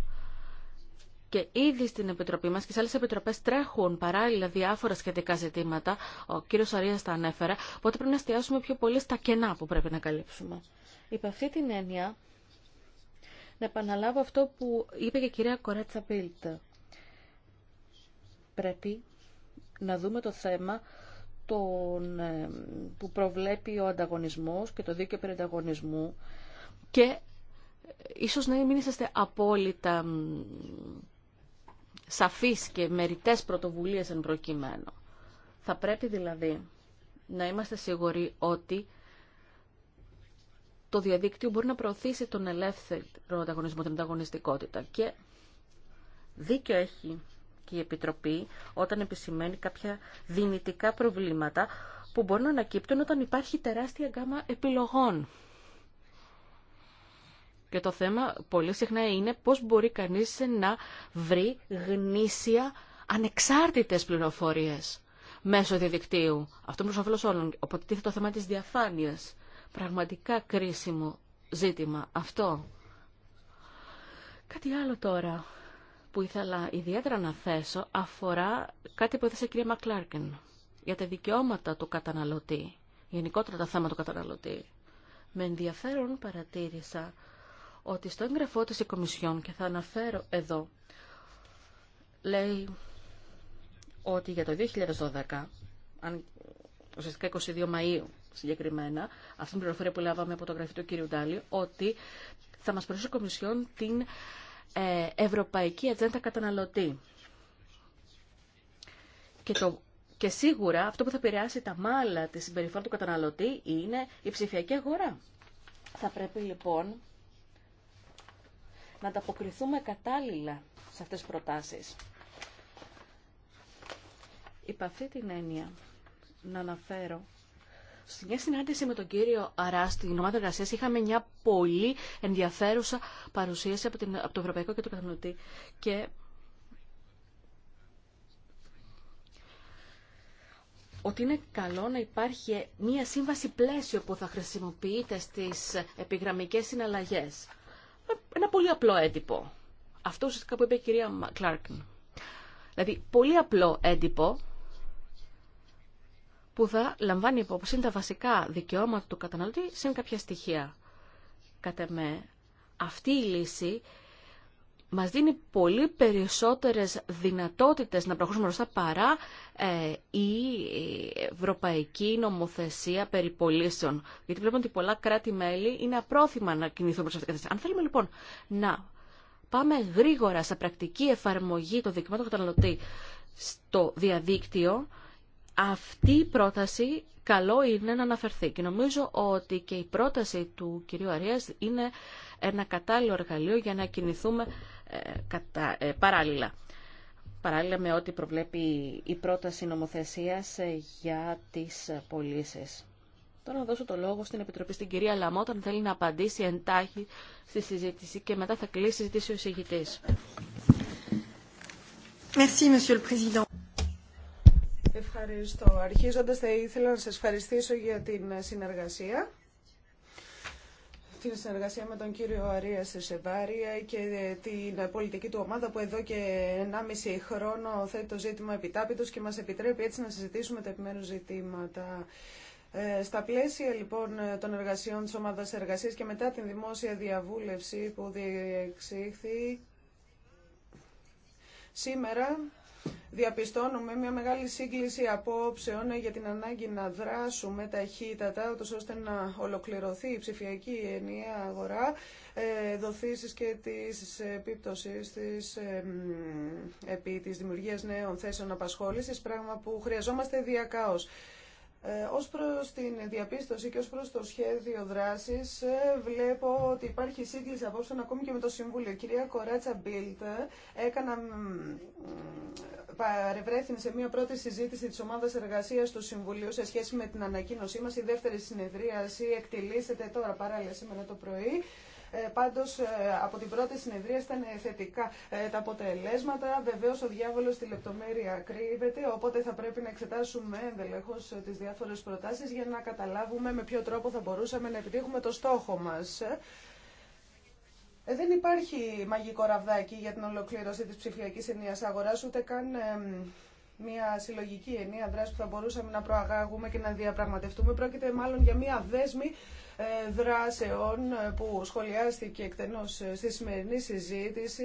και ήδη στην Επιτροπή μας και σε άλλες επιτροπές τρέχουν παράλληλα διάφορα σχετικά ζητήματα. Ο κύριος Αρίας τα ανέφερε. Οπότε πρέπει να εστιάσουμε πιο πολύ στα κενά που πρέπει να καλύψουμε. Υπ' αυτή την έννοια, να επαναλάβω αυτό που είπε και η κυρία Κορέτσα Πίλτ. Πρέπει να δούμε το θέμα τον, ε, που προβλέπει ο ανταγωνισμός και το δίκαιο περί ανταγωνισμού και ε, ίσως να μην είσαστε απόλυτα σαφείς και μεριτές πρωτοβουλίες εν προκειμένου. Θα πρέπει δηλαδή να είμαστε σίγουροι ότι το διαδίκτυο μπορεί να προωθήσει τον ελεύθερο ανταγωνισμό, την ανταγωνιστικότητα. Και δίκιο έχει και η Επιτροπή όταν επισημαίνει κάποια δυνητικά προβλήματα που μπορούν να ανακύπτουν όταν υπάρχει τεράστια γκάμα επιλογών. Και το θέμα πολύ συχνά είναι πώς μπορεί κανείς να βρει γνήσια ανεξάρτητες πληροφορίες μέσω διαδικτύου. Αυτό είναι όλων. Οπότε το θέμα της διαφάνειας. Πραγματικά κρίσιμο ζήτημα αυτό. Κάτι άλλο τώρα που ήθελα ιδιαίτερα να θέσω αφορά κάτι που έθεσε η κυρία Μακλάρκεν για τα δικαιώματα του καταναλωτή, γενικότερα τα θέματα του καταναλωτή. Με ενδιαφέρον παρατήρησα ότι στο εγγραφό της η Κομισιόν, και θα αναφέρω εδώ, λέει ότι για το 2012, αν, ουσιαστικά 22 Μαΐου συγκεκριμένα, αυτή την πληροφορία που λάβαμε από το γραφείο του κ. Ντάλι ότι θα μας προσθέσει η Κομισιόν την ε, Ευρωπαϊκή Ατζέντα Καταναλωτή. Και σίγουρα αυτό που θα επηρεάσει τα μάλα της συμπεριφορά του καταναλωτή είναι η ψηφιακή αγορά. Θα πρέπει λοιπόν να ανταποκριθούμε κατάλληλα σε αυτές τις προτάσεις. Υπ' αυτή την έννοια να αναφέρω στην μια συνάντηση με τον κύριο Αρά στην ομάδα εργασία είχαμε μια πολύ ενδιαφέρουσα παρουσίαση από, την, από το Ευρωπαϊκό και το καθηγητή. και ότι είναι καλό να υπάρχει μια σύμβαση πλαίσιο που θα χρησιμοποιείται στις επιγραμμικές συναλλαγές ένα πολύ απλό έντυπο. Αυτό ουσιαστικά που είπε η κυρία Κλάρκν. Δηλαδή, πολύ απλό έντυπο που θα λαμβάνει υπόψη τα βασικά δικαιώματα του καταναλωτή σε κάποια στοιχεία. Κατά με αυτή η λύση Μα δίνει πολύ περισσότερες δυνατότητες να προχωρήσουμε μπροστά παρά ε, η ευρωπαϊκή νομοθεσία περί πολίσεων. Γιατί βλέπουμε ότι πολλά κράτη-μέλη είναι απρόθυμα να κινηθούν προς αυτήν την κατάσταση. Αν θέλουμε λοιπόν να πάμε γρήγορα σε πρακτική εφαρμογή των δικαιωμάτων καταναλωτή στο διαδίκτυο, αυτή η πρόταση καλό είναι να αναφερθεί. Και νομίζω ότι και η πρόταση του κυρίου Αρίας είναι ένα κατάλληλο εργαλείο για να κινηθούμε ε, κατά, ε, παράλληλα. Παράλληλα με ό,τι προβλέπει η πρόταση νομοθεσίας ε, για τις πωλήσει. Τώρα να δώσω το λόγο στην Επιτροπή στην κυρία Λαμότα, αν θέλει να απαντήσει εντάχει στη συζήτηση και μετά θα κλείσει η συζήτηση ο εισηγητής. Ευχαριστώ. Αρχίζοντας θα ήθελα να σας ευχαριστήσω για την συνεργασία την συνεργασία με τον κύριο Αρία Σεβάρια και την πολιτική του ομάδα που εδώ και 1,5 χρόνο θέτει το ζήτημα επιτάπητος και μας επιτρέπει έτσι να συζητήσουμε τα επιμέρους ζητήματα. Ε, στα πλαίσια λοιπόν των εργασιών της ομάδας εργασίας και μετά την δημόσια διαβούλευση που διεξήχθη σήμερα διαπιστώνουμε μια μεγάλη σύγκληση απόψεων για την ανάγκη να δράσουμε ταχύτατα, ώστε να ολοκληρωθεί η ψηφιακή ενιαία αγορά, ε, δοθήσεις και της επίπτωσης της, επί της δημιουργίας νέων θέσεων απασχόλησης, πράγμα που χρειαζόμαστε διακάως. Ε, ως προς την διαπίστωση και ως προς το σχέδιο δράσης ε, βλέπω ότι υπάρχει σύγκληση απόψε ακόμη και με το Συμβούλιο. Η κυρία Κοράτσα Μπίλτ ε, έκανα, παρευρέθη σε μια πρώτη συζήτηση της ομάδας εργασίας του Συμβουλίου σε σχέση με την ανακοίνωσή μας. Η δεύτερη συνεδρίαση εκτελήσεται τώρα παράλληλα σήμερα το πρωί. Ε, πάντως ε, από την πρώτη συνεδρία ήταν θετικά ε, τα αποτελέσματα. Βεβαίω ο διάβολο στη λεπτομέρεια κρύβεται, οπότε θα πρέπει να εξετάσουμε ενδελεχώς τι διάφορε προτάσει για να καταλάβουμε με ποιο τρόπο θα μπορούσαμε να επιτύχουμε το στόχο μας. Δεν υπάρχει μαγικό ραβδάκι για την ολοκλήρωση της ψηφιακής ενίας αγοράς, ούτε καν μια συλλογική ενία δράση που θα μπορούσαμε να προαγάγουμε και να διαπραγματευτούμε. Πρόκειται μάλλον για μια δέσμη δράσεων που σχολιάστηκε εκτενώς στη σημερινή συζήτηση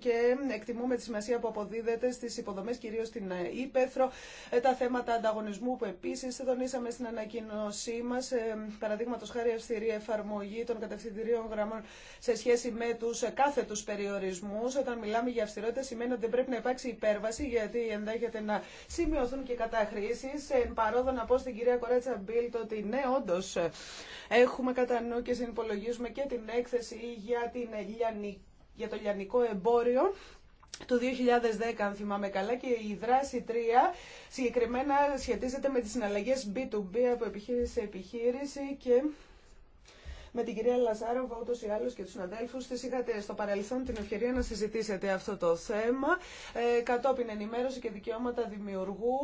και εκτιμούμε τη σημασία που αποδίδεται στις υποδομές, κυρίως στην Ήπεθρο, ε, τα θέματα ανταγωνισμού που επίσης δονήσαμε στην ανακοίνωσή μας, ε, παραδείγματος χάρη αυστηρή εφαρμογή των κατευθυντηρίων γραμμών σε σχέση με τους τους περιορισμούς. Όταν μιλάμε για αυστηρότητα σημαίνει ότι δεν πρέπει να υπάρξει υπέρβαση γιατί ενδέχεται να σημειωθούν και καταχρήσεις. Εν παρόδο να πω στην κυρία Κορέτσα Μπίλτ ότι ναι, ε, έχουμε κατά νου και συνυπολογίζουμε και την έκθεση για, την για το λιανικό εμπόριο το 2010, αν θυμάμαι καλά, και η δράση 3 συγκεκριμένα σχετίζεται με τις συναλλαγές B2B από επιχείρηση σε επιχείρηση και με την κυρία Λαζάροβα, ούτω ή άλλω και του συναδέλφου τη. Είχατε στο παρελθόν την ευκαιρία να συζητήσετε αυτό το θέμα. Ε, κατόπιν ενημέρωση και δικαιώματα δημιουργού.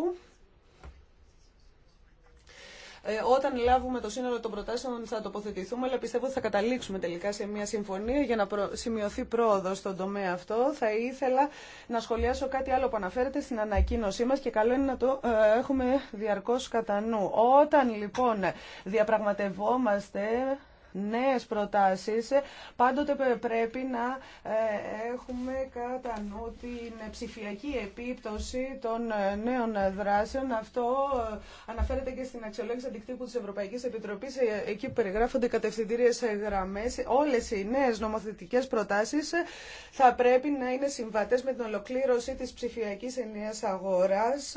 Ε, όταν λάβουμε το σύνολο των προτάσεων θα τοποθετηθούμε, αλλά πιστεύω ότι θα καταλήξουμε τελικά σε μια συμφωνία για να σημειωθεί πρόοδο στον τομέα αυτό. Θα ήθελα να σχολιάσω κάτι άλλο που αναφέρεται στην ανακοίνωσή μα και καλό είναι να το ε, έχουμε διαρκώ κατά νου. Όταν λοιπόν διαπραγματευόμαστε νέες προτάσεις, πάντοτε πρέπει να ε, έχουμε κατά νου την ψηφιακή επίπτωση των ε, νέων δράσεων. Αυτό ε, αναφέρεται και στην αξιολόγηση αντικτύπου της Ευρωπαϊκής Επιτροπής. Εκεί περιγράφονται κατευθυντήριες γραμμές. Όλες οι νέες νομοθετικές προτάσεις θα πρέπει να είναι συμβατές με την ολοκλήρωση της ψηφιακής ενιαίας αγοράς.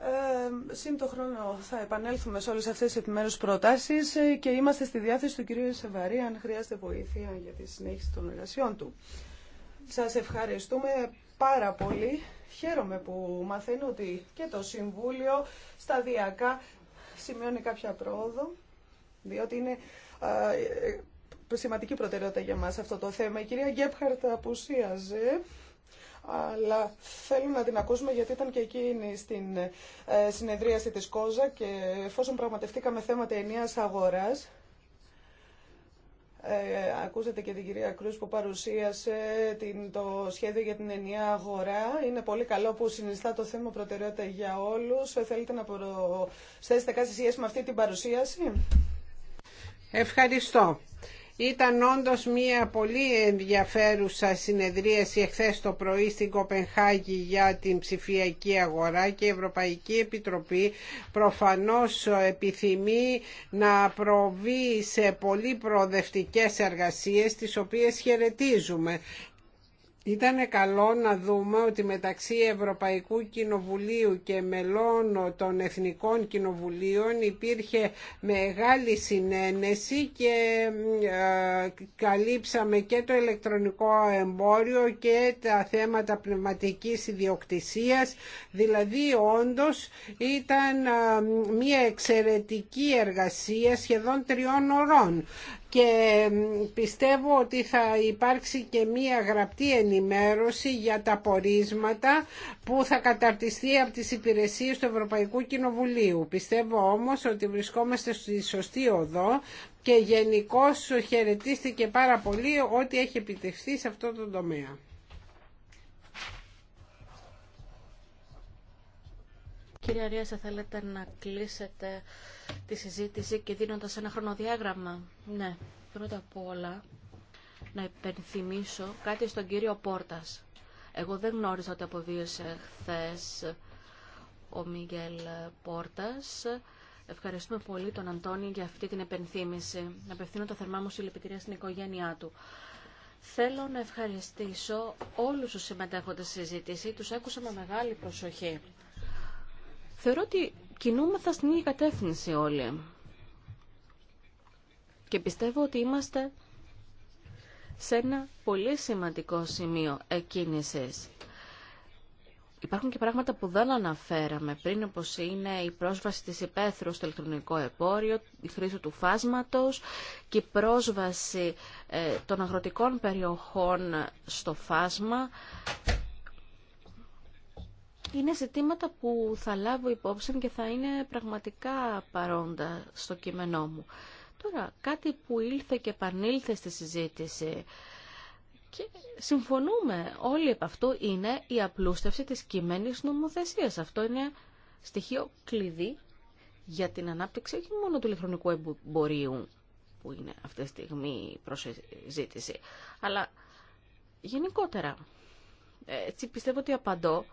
Ε, Συν το χρόνο θα επανέλθουμε σε όλες αυτές τις επιμέρους προτάσεις ε, και είμαστε στη διάθεση του κυρίου Σεβαρή αν χρειάζεται βοήθεια για τη συνέχιση των εργασιών του. Σας ευχαριστούμε πάρα πολύ. Χαίρομαι που μαθαίνω ότι και το Συμβούλιο σταδιακά σημειώνει κάποια πρόοδο, διότι είναι ε, ε, σημαντική προτεραιότητα για μας αυτό το θέμα. Η κυρία Γκέπχαρτ απουσίαζε αλλά θέλω να την ακούσουμε γιατί ήταν και εκείνη στην ε, συνεδρίαση της ΚΟΖΑ και εφόσον πραγματευτήκαμε θέματα ενίας αγοράς, ε, ακούσατε και την κυρία Κρούς που παρουσίασε την, το σχέδιο για την ενιαία αγορά. Είναι πολύ καλό που συνιστά το θέμα προτεραιότητα για όλους. Ε, θέλετε να προσθέσετε κάτι σχέση με αυτή την παρουσίαση. Ευχαριστώ. Ήταν όντω μια πολύ ενδιαφέρουσα συνεδρίαση εχθές το πρωί στην Κοπενχάγη για την ψηφιακή αγορά και η Ευρωπαϊκή Επιτροπή προφανώς επιθυμεί να προβεί σε πολύ προοδευτικέ εργασίες τι οποίες χαιρετίζουμε. Ήταν καλό να δούμε ότι μεταξύ Ευρωπαϊκού Κοινοβουλίου και μελών των Εθνικών Κοινοβουλίων υπήρχε μεγάλη συνένεση και ε, καλύψαμε και το ηλεκτρονικό εμπόριο και τα θέματα πνευματικής ιδιοκτησίας. Δηλαδή όντως ήταν ε, μια εξαιρετική εργασία σχεδόν τριών ωρών και πιστεύω ότι θα υπάρξει και μία γραπτή ενημέρωση για τα πορίσματα που θα καταρτιστεί από τις υπηρεσίες του Ευρωπαϊκού Κοινοβουλίου. Πιστεύω όμως ότι βρισκόμαστε στη σωστή οδό και γενικώ χαιρετίστηκε πάρα πολύ ό,τι έχει επιτευχθεί σε αυτό το τομέα. Κύριε Αρία, θα θέλετε να κλείσετε τη συζήτηση και δίνοντας ένα χρονοδιάγραμμα. Ναι, πρώτα απ' όλα να υπενθυμίσω κάτι στον κύριο Πόρτας. Εγώ δεν γνώριζα ότι αποβίωσε χθε ο Μίγκελ Πόρτας. Ευχαριστούμε πολύ τον Αντώνη για αυτή την επενθύμηση. Να απευθύνω το θερμά μου συλληπιτήρια στην οικογένειά του. Θέλω να ευχαριστήσω όλους τους συμμετέχοντες στη συζήτηση. Τους άκουσα με μεγάλη προσοχή. Θεωρώ ότι κινούμεθα στην ίδια κατεύθυνση όλοι. Και πιστεύω ότι είμαστε σε ένα πολύ σημαντικό σημείο εκκίνησης. Υπάρχουν και πράγματα που δεν αναφέραμε πριν, όπως είναι η πρόσβαση της υπαίθρου στο ηλεκτρονικό επόριο, η χρήση του φάσματος και η πρόσβαση ε, των αγροτικών περιοχών στο φάσμα είναι ζητήματα που θα λάβω υπόψη και θα είναι πραγματικά παρόντα στο κείμενό μου. Τώρα, κάτι που ήλθε και επανήλθε στη συζήτηση και συμφωνούμε όλοι επ' αυτού είναι η απλούστευση της κειμένης νομοθεσίας. Αυτό είναι στοιχείο κλειδί για την ανάπτυξη όχι μόνο του ηλεκτρονικού εμπορίου που είναι αυτή τη στιγμή προς ζήτηση, αλλά γενικότερα. Έτσι πιστεύω ότι απαντώ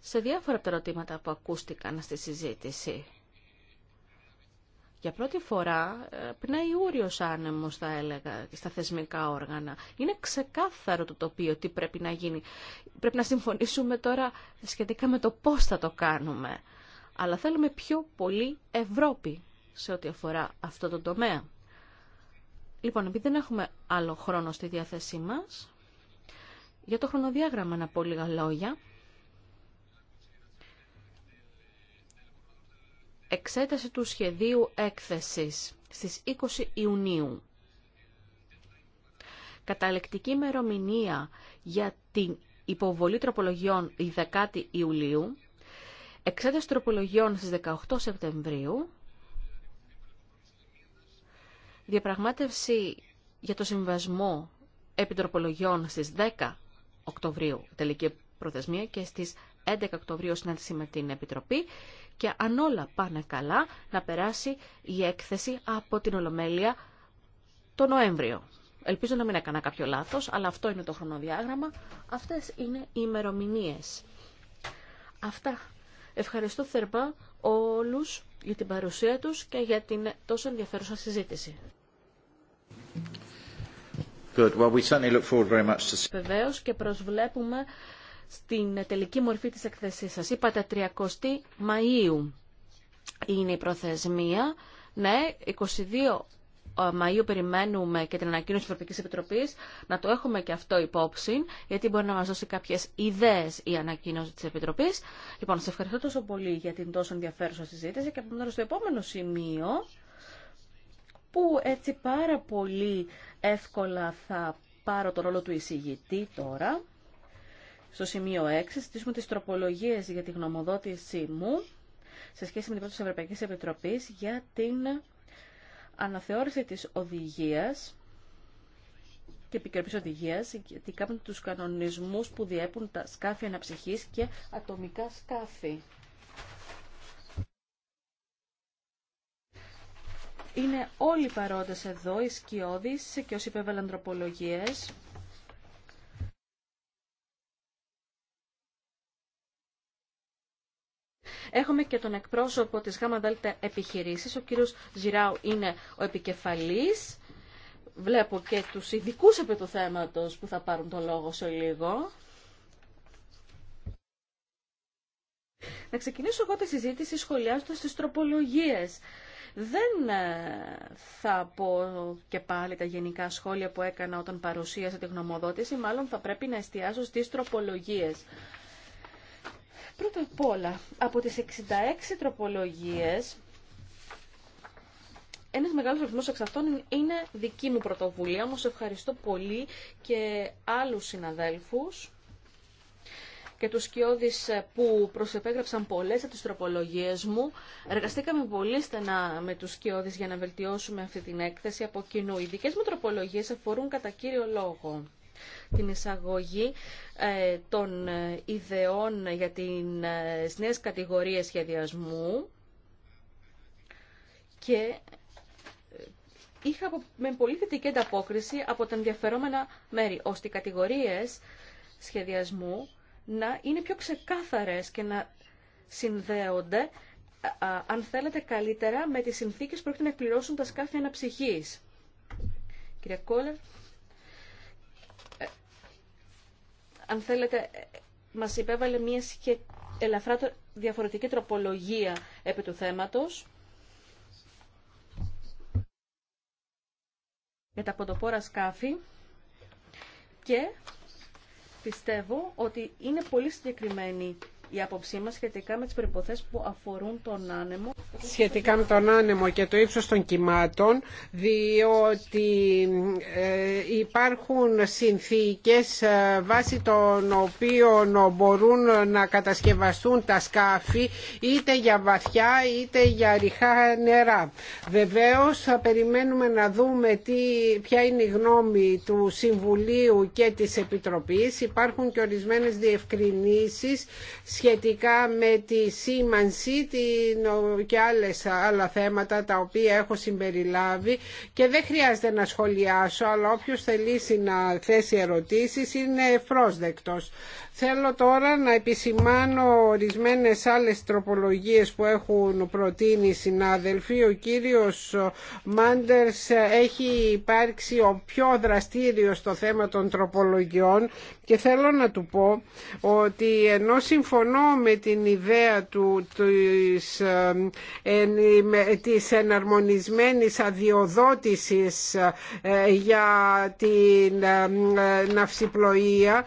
σε διάφορα από τα ερωτήματα που ακούστηκαν στη συζήτηση. Για πρώτη φορά ε, πνέει ούριος άνεμος, θα έλεγα, στα θεσμικά όργανα. Είναι ξεκάθαρο το τοπίο τι πρέπει να γίνει. Πρέπει να συμφωνήσουμε τώρα σχετικά με το πώς θα το κάνουμε. Αλλά θέλουμε πιο πολύ Ευρώπη σε ό,τι αφορά αυτό το τομέα. Λοιπόν, επειδή δεν έχουμε άλλο χρόνο στη διάθεσή μας, για το χρονοδιάγραμμα να πω λίγα λόγια. εξέταση του σχεδίου έκθεσης στις 20 Ιουνίου. Καταλεκτική ημερομηνία για την υποβολή τροπολογιών η 10η Ιουλίου, εξέταση τροπολογιών στις 18 Σεπτεμβρίου, διαπραγμάτευση για το συμβασμό επιτροπολογιών στις 10 Οκτωβρίου, τελική προθεσμία, και στις 11 Οκτωβρίου συνάντηση με την Επιτροπή και αν όλα πάνε καλά να περάσει η έκθεση από την Ολομέλεια το Νοέμβριο. Ελπίζω να μην έκανα κάποιο λάθος, αλλά αυτό είναι το χρονοδιάγραμμα. Αυτές είναι οι ημερομηνίε. Αυτά. Ευχαριστώ θερμά όλους για την παρουσία τους και για την τόσο ενδιαφέρουσα συζήτηση. Well, και προσβλέπουμε στην τελική μορφή της εκθεσής σας. Είπατε 30 Μαΐου είναι η προθεσμία. Ναι, 22 ε, Μαΐου περιμένουμε και την ανακοίνωση της Ευρωπαϊκής Επιτροπής να το έχουμε και αυτό υπόψη, γιατί μπορεί να μας δώσει κάποιες ιδέες η ανακοίνωση της Επιτροπής. Λοιπόν, σας ευχαριστώ τόσο πολύ για την τόσο ενδιαφέρουσα συζήτηση και πάμε στο επόμενο σημείο που έτσι πάρα πολύ εύκολα θα πάρω το ρόλο του εισηγητή τώρα. Στο σημείο 6 στήσουμε τις τροπολογίες για τη γνωμοδότησή μου σε σχέση με την πρόταση της Ευρωπαϊκής Επιτροπής για την αναθεώρηση της οδηγίας και επικαιροποίηση οδηγία γιατί κάποιον τους κανονισμούς που διέπουν τα σκάφη αναψυχής και ατομικά σκάφη. Είναι όλοι παρόντες εδώ, οι σκιώδεις και όσοι υπέβαλαν τροπολογίες. Έχουμε και τον εκπρόσωπο της ΓΔ επιχειρήσεις, ο κύριος Ζηράου είναι ο επικεφαλής. Βλέπω και τους ειδικού επί του θέματος που θα πάρουν το λόγο σε λίγο. Να ξεκινήσω εγώ τη συζήτηση σχολιάζοντας τις τροπολογίες. Δεν ε, θα πω και πάλι τα γενικά σχόλια που έκανα όταν παρουσίασα τη γνωμοδότηση, μάλλον θα πρέπει να εστιάσω στις τροπολογίες. Πρώτα απ' όλα, από τις 66 τροπολογίες, ένας μεγάλος αριθμός εξ αυτών είναι δική μου πρωτοβουλία, όμως ευχαριστώ πολύ και άλλους συναδέλφους και τους σκιώδεις που προσεπέγραψαν πολλές από τις τροπολογίες μου. Εργαστήκαμε πολύ στενά με τους σκιώδεις για να βελτιώσουμε αυτή την έκθεση από κοινού. Οι δικές μου τροπολογίες αφορούν κατά κύριο λόγο την εισαγωγή ε, των ε, ιδεών για ε, τις νέες κατηγορίες σχεδιασμού και είχα με πολύ θετική ανταπόκριση από τα ενδιαφερόμενα μέρη, ώστε οι κατηγορίες σχεδιασμού να είναι πιο ξεκάθαρες και να συνδέονται, αν θέλετε καλύτερα, με τις συνθήκες που πρόκειται να εκπληρώσουν τα σκάφη αναψυχής. Κυρία αν θέλετε, μας υπέβαλε μια ελαφρά διαφορετική τροπολογία επί του θέματος. Για τα ποντοπόρα σκάφη και πιστεύω ότι είναι πολύ συγκεκριμένη η άποψή μα σχετικά με τις προϋποθέσεις που αφορούν τον άνεμο. Σχετικά με τον άνεμο και το ύψο των κυμάτων, διότι ε, υπάρχουν συνθήκες ε, βάσει των οποίων μπορούν να κατασκευαστούν τα σκάφη είτε για βαθιά είτε για ρηχά νερά. Βεβαίω θα περιμένουμε να δούμε τι, ποια είναι η γνώμη του Συμβουλίου και της Επιτροπής. Υπάρχουν και ορισμένες διευκρινήσεις σχετικά με τη σήμανση και άλλες, άλλα θέματα τα οποία έχω συμπεριλάβει και δεν χρειάζεται να σχολιάσω αλλά όποιος θελήσει να θέσει ερωτήσεις είναι φρόσδεκτος. Θέλω τώρα να επισημάνω ορισμένες άλλες τροπολογίες που έχουν προτείνει οι συνάδελφοι. Ο κύριος Μάντερς έχει υπάρξει ο πιο δραστήριο στο θέμα των τροπολογιών και θέλω να του πω ότι ενώ συμφωνώ με την ιδέα του, της, ε, της εναρμονισμένης αδειοδότησης ε, για την ε, ναυσιπλοεία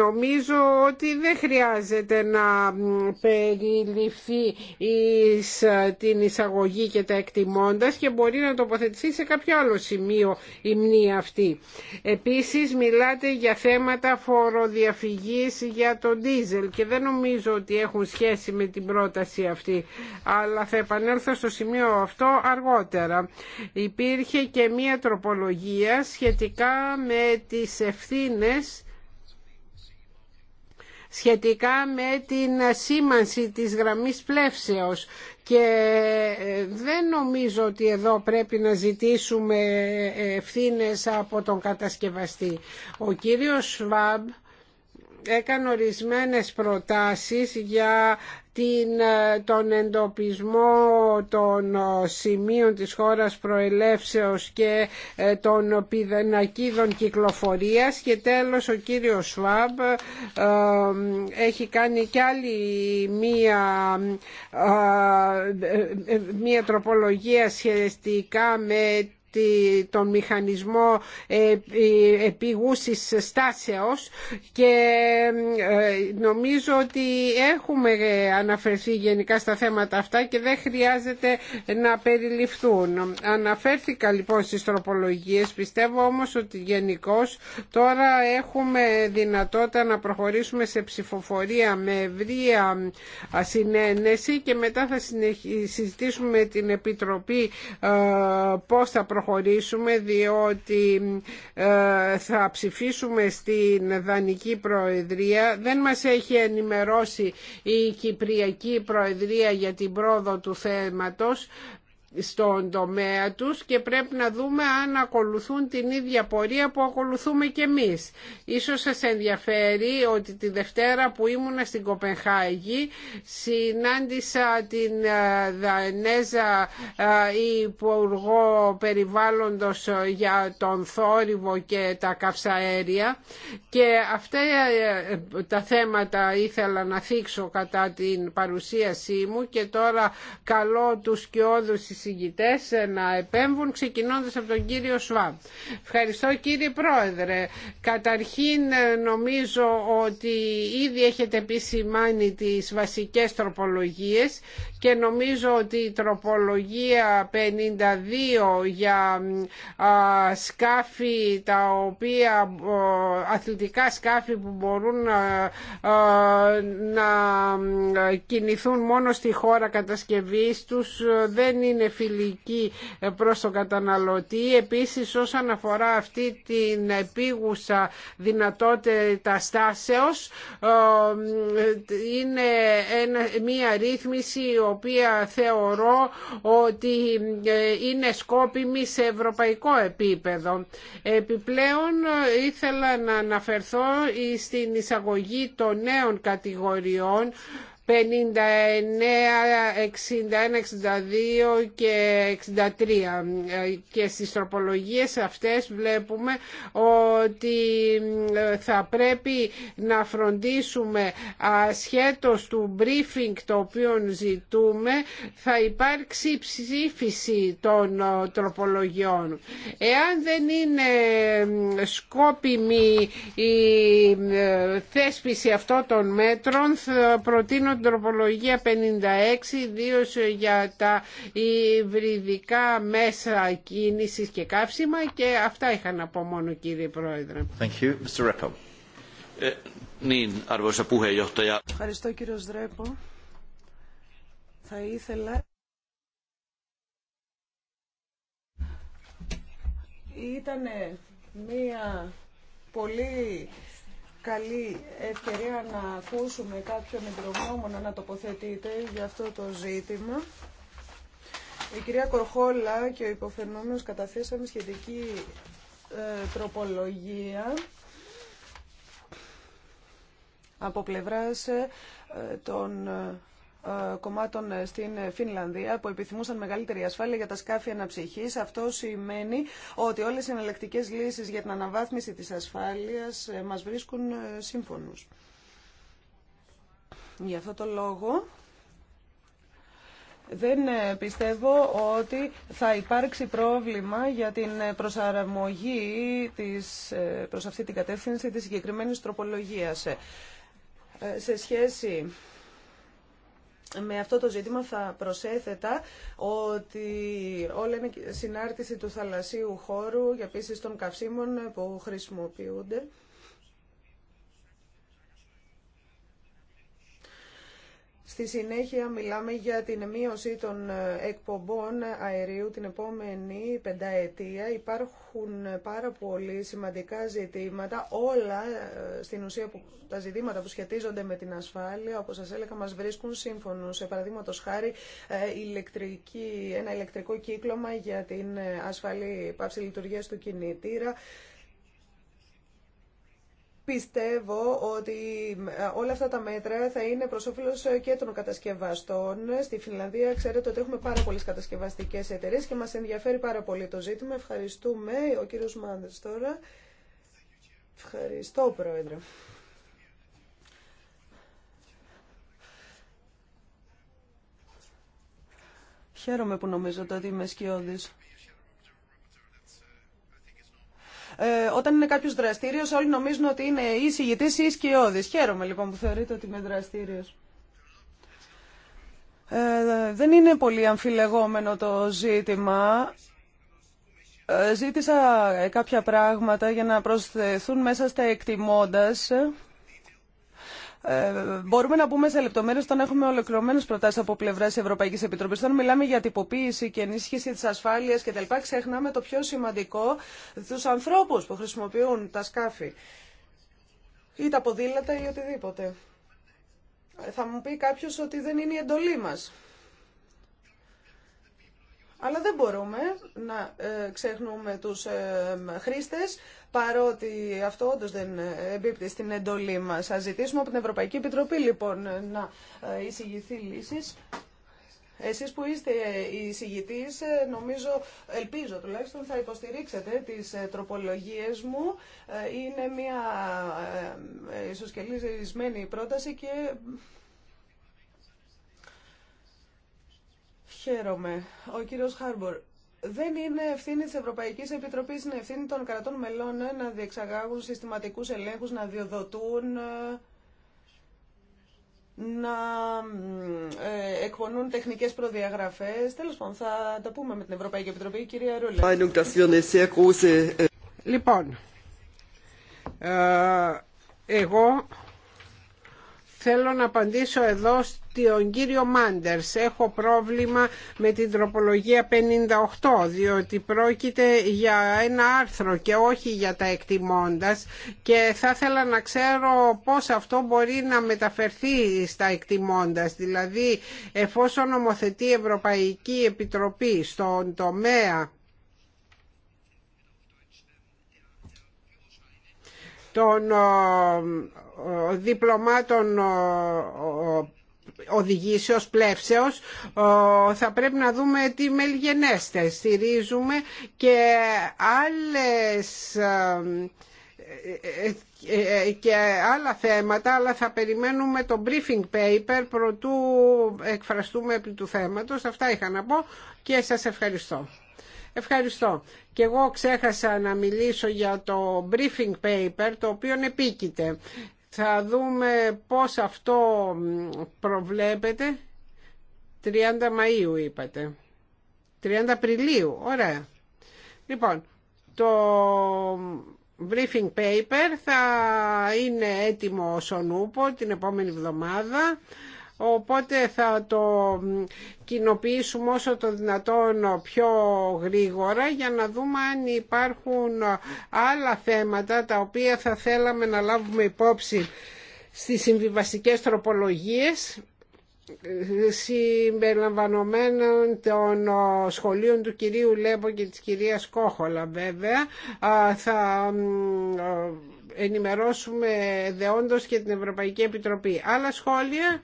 νομίζω ότι δεν χρειάζεται να περιληφθεί ε, την εισαγωγή και τα εκτιμώντας και μπορεί να τοποθετηθεί σε κάποιο άλλο σημείο η μνή αυτή. Επίσης μιλάτε για θέματα φοροδιαφυγής για τον ντίζελ και δεν νομίζω ότι έχουν σχέση με την πρόταση αυτή αλλά θα επανέλθω στο σημείο αυτό αργότερα. Υπήρχε και μία τροπολογία σχετικά με τις ευθύνες σχετικά με την σήμανση της γραμμής πλεύσεως και ε, δεν νομίζω ότι εδώ πρέπει να ζητήσουμε ευθύνες από τον κατασκευαστή. Ο κύριος Σβάμπ έκανε ορισμένες προτάσεις για την, ε, τον εντοπισμό των ε, σημείων της χώρας προελεύσεως και ε, των πιδενακίδων κυκλοφορίας και τέλος ο κύριος Σβάμπ έχει κάνει κι άλλη μία, μία τροπολογία σχετικά με τον μηχανισμό ε, ε, επιγούσης στάσεως και ε, νομίζω ότι έχουμε αναφερθεί γενικά στα θέματα αυτά και δεν χρειάζεται να περιληφθούν. Αναφέρθηκα λοιπόν στις τροπολογίες, πιστεύω όμως ότι γενικώ τώρα έχουμε δυνατότητα να προχωρήσουμε σε ψηφοφορία με ευρία συνένεση και μετά θα συζητήσουμε την Επιτροπή πώς θα προχωρήσουμε προχωρήσουμε διότι ε, θα ψηφίσουμε στην Δανική Προεδρία. Δεν μας έχει ενημερώσει η Κυπριακή Προεδρία για την πρόοδο του θέματος στον τομέα τους και πρέπει να δούμε αν ακολουθούν την ίδια πορεία που ακολουθούμε και εμείς. Ίσως σας ενδιαφέρει ότι τη Δευτέρα που ήμουνα στην Κοπενχάγη συνάντησα την ε, Δανέζα ε, Υπουργό Περιβάλλοντος για τον θόρυβο και τα καυσαέρια και αυτά ε, τα θέματα ήθελα να θίξω κατά την παρουσίασή μου και τώρα καλό τους και όδους εισηγητές ε, να επέμβουν ξεκινώντας από τον κύριο Σουάμπ. Ευχαριστώ κύριε Πρόεδρε. Καταρχήν ε, νομίζω ότι ήδη έχετε επισημάνει τις βασικές τροπολογίες και νομίζω ότι η τροπολογία 52 για σκάφη τα οποία αθλητικά σκάφη που μπορούν να κινηθούν μόνο στη χώρα κατασκευής τους ε, δεν είναι φιλική προς τον καταναλωτή. Επίσης όσον αφορά αυτή την επίγουσα δυνατότητα στάσεως ε, είναι μια ρύθμιση η οποία θεωρώ ότι ε, είναι σκόπιμη σε ευρωπαϊκό επίπεδο. Επιπλέον ήθελα να αναφερθώ στην εισαγωγή των νέων κατηγοριών 59, 61, 62 και 63 και στις τροπολογίες αυτές βλέπουμε ότι ε, θα πρέπει να φροντίσουμε σχέτως του briefing το οποίο ζητούμε θα υπάρξει ψήφιση των ε, τροπολογιών. Εάν δεν είναι ε, σκόπιμη η θέσπιση αυτών των μέτρων προτείνω τροπολογία 56, ιδίω για τα υβριδικά μέσα κίνηση και καύσιμα και αυτά είχα να πω μόνο κύριε Πρόεδρε. Ε, Ευχαριστώ κύριο Δρέπο. Θα ήθελα... Ήτανε μία πολύ καλή ευκαιρία να ακούσουμε κάποιον εμπειρογνώμονα να τοποθετείτε για αυτό το ζήτημα. Η κυρία Κορχόλα και ο υποφαινόμενος καταθέσαμε σχετική ε, τροπολογία από πλευράς ε, των ε, ε, κομμάτων ε, στην Φινλανδία που επιθυμούσαν μεγαλύτερη ασφάλεια για τα σκάφη αναψυχής. Αυτό σημαίνει ότι όλες οι εναλλακτικέ λύσεις για την αναβάθμιση της ασφάλειας ε, μας βρίσκουν σύμφωνους. Γι' αυτό το λόγο δεν πιστεύω ότι θα υπάρξει πρόβλημα για την προσαρμογή της, προς αυτή την κατεύθυνση της συγκεκριμένης τροπολογίας. Σε σχέση με αυτό το ζήτημα θα προσέθετα ότι όλα είναι συνάρτηση του θαλασσίου χώρου και επίσης των καυσίμων που χρησιμοποιούνται. Στη συνέχεια μιλάμε για την μείωση των ε, εκπομπών αερίου την επόμενη πενταετία. Υπάρχουν πάρα πολύ σημαντικά ζητήματα, όλα ε, στην ουσία τα ζητήματα που σχετίζονται με την ασφάλεια, όπως σας έλεγα, μας βρίσκουν σύμφωνο Σε παραδείγματο χάρη ε, ηλεκτρική, ένα ηλεκτρικό κύκλωμα για την ασφαλή πάυση λειτουργίας του κινητήρα, Πιστεύω ότι όλα αυτά τα μέτρα θα είναι προς όφελος ε, και των κατασκευαστών. Στη Φινλανδία ξέρετε ότι έχουμε πάρα πολλές κατασκευαστικές εταιρείες και μας ενδιαφέρει πάρα πολύ το ζήτημα. Ευχαριστούμε. Ο κύριος Μάνδρης τώρα. Ευχαριστώ, Πρόεδρε. Χαίρομαι που νομίζω ότι είμαι σκιώδης. Ε, όταν είναι κάποιο δραστήριο, όλοι νομίζουν ότι είναι ή συγητή ή σκιώδη. Χαίρομαι λοιπόν που θεωρείτε ότι είμαι δραστήριο. Ε, δεν είναι πολύ αμφιλεγόμενο το ζήτημα. Ε, ζήτησα κάποια πράγματα για να προσθεθούν μέσα στα εκτιμώντας ε, μπορούμε να πούμε σε λεπτομέρειε όταν έχουμε ολοκληρωμένε προτάσει από πλευρά τη Ευρωπαϊκή Επιτροπή. Όταν μιλάμε για τυποποίηση και ενίσχυση τη ασφάλεια κτλ., ξεχνάμε το πιο σημαντικό, του ανθρώπου που χρησιμοποιούν τα σκάφη ή τα ποδήλατα ή οτιδήποτε. Ε, θα μου πει κάποιο ότι δεν είναι η εντολή μα. Αλλά δεν μπορούμε να ε, ξεχνούμε τους ε, χρήστες, παρότι αυτό όντω δεν ε, εμπίπτει στην εντολή μας. Θα ζητήσουμε από την Ευρωπαϊκή Επιτροπή λοιπόν να εισηγηθεί λύσεις. Εσείς που είστε οι εισηγητής, νομίζω, ελπίζω τουλάχιστον, θα υποστηρίξετε τις τροπολογίες μου. Είναι μια ισοσκελισμένη πρόταση και Χαίρομαι. Ο κύριος Χάρμπορ. Δεν είναι ευθύνη τη Ευρωπαϊκή Επιτροπή, είναι ευθύνη των κρατών μελών ε, να διεξαγάγουν συστηματικού ελέγχου, να διοδοτούν, ε, να ε, εκπονούν τεχνικέ προδιαγραφέ. Τέλο πάντων, θα τα πούμε με την Ευρωπαϊκή Επιτροπή, κυρία Ρούλε. Λοιπόν, εγώ Θέλω να απαντήσω εδώ στον κύριο Μάντερς. Έχω πρόβλημα με την τροπολογία 58, διότι πρόκειται για ένα άρθρο και όχι για τα εκτιμώντας και θα ήθελα να ξέρω πώς αυτό μπορεί να μεταφερθεί στα εκτιμώντας. Δηλαδή, εφόσον νομοθετεί η Ευρωπαϊκή Επιτροπή στον τομέα των διπλωμάτων οδηγήσεως πλεύσεως θα πρέπει να δούμε τι μελγενέστε στηρίζουμε και άλλες ε, ε, ε, και άλλα θέματα αλλά θα περιμένουμε το briefing paper προτού εκφραστούμε επί του θέματος αυτά είχα να πω και σας ευχαριστώ Ευχαριστώ. Και εγώ ξέχασα να μιλήσω για το briefing paper, το οποίο επίκειται. Θα δούμε πώς αυτό προβλέπετε. 30 Μαΐου είπατε. 30 Απριλίου, ωραία. Λοιπόν, το briefing paper θα είναι έτοιμο στον ούπο, την επόμενη εβδομάδα οπότε θα το κοινοποιήσουμε όσο το δυνατόν πιο γρήγορα για να δούμε αν υπάρχουν άλλα θέματα τα οποία θα θέλαμε να λάβουμε υπόψη στις συμβιβαστικές τροπολογίες συμπεριλαμβανομένων των σχολείων του κυρίου Λέμπο και της κυρίας Κόχολα βέβαια θα ενημερώσουμε δεόντως και την Ευρωπαϊκή Επιτροπή. Άλλα σχόλια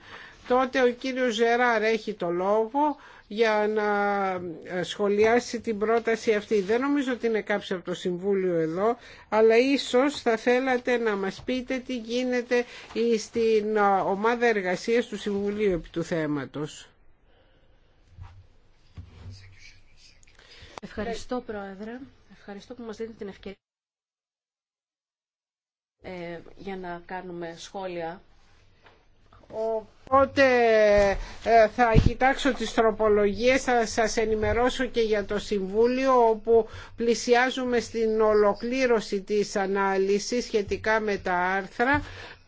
τότε ο κύριος Ζεράρ έχει το λόγο για να σχολιάσει την πρόταση αυτή. Δεν νομίζω ότι είναι κάποιο από το Συμβούλιο εδώ, αλλά ίσως θα θέλατε να μας πείτε τι γίνεται στην ομάδα εργασίας του Συμβουλίου επί του θέματος. Ευχαριστώ, Πρόεδρε. Ευχαριστώ που μας δίνετε την ευκαιρία ε, για να κάνουμε σχόλια Οπότε ε, θα κοιτάξω τις τροπολογίες, θα σας ενημερώσω και για το Συμβούλιο όπου πλησιάζουμε στην ολοκλήρωση της ανάλυσης σχετικά με τα άρθρα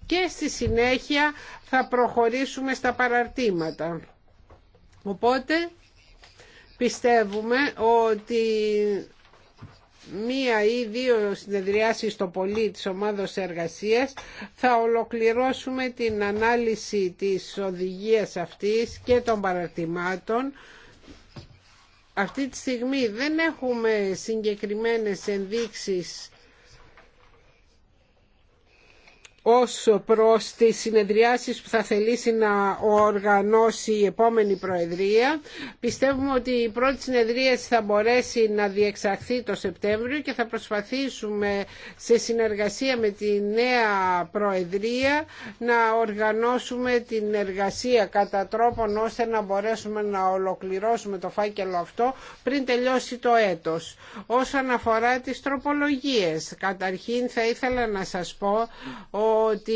και στη συνέχεια θα προχωρήσουμε στα παραρτήματα. Οπότε πιστεύουμε ότι μία ή δύο συνεδριάσεις στο πολύ της ομάδος εργασίας θα ολοκληρώσουμε την ανάλυση της οδηγίας αυτής και των παρατημάτων αυτή τη στιγμή δεν έχουμε συγκεκριμένες ενδείξεις ως προς τις συνεδριάσεις που θα θελήσει να οργανώσει η επόμενη Προεδρία. Πιστεύουμε ότι η πρώτη συνεδρίαση θα μπορέσει να διεξαχθεί το Σεπτέμβριο και θα προσπαθήσουμε σε συνεργασία με τη νέα Προεδρία να οργανώσουμε την εργασία κατά τρόπον ώστε να μπορέσουμε να ολοκληρώσουμε το φάκελο αυτό πριν τελειώσει το έτος. Όσον αφορά τις τροπολογίες, καταρχήν θα ήθελα να σας πω ότι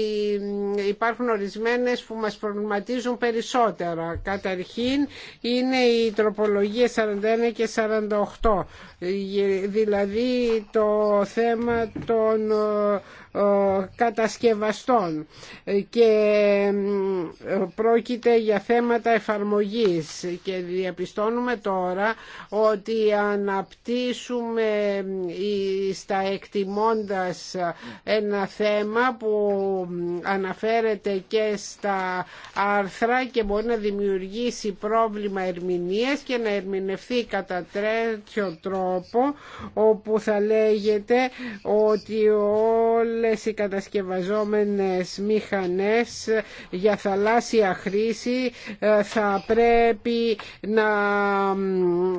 υπάρχουν ορισμένες που μας προβληματίζουν περισσότερα. Καταρχήν είναι οι τροπολογίες 41 και 48, δηλαδή το θέμα των κατασκευαστών και πρόκειται για θέματα εφαρμογής και διαπιστώνουμε τώρα ότι αναπτύσσουμε στα εκτιμώντας ένα θέμα που αναφέρεται και στα άρθρα και μπορεί να δημιουργήσει πρόβλημα ερμηνείας και να ερμηνευθεί κατά τέτοιο τρόπο όπου θα λέγεται ότι όλα όλες οι κατασκευαζόμενες μηχανές για θαλάσσια χρήση ε, θα πρέπει να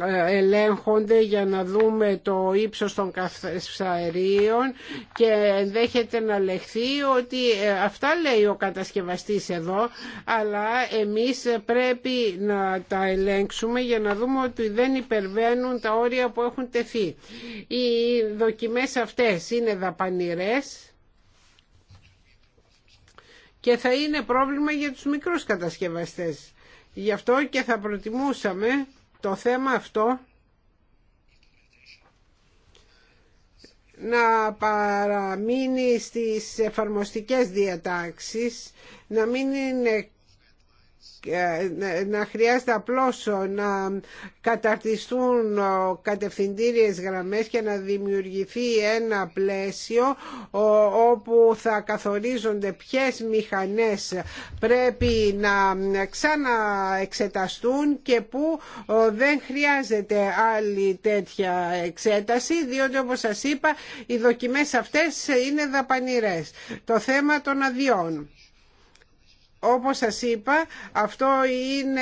ε, ελέγχονται για να δούμε το ύψος των καυσαερίων και ενδέχεται να λεχθεί ότι ε, αυτά λέει ο κατασκευαστής εδώ αλλά εμείς πρέπει να τα ελέγξουμε για να δούμε ότι δεν υπερβαίνουν τα όρια που έχουν τεθεί. Οι δοκιμές αυτές είναι δαπανηρές και θα είναι πρόβλημα για τους μικρούς κατασκευαστές. Γι' αυτό και θα προτιμούσαμε το θέμα αυτό να παραμείνει στις εφαρμοστικές διατάξεις, να μην είναι ε, να χρειάζεται απλώς να καταρτιστούν κατευθυντήριες γραμμές και να δημιουργηθεί ένα πλαίσιο όπου θα καθορίζονται ποιες μηχανές πρέπει να ξαναεξεταστούν και που δεν χρειάζεται άλλη τέτοια εξέταση διότι όπως σας είπα οι δοκιμές αυτές είναι δαπανηρές. Το θέμα των αδειών όπως σας είπα αυτό είναι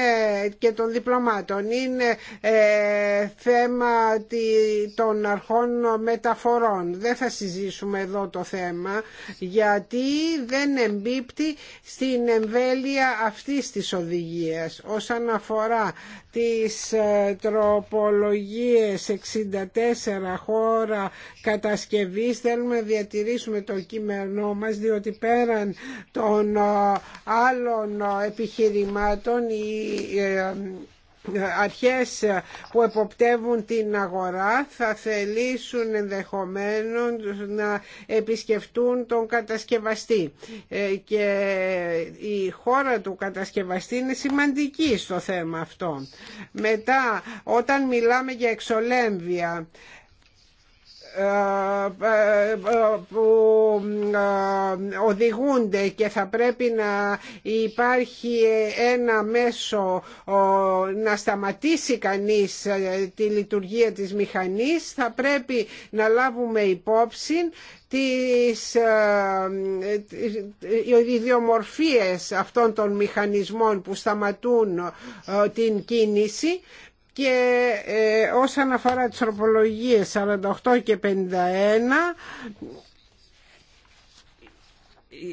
και των διπλωμάτων είναι ε, θέμα των αρχών μεταφορών δεν θα συζητήσουμε εδώ το θέμα γιατί δεν εμπίπτει στην εμβέλεια αυτής της οδηγίας όσον αφορά τις ε, τροπολογίες 64 χώρα κατασκευής θέλουμε να διατηρήσουμε το κείμενό μας διότι πέραν των ε, άλλων ε, επιχειρημάτων οι ε, ε, αρχές που εποπτεύουν την αγορά θα θελήσουν ενδεχομένως να επισκεφτούν τον κατασκευαστή και η χώρα του κατασκευαστή είναι σημαντική στο θέμα αυτό. Μετά όταν μιλάμε για εξολέμβια που οδηγούνται και θα πρέπει να υπάρχει ένα μέσο να σταματήσει κανείς ε, τη λειτουργία της μηχανής θα πρέπει να λάβουμε υπόψη τις ε, ιδιομορφίες αυτών των μηχανισμών που σταματούν ε, την κίνηση και ε, όσον αφορά τις τροπολογίες 48 και 51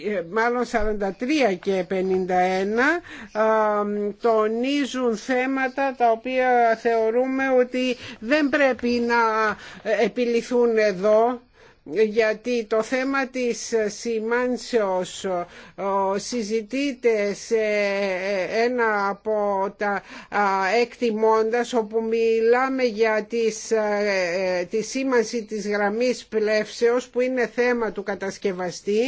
ε, μάλλον 43 και 51 ε, τονίζουν θέματα τα οποία θεωρούμε ότι δεν πρέπει να επιληθούν εδώ γιατί το θέμα της σημάνσεως συζητείται σε ένα από τα εκτιμώντας όπου μιλάμε για τις, ε, τη σήμανση της γραμμής πλεύσεως που είναι θέμα του κατασκευαστή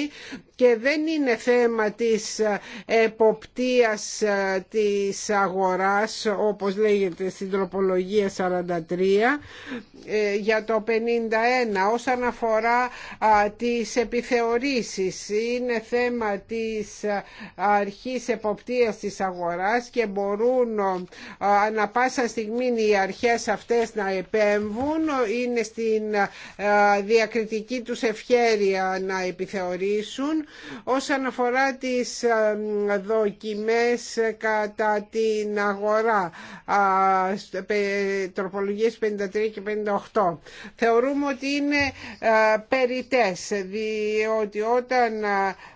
και δεν είναι θέμα της ε, εποπτείας ε, της αγοράς όπως λέγεται στην τροπολογία 43 για το 51 όσον αναφορά αφορά τις επιθεωρήσεις. Είναι θέμα της αρχής εποπτείας της αγοράς και μπορούν ανα πάσα στιγμή οι αρχές αυτές να επέμβουν. Είναι στην διακριτική τους ευχέρεια να επιθεωρήσουν. Όσον αφορά τις δοκιμές κατά την αγορά, τροπολογίες 53 και 58, θεωρούμε ότι είναι περιτές διότι όταν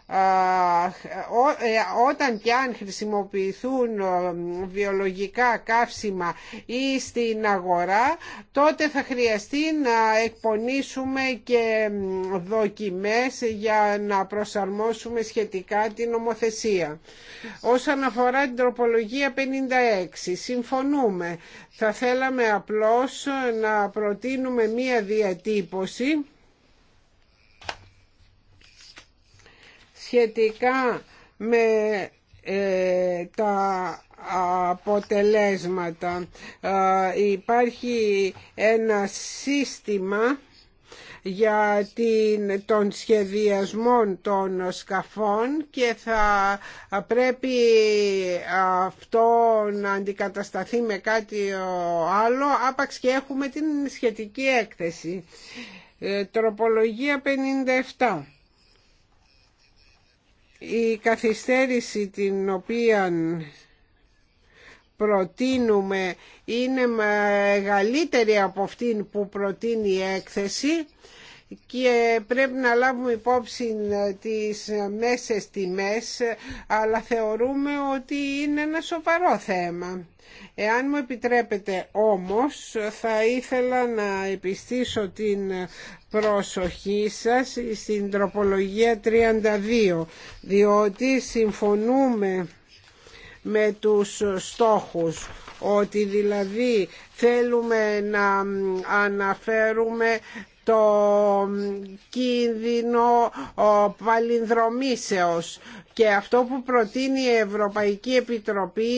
ε, όταν και αν χρησιμοποιηθούν βιολογικά καύσιμα ή στην αγορά τότε θα χρειαστεί να εκπονήσουμε και δοκιμές για να προσαρμόσουμε σχετικά την νομοθεσία. Όσον αφορά την τροπολογία 56 συμφωνούμε. Θα θέλαμε απλώς να προτείνουμε μία διατύπωση σχετικά με ε, τα αποτελέσματα. υπάρχει ένα σύστημα για την, τον σχεδιασμό των σκαφών και θα πρέπει αυτό να αντικατασταθεί με κάτι άλλο άπαξ και έχουμε την σχετική έκθεση. Ε, τροπολογία 57. Η καθυστέρηση την οποία προτείνουμε είναι μεγαλύτερη από αυτήν που προτείνει η έκθεση και πρέπει να λάβουμε υπόψη ε, τις ε, μέσες τιμές ε, αλλά θεωρούμε ότι είναι ένα σοβαρό θέμα. Εάν μου επιτρέπετε όμως θα ήθελα να επιστήσω την προσοχή σας στην τροπολογία 32 διότι συμφωνούμε με τους στόχους ότι δηλαδή θέλουμε να αναφέρουμε το κίνδυνο παλινδρομήσεως και αυτό που προτείνει η Ευρωπαϊκή Επιτροπή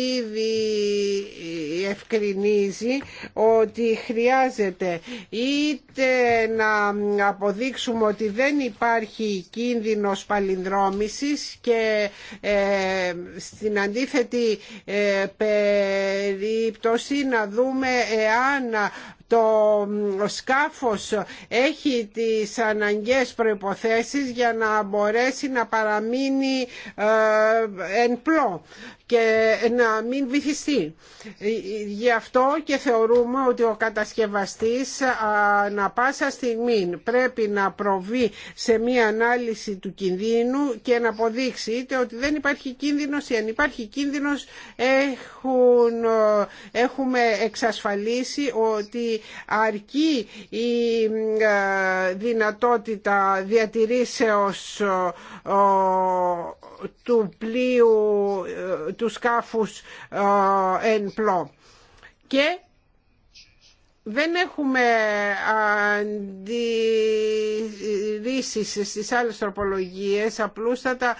ευκρινίζει ότι χρειάζεται είτε να αποδείξουμε ότι δεν υπάρχει κίνδυνος παλινδρόμησης και ε, στην αντίθετη ε, περίπτωση να δούμε εάν το σκάφος έχει τις αναγκαίες προϋποθέσεις για να μπορέσει να παραμείνει ε, εν πλώ και να μην βυθιστεί. Γι' αυτό και θεωρούμε ότι ο κατασκευαστής να πάσα στιγμή πρέπει να προβεί σε μία ανάλυση του κινδύνου και να αποδείξει είτε ότι δεν υπάρχει κίνδυνος ή αν υπάρχει κίνδυνος έχουν, έχουμε εξασφαλίσει ότι αρκεί η δυνατότητα διατηρήσεως του πλοίου ε, του σκάφους ε, εν πλώ. Και δεν έχουμε αντιρρήσεις στις άλλες τροπολογίες, απλούστατα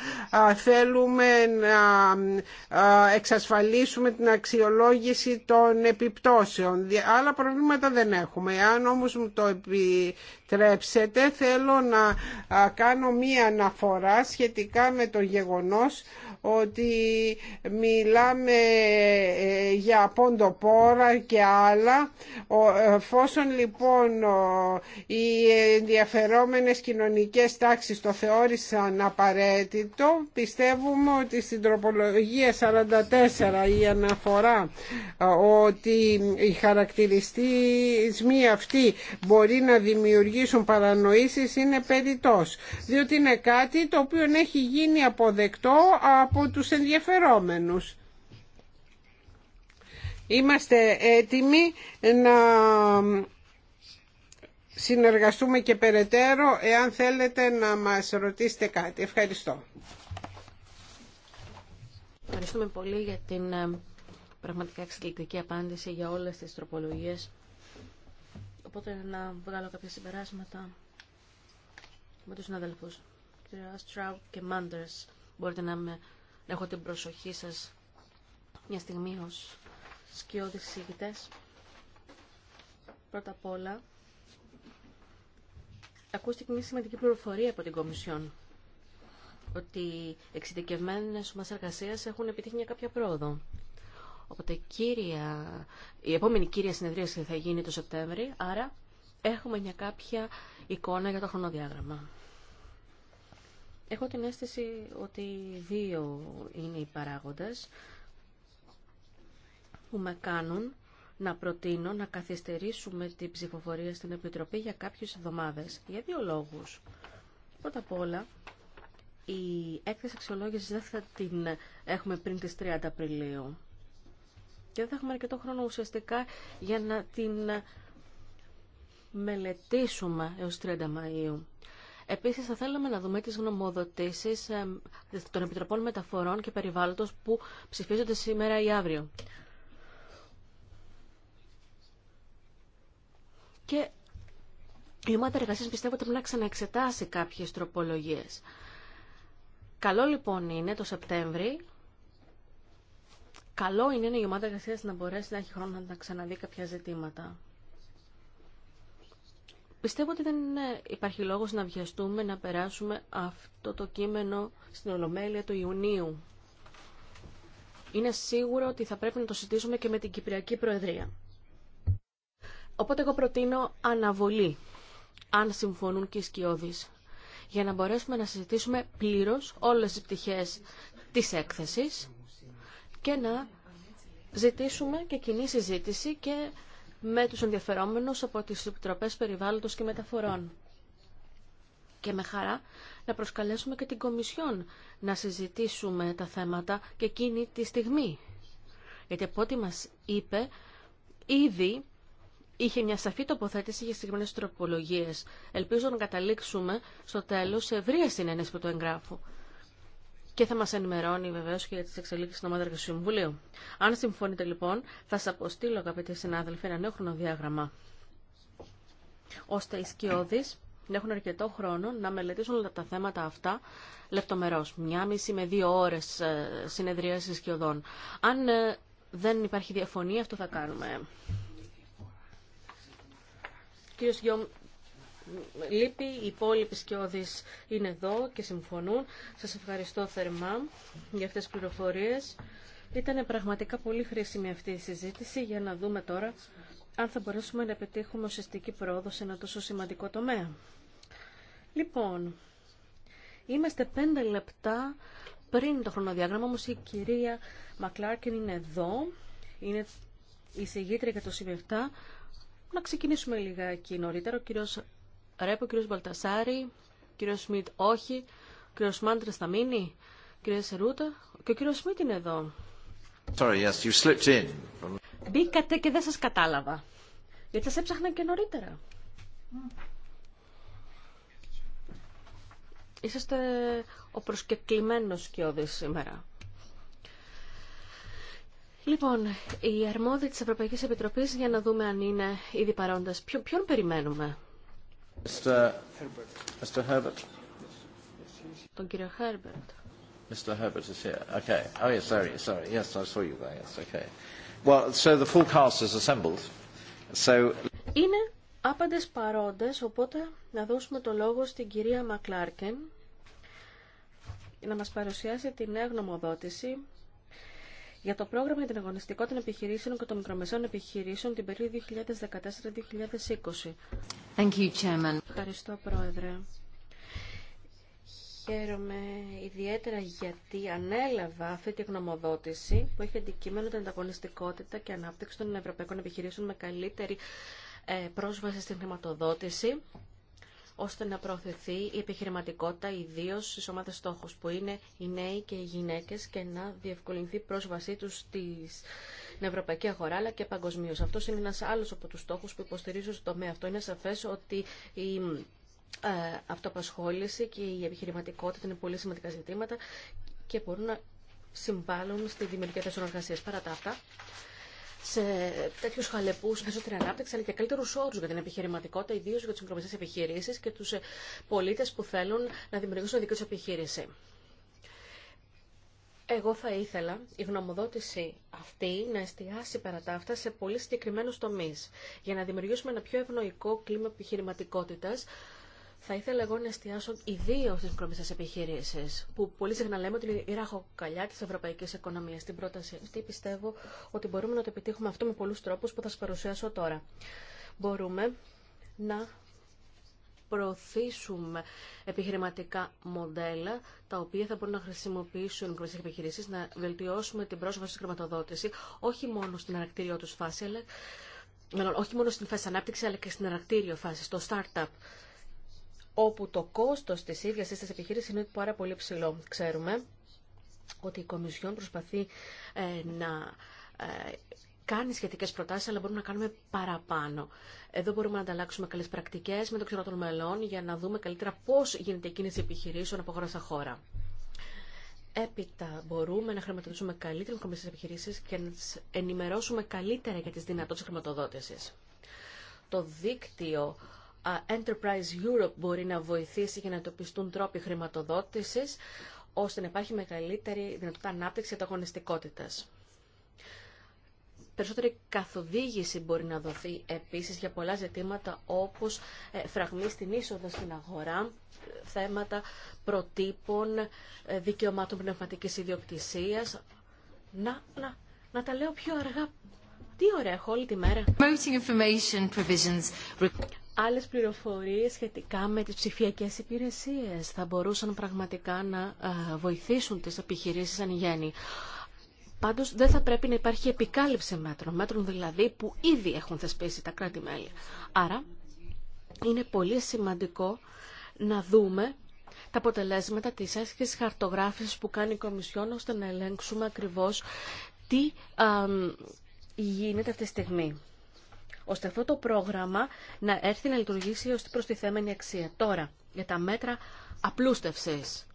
θέλουμε να εξασφαλίσουμε την αξιολόγηση των επιπτώσεων. Άλλα προβλήματα δεν έχουμε. Αν όμως μου το επιτρέψετε, θέλω να κάνω μία αναφορά σχετικά με το γεγονός ότι μιλάμε ε, για πόντοπόρα και άλλα. Φόσον λοιπόν οι ενδιαφερόμενες κοινωνικές τάξεις το θεώρησαν απαραίτητο, πιστεύουμε ότι στην τροπολογία 44 η αναφορά ε, ότι οι χαρακτηριστισμοί αυτοί μπορεί να δημιουργήσουν παρανοήσεις είναι περιττός, διότι είναι κάτι το οποίο έχει γίνει αποδεκτό από τους ενδιαφερόμενους. Είμαστε έτοιμοι να συνεργαστούμε και περαιτέρω εάν θέλετε να μας ρωτήσετε κάτι. Ευχαριστώ. Ευχαριστούμε πολύ για την ε, πραγματικά εξελικτική απάντηση για όλες τις τροπολογίες. Οπότε να βγάλω κάποια συμπεράσματα με τους συναδελφούς. Κύριε Αστράου και Μάντερς, μπορείτε να με έχω την προσοχή σας μια στιγμή ως σκιώδης σύγητες. Πρώτα απ' όλα, ακούστηκε μια σημαντική πληροφορία από την Κομισιόν ότι εξειδικευμένες μα εργασίες έχουν επιτύχει μια κάποια πρόοδο. Οπότε κύρια, η επόμενη κύρια συνεδρίαση θα γίνει το Σεπτέμβρη, άρα έχουμε μια κάποια εικόνα για το χρονοδιάγραμμα. Έχω την αίσθηση ότι δύο είναι οι παράγοντες που με κάνουν να προτείνω να καθυστερήσουμε την ψηφοφορία στην Επιτροπή για κάποιες εβδομάδες. Για δύο λόγους. Πρώτα απ' όλα, η έκθεση αξιολόγησης δεν θα την έχουμε πριν τις 30 Απριλίου. Και δεν θα έχουμε αρκετό χρόνο ουσιαστικά για να την μελετήσουμε έως 30 Μαΐου. Επίσης θα θέλαμε να δούμε τις γνωμοδοτήσεις ε, των Επιτροπών Μεταφορών και Περιβάλλοντος που ψηφίζονται σήμερα ή αύριο. Και η ομάδα εργασίας πιστεύω ότι πρέπει να ξαναεξετάσει κάποιες τροπολογίες. Καλό λοιπόν είναι το Σεπτέμβρη Καλό είναι η ομάδα εργασία να μπορέσει να έχει χρόνο να ξαναδεί κάποια ζητήματα. Πιστεύω ότι δεν υπάρχει λόγος να βιαστούμε να περάσουμε αυτό το κείμενο στην Ολομέλεια του Ιουνίου. Είναι σίγουρο ότι θα πρέπει να το συζητήσουμε και με την Κυπριακή Προεδρία. Οπότε εγώ προτείνω αναβολή, αν συμφωνούν και οι σκιώδεις, για να μπορέσουμε να συζητήσουμε πλήρως όλες τις πτυχές της έκθεσης και να ζητήσουμε και κοινή συζήτηση και με τους ενδιαφερόμενους από τις Επιτροπές Περιβάλλοντος και Μεταφορών. Και με χαρά να προσκαλέσουμε και την Κομισιόν να συζητήσουμε τα θέματα και εκείνη τη στιγμή. Γιατί από ό,τι μας είπε, ήδη είχε μια σαφή τοποθέτηση για συγκεκριμένες τροπολογίες. Ελπίζω να καταλήξουμε στο τέλος σε ευρία συνένεση του εγγράφου και θα μας ενημερώνει βεβαίω και για τις εξελίξεις στην ομάδα Συμβουλίου. Αν συμφωνείτε λοιπόν, θα σας αποστείλω αγαπητοί συνάδελφοι ένα νέο χρονοδιάγραμμα, ώστε οι να έχουν αρκετό χρόνο να μελετήσουν όλα τα θέματα αυτά λεπτομέρω. Μια μισή με δύο ώρες ε, συνεδρίαση σκιωδών. Αν ε, δεν υπάρχει διαφωνία, αυτό θα κάνουμε λείπει, οι υπόλοιποι σκιώδεις είναι εδώ και συμφωνούν. Σας ευχαριστώ θερμά για αυτές τις πληροφορίες. Ήταν πραγματικά πολύ χρήσιμη αυτή η συζήτηση για να δούμε τώρα αν θα μπορέσουμε να πετύχουμε ουσιαστική πρόοδο σε ένα τόσο σημαντικό τομέα. Λοιπόν, είμαστε πέντε λεπτά πριν το χρονοδιάγραμμα, όμως η κυρία Μακλάρκιν είναι εδώ, είναι η συγγήτρια για το ΣΥΒΕΦΤΑ. Να ξεκινήσουμε λιγάκι νωρίτερα. κύριος Ρέπο, κύριος Μπαλτασάρη, κύριος Σμιτ όχι, κύριος Μάντρες θα μείνει, κύριε Σερούτα και ο κύριος Σμιτ είναι εδώ. Sorry, yes, you slipped in. Μπήκατε και δεν σας κατάλαβα. Γιατί σας έψαχνα και νωρίτερα. Mm. Είσαστε ο προσκεκλημένος κοιόδης σήμερα. Λοιπόν, οι αρμόδιοι της Ευρωπαϊκής Επιτροπής για να δούμε αν είναι ήδη παρόντας. ποιον περιμένουμε. Mr. Mr. Herbert. Τον κύριο Herbert. Mr. Herbert is here. Okay. Oh, yes, sorry, sorry. Yes, I saw you there. Yes, okay. Well, so the full cast is assembled. So... Είναι άπαντες παρόντες, οπότε να δώσουμε το λόγο στην κυρία Μακλάρκεν να μας παρουσιάσει τη νέα γνωμοδότηση για το πρόγραμμα για την αγωνιστικότητα των επιχειρήσεων και των μικρομεσαίων επιχειρήσεων την περίοδο 2014-2020. Ευχαριστώ, Πρόεδρε. Χαίρομαι ιδιαίτερα γιατί ανέλαβα αυτή τη γνωμοδότηση που έχει αντικείμενο την ανταγωνιστικότητα και ανάπτυξη των ευρωπαϊκών επιχειρήσεων με καλύτερη ε, πρόσβαση στην χρηματοδότηση ώστε να προωθηθεί η επιχειρηματικότητα ιδίω στι ομάδε στόχου που είναι οι νέοι και οι γυναίκε και να διευκολυνθεί η πρόσβασή του στην ευρωπαϊκή αγορά αλλά και παγκοσμίω. Αυτό είναι ένα άλλο από του στόχου που υποστηρίζω στο τομέα αυτό. Είναι σαφέ ότι η ε, αυτοπασχόληση και η επιχειρηματικότητα είναι πολύ σημαντικά ζητήματα και μπορούν να συμβάλλουν στη δημιουργία θέσεων εργασία. Παρά τα αυτά, σε τέτοιου χαλεπού περισσότερη ανάπτυξη, αλλά και καλύτερου όρου για την επιχειρηματικότητα, ιδίω για τι μικρομεσαίε επιχειρήσει και του ε, πολίτε που θέλουν να δημιουργήσουν δική του επιχείρηση. Εγώ θα ήθελα η γνωμοδότηση αυτή να εστιάσει παρά τα αυτά σε πολύ συγκεκριμένου τομεί, για να δημιουργήσουμε ένα πιο ευνοϊκό κλίμα επιχειρηματικότητα θα ήθελα εγώ να εστιάσω ιδίω στι μικρομεσαίε επιχειρήσει, που πολύ συχνά λέμε ότι είναι η ραχοκαλιά τη ευρωπαϊκή οικονομία. Στην πρόταση αυτή πιστεύω ότι μπορούμε να το επιτύχουμε αυτό με πολλού τρόπου που θα σα παρουσιάσω τώρα. Μπορούμε να προωθήσουμε επιχειρηματικά μοντέλα τα οποία θα μπορούν να χρησιμοποιήσουν οι μικρομεσαίε επιχειρήσει, να βελτιώσουμε την πρόσβαση στη χρηματοδότηση, όχι μόνο στην ανακτήριό του φάση, αλλά όχι μόνο στην φάση ανάπτυξη, αλλά και στην ανακτήριο φάση, στο startup όπου το κόστος της ίδιας της επιχείρησης είναι πάρα πολύ ψηλό. Ξέρουμε ότι η Κομισιόν προσπαθεί ε, να ε, κάνει σχετικές προτάσεις, αλλά μπορούμε να κάνουμε παραπάνω. Εδώ μπορούμε να ανταλλάξουμε καλές πρακτικές με το ξέρω των μελών για να δούμε καλύτερα πώς γίνεται η κίνηση επιχειρήσεων από χώρα σε χώρα. Έπειτα μπορούμε να χρηματοδοτήσουμε καλύτερα μικρομεσαίες επιχειρήσεις και να τις ενημερώσουμε καλύτερα για τις δυνατότητες χρηματοδότησης. Το δίκτυο Enterprise Europe μπορεί να βοηθήσει για να εντοπιστούν τρόποι χρηματοδότησης, ώστε να υπάρχει μεγαλύτερη δυνατότητα ανάπτυξη ταγωνιστικότητα. Περισσότερη καθοδήγηση μπορεί να δοθεί επίσης για πολλά ζητήματα όπως ε, φραγμή στην είσοδο στην αγορά, θέματα προτύπων, ε, δικαιωμάτων πνευματικής ιδιοκτησίας. Να, να, να τα λέω πιο αργά. Τι ωραία, έχω όλη τη μέρα άλλες πληροφορίες σχετικά με τις ψηφιακές υπηρεσίες θα μπορούσαν πραγματικά να βοηθήσουν τις επιχειρήσεις εν γέννη. Πάντως δεν θα πρέπει να υπάρχει επικάλυψη μέτρων, μέτρων δηλαδή που ήδη έχουν θεσπίσει τα κράτη-μέλη. Άρα είναι πολύ σημαντικό να δούμε τα αποτελέσματα της άσκησης χαρτογράφησης που κάνει η Κομισιόν ώστε να ελέγξουμε ακριβώς τι γίνεται αυτή τη στιγμή ώστε αυτό το πρόγραμμα να έρθει να λειτουργήσει ως προστιθέμενη αξία. Τώρα, για τα μέτρα απλούστευσης.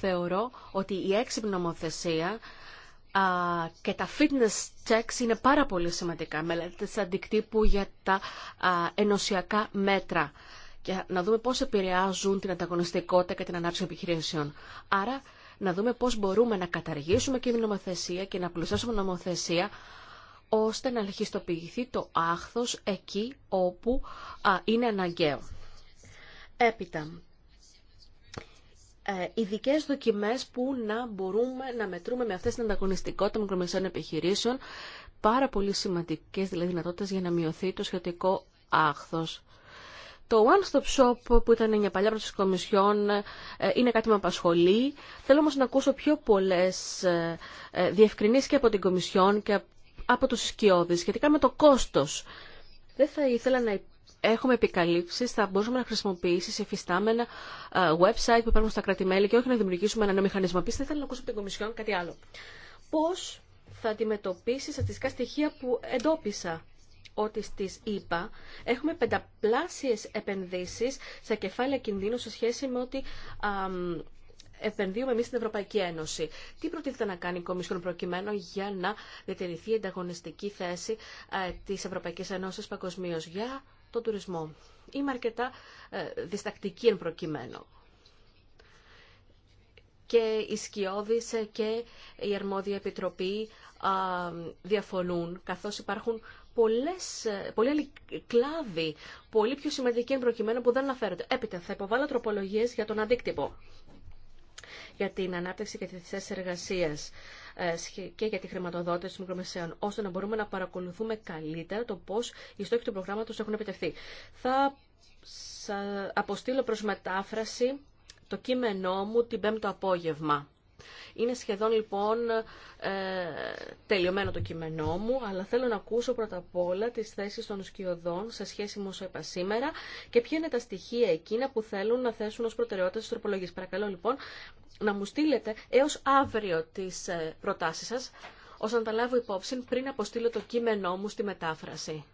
Θεωρώ ότι η έξυπνη νομοθεσία και τα fitness checks είναι πάρα πολύ σημαντικά. σαν αντικτύπου για τα ενωσιακά μέτρα και να δούμε πώς επηρεάζουν την ανταγωνιστικότητα και την ανάπτυξη επιχειρήσεων. Άρα, να δούμε πώς μπορούμε να καταργήσουμε και την νομοθεσία και να πλουσιάσουμε νομοθεσία ώστε να αρχιστοποιηθεί το άχθος εκεί όπου είναι αναγκαίο. Έπειτα, ε, ειδικέ δοκιμές που να μπορούμε να μετρούμε με αυτές την ανταγωνιστικότητα μικρομεσαίων επιχειρήσεων, πάρα πολύ σημαντικές δηλαδή δυνατότητες για να μειωθεί το σχετικό άχθος. Το One Stop Shop που ήταν μια παλιά πρόταση Κομισιόν ε, είναι κάτι που με απασχολεί. Θέλω όμως να ακούσω πιο πολλές ε, διευκρινήσεις και από την Κομισιόν και από τους σκιώδεις σχετικά με το κόστος. Δεν θα ήθελα να έχουμε επικαλύψεις, θα μπορούσαμε να χρησιμοποιήσει σε εφιστάμενα ε, website που υπάρχουν στα κρατημέλη και όχι να δημιουργήσουμε ένα νέο μηχανισμό. Επίσης, θα ήθελα να ακούσω από την Κομισιόν κάτι άλλο. Πώς θα αντιμετωπίσει στατιστικά στοιχεία που εντόπισα ότι στις ΗΠΑ έχουμε πενταπλάσιες επενδύσεις σε κεφάλαια κινδύνου σε σχέση με ότι επενδύουμε εμεί στην Ευρωπαϊκή Ένωση. Τι προτίθεται να κάνει η Κομισιόν προκειμένου για να διατηρηθεί η ανταγωνιστική θέση ε, τη Ευρωπαϊκή Ένωση παγκοσμίω για τον τουρισμό. Είμαι αρκετά ε, διστακτική εν προκειμένου και οι Σκιώδης ε, και η Αρμόδια Επιτροπή α, διαφωνούν, καθώς υπάρχουν πολλές, πολλοί κλάδοι, πολύ πιο σημαντικοί εν προκειμένου που δεν αναφέρονται. Έπειτα θα υποβάλω τροπολογίες για τον αντίκτυπο για την ανάπτυξη και τις θέσει εργασία ε, και για τη χρηματοδότηση των μικρομεσαίων, ώστε να μπορούμε να παρακολουθούμε καλύτερα το πώς οι στόχοι του προγράμματο έχουν επιτευχθεί. Θα αποστείλω προς μετάφραση το κείμενό μου την πέμπτο απόγευμα. Είναι σχεδόν λοιπόν ε, τελειωμένο το κείμενό μου, αλλά θέλω να ακούσω πρώτα απ' όλα τις θέσεις των σκιωδών σε σχέση με όσο είπα σήμερα και ποια είναι τα στοιχεία εκείνα που θέλουν να θέσουν ως προτεραιότητα στις τροπολογίες. Παρακαλώ λοιπόν να μου στείλετε έως αύριο τις ε, προτάσεις σας, ώστε να τα λάβω υπόψη πριν αποστείλω το κείμενό μου στη μετάφραση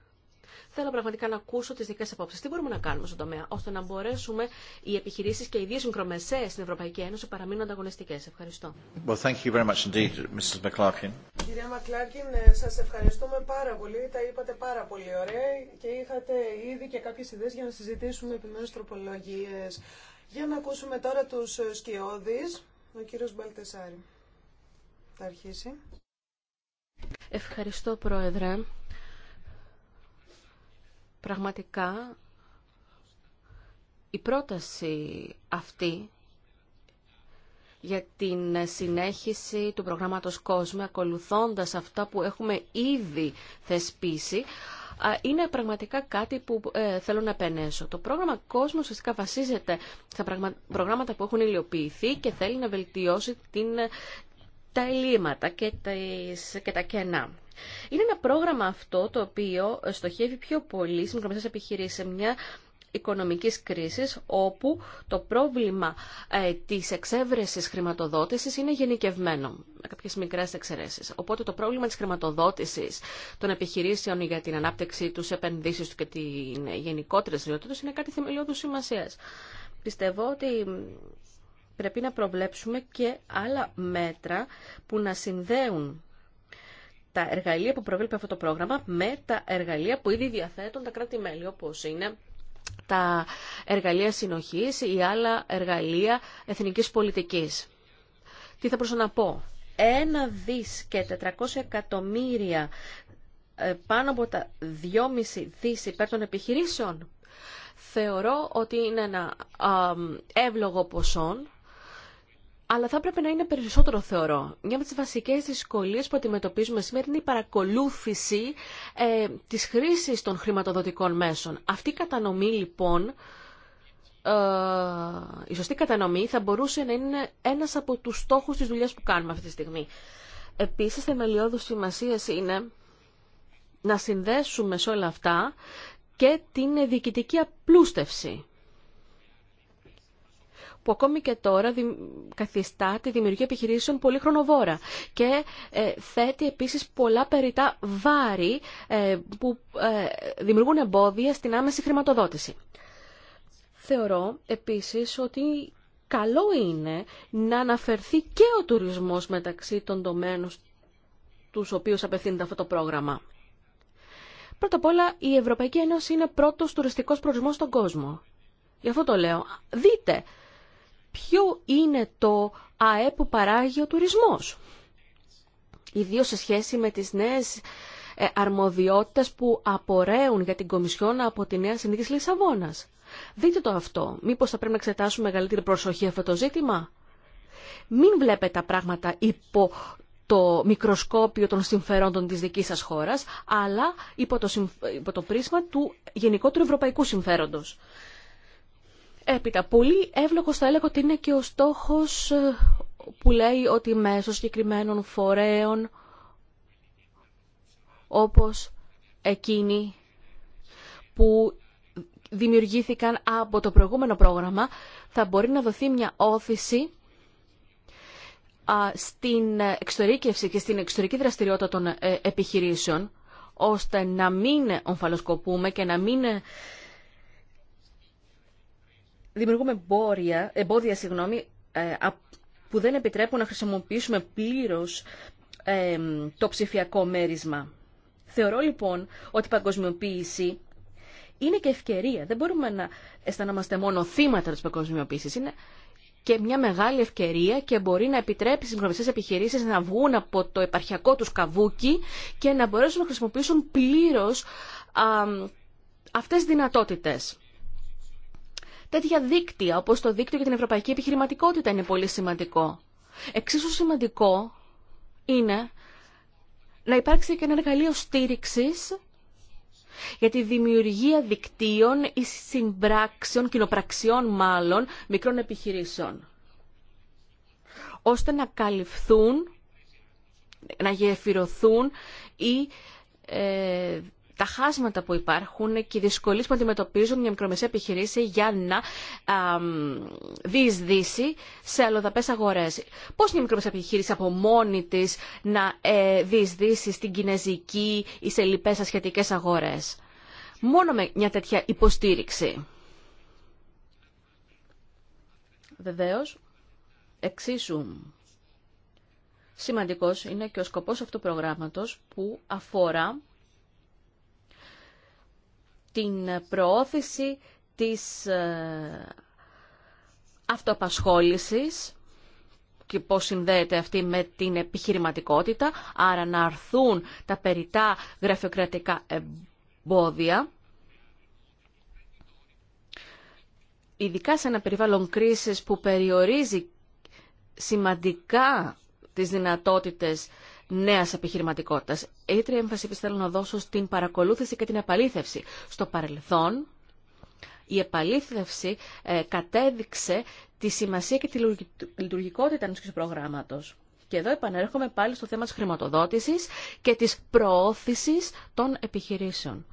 θέλω πραγματικά να ακούσω τι δικέ απόψει. Τι μπορούμε να κάνουμε στον τομέα, ώστε να μπορέσουμε οι επιχειρήσει και οι δύο μικρομεσαίε στην Ευρωπαϊκή Ένωση παραμείνουν ανταγωνιστικέ. Ευχαριστώ. Well, thank you very much indeed, Mrs. McClarkin. Κυρία Μακλάρκιν, ε, σα ευχαριστούμε πάρα πολύ. Τα είπατε πάρα πολύ ωραία και είχατε ήδη και κάποιε ιδέε για να συζητήσουμε επιμέρου τροπολογίε. Για να ακούσουμε τώρα του ε, σκιώδει. Ο κύριο Μπαλτεσάρη θα αρχίσει. Ευχαριστώ, Πρόεδρε. Πραγματικά η πρόταση αυτή για την συνέχιση του προγράμματος COSME ακολουθώντας αυτά που έχουμε ήδη θεσπίσει είναι πραγματικά κάτι που ε, θέλω να επενέσω. Το πρόγραμμα Κόσμο ουσιαστικά βασίζεται στα προγράμματα που έχουν υλοποιηθεί και θέλει να βελτιώσει την... Ε, τα ελλείμματα και, και τα κενά. Είναι ένα πρόγραμμα αυτό το οποίο στοχεύει πιο πολύ στις μικρομεσαίες επιχειρήσεις σε μια οικονομικής κρίσης όπου το πρόβλημα ε, της εξέβρεσης χρηματοδότησης είναι γενικευμένο με κάποιες μικρές εξαιρέσεις. Οπότε το πρόβλημα της χρηματοδότησης των επιχειρήσεων για την ανάπτυξη τους επενδύσεις του και την γενικότερη δραστηριότητα είναι κάτι θεμελιώδους σημασίας. Πιστεύω ότι πρέπει να προβλέψουμε και άλλα μέτρα που να συνδέουν τα εργαλεία που προβλέπει αυτό το πρόγραμμα με τα εργαλεία που ήδη διαθέτουν τα κράτη-μέλη, όπως είναι τα εργαλεία συνοχής ή άλλα εργαλεία εθνικής πολιτικής. Τι θα μπορούσα να πω. Ένα δις και 400 εκατομμύρια ε, πάνω από τα 2,5 δις υπέρ των επιχειρήσεων. Θεωρώ ότι είναι ένα εύλογο ποσόν αλλά θα έπρεπε να είναι περισσότερο θεωρώ. Μια από τις βασικέ δυσκολίε που αντιμετωπίζουμε σήμερα είναι η παρακολούθηση ε, της χρήσης των χρηματοδοτικών μέσων. Αυτή η κατανομή λοιπόν, ε, η σωστή κατανομή θα μπορούσε να είναι ένας από τους στόχους τη δουλειά που κάνουμε αυτή τη στιγμή. Επίσης, θεμελιώδου σημασία είναι να συνδέσουμε σε όλα αυτά και την διοικητική απλούστευση που ακόμη και τώρα καθιστά τη δημιουργία επιχειρήσεων πολύ χρονοβόρα και ε, θέτει επίσης πολλά περιτά βάρη ε, που ε, δημιουργούν εμπόδια στην άμεση χρηματοδότηση. Θεωρώ επίσης ότι καλό είναι να αναφερθεί και ο τουρισμός μεταξύ των τομέων τους οποίους απευθύνεται αυτό το πρόγραμμα. Πρώτα απ' όλα, η Ευρωπαϊκή Ένωση είναι πρώτος τουριστικός προορισμός στον κόσμο. Γι' αυτό το λέω. Δείτε ποιο είναι το ΑΕ που παράγει ο τουρισμός. Ιδίω σε σχέση με τις νέες ε, αρμοδιότητες που απορρέουν για την Κομισιόν από τη νέα Συνήθιση Λισαβόνας. Δείτε το αυτό. Μήπως θα πρέπει να εξετάσουμε μεγαλύτερη προσοχή αυτό το ζήτημα. Μην βλέπετε τα πράγματα υπό το μικροσκόπιο των συμφερόντων της δικής σας χώρας, αλλά υπό το, υπό το πρίσμα του γενικότερου ευρωπαϊκού συμφέροντος. Έπειτα, πολύ εύλογο θα έλεγα ότι είναι και ο στόχος ε, που λέει ότι μέσω συγκεκριμένων φορέων όπως εκείνοι που δημιουργήθηκαν από το προηγούμενο πρόγραμμα θα μπορεί να δοθεί μια όθηση στην εξωτερήκευση και στην εξωτερική δραστηριότητα των ε, επιχειρήσεων ώστε να μην ομφαλοσκοπούμε και να μην ε, δημιουργούμε εμπόδια, εμπόδια συγγνώμη, ε, που δεν επιτρέπουν να χρησιμοποιήσουμε πλήρως το ψηφιακό μέρισμα. Θεωρώ λοιπόν ότι η παγκοσμιοποίηση είναι και ευκαιρία. Δεν μπορούμε να αισθανόμαστε μόνο θύματα της παγκοσμιοποίησης. Είναι και μια μεγάλη ευκαιρία και μπορεί να επιτρέψει στις μικρομεσαίες επιχειρήσεις να βγουν από το επαρχιακό τους καβούκι και να μπορέσουν να χρησιμοποιήσουν πλήρως α, αυτές τις δυνατότητες τέτοια δίκτυα, όπως το δίκτυο για την ευρωπαϊκή επιχειρηματικότητα είναι πολύ σημαντικό. Εξίσου σημαντικό είναι να υπάρξει και ένα εργαλείο στήριξης για τη δημιουργία δικτύων ή συμπράξεων, κοινοπραξιών μάλλον, μικρών επιχειρήσεων, ώστε να καλυφθούν, να γεφυρωθούν ή ε, τα χάσματα που υπάρχουν και οι δυσκολίες που αντιμετωπίζουν μια μικρομεσαία επιχειρήση για να διεισδύσει σε αλλοδαπές αγορές. Πώς μια μικρομεσαία επιχείρηση από μόνη της να ε, διεισδύσει στην κινέζικη ή σε λοιπές ασιατικές αγορές. Μόνο με μια τέτοια υποστήριξη. Βεβαίως, εξίσου σημαντικός είναι και ο σκοπός αυτού του προγράμματος που αφορά την προώθηση της ε, αυτοαπασχόλησης και πώς συνδέεται αυτή με την επιχειρηματικότητα, άρα να αρθούν τα περιτά γραφειοκρατικά εμπόδια, ειδικά σε ένα περιβάλλον κρίσης που περιορίζει σημαντικά τις δυνατότητες νέα επιχειρηματικότητας. Ήτρια έμφαση θέλω να δώσω στην παρακολούθηση και την επαλήθευση. Στο παρελθόν, η επαλήθευση ε, κατέδειξε τη σημασία και τη λειτουργικότητα ενός προγράμματος. Και εδώ επανέρχομαι πάλι στο θέμα της χρηματοδότησης και της προώθησης των επιχειρήσεων.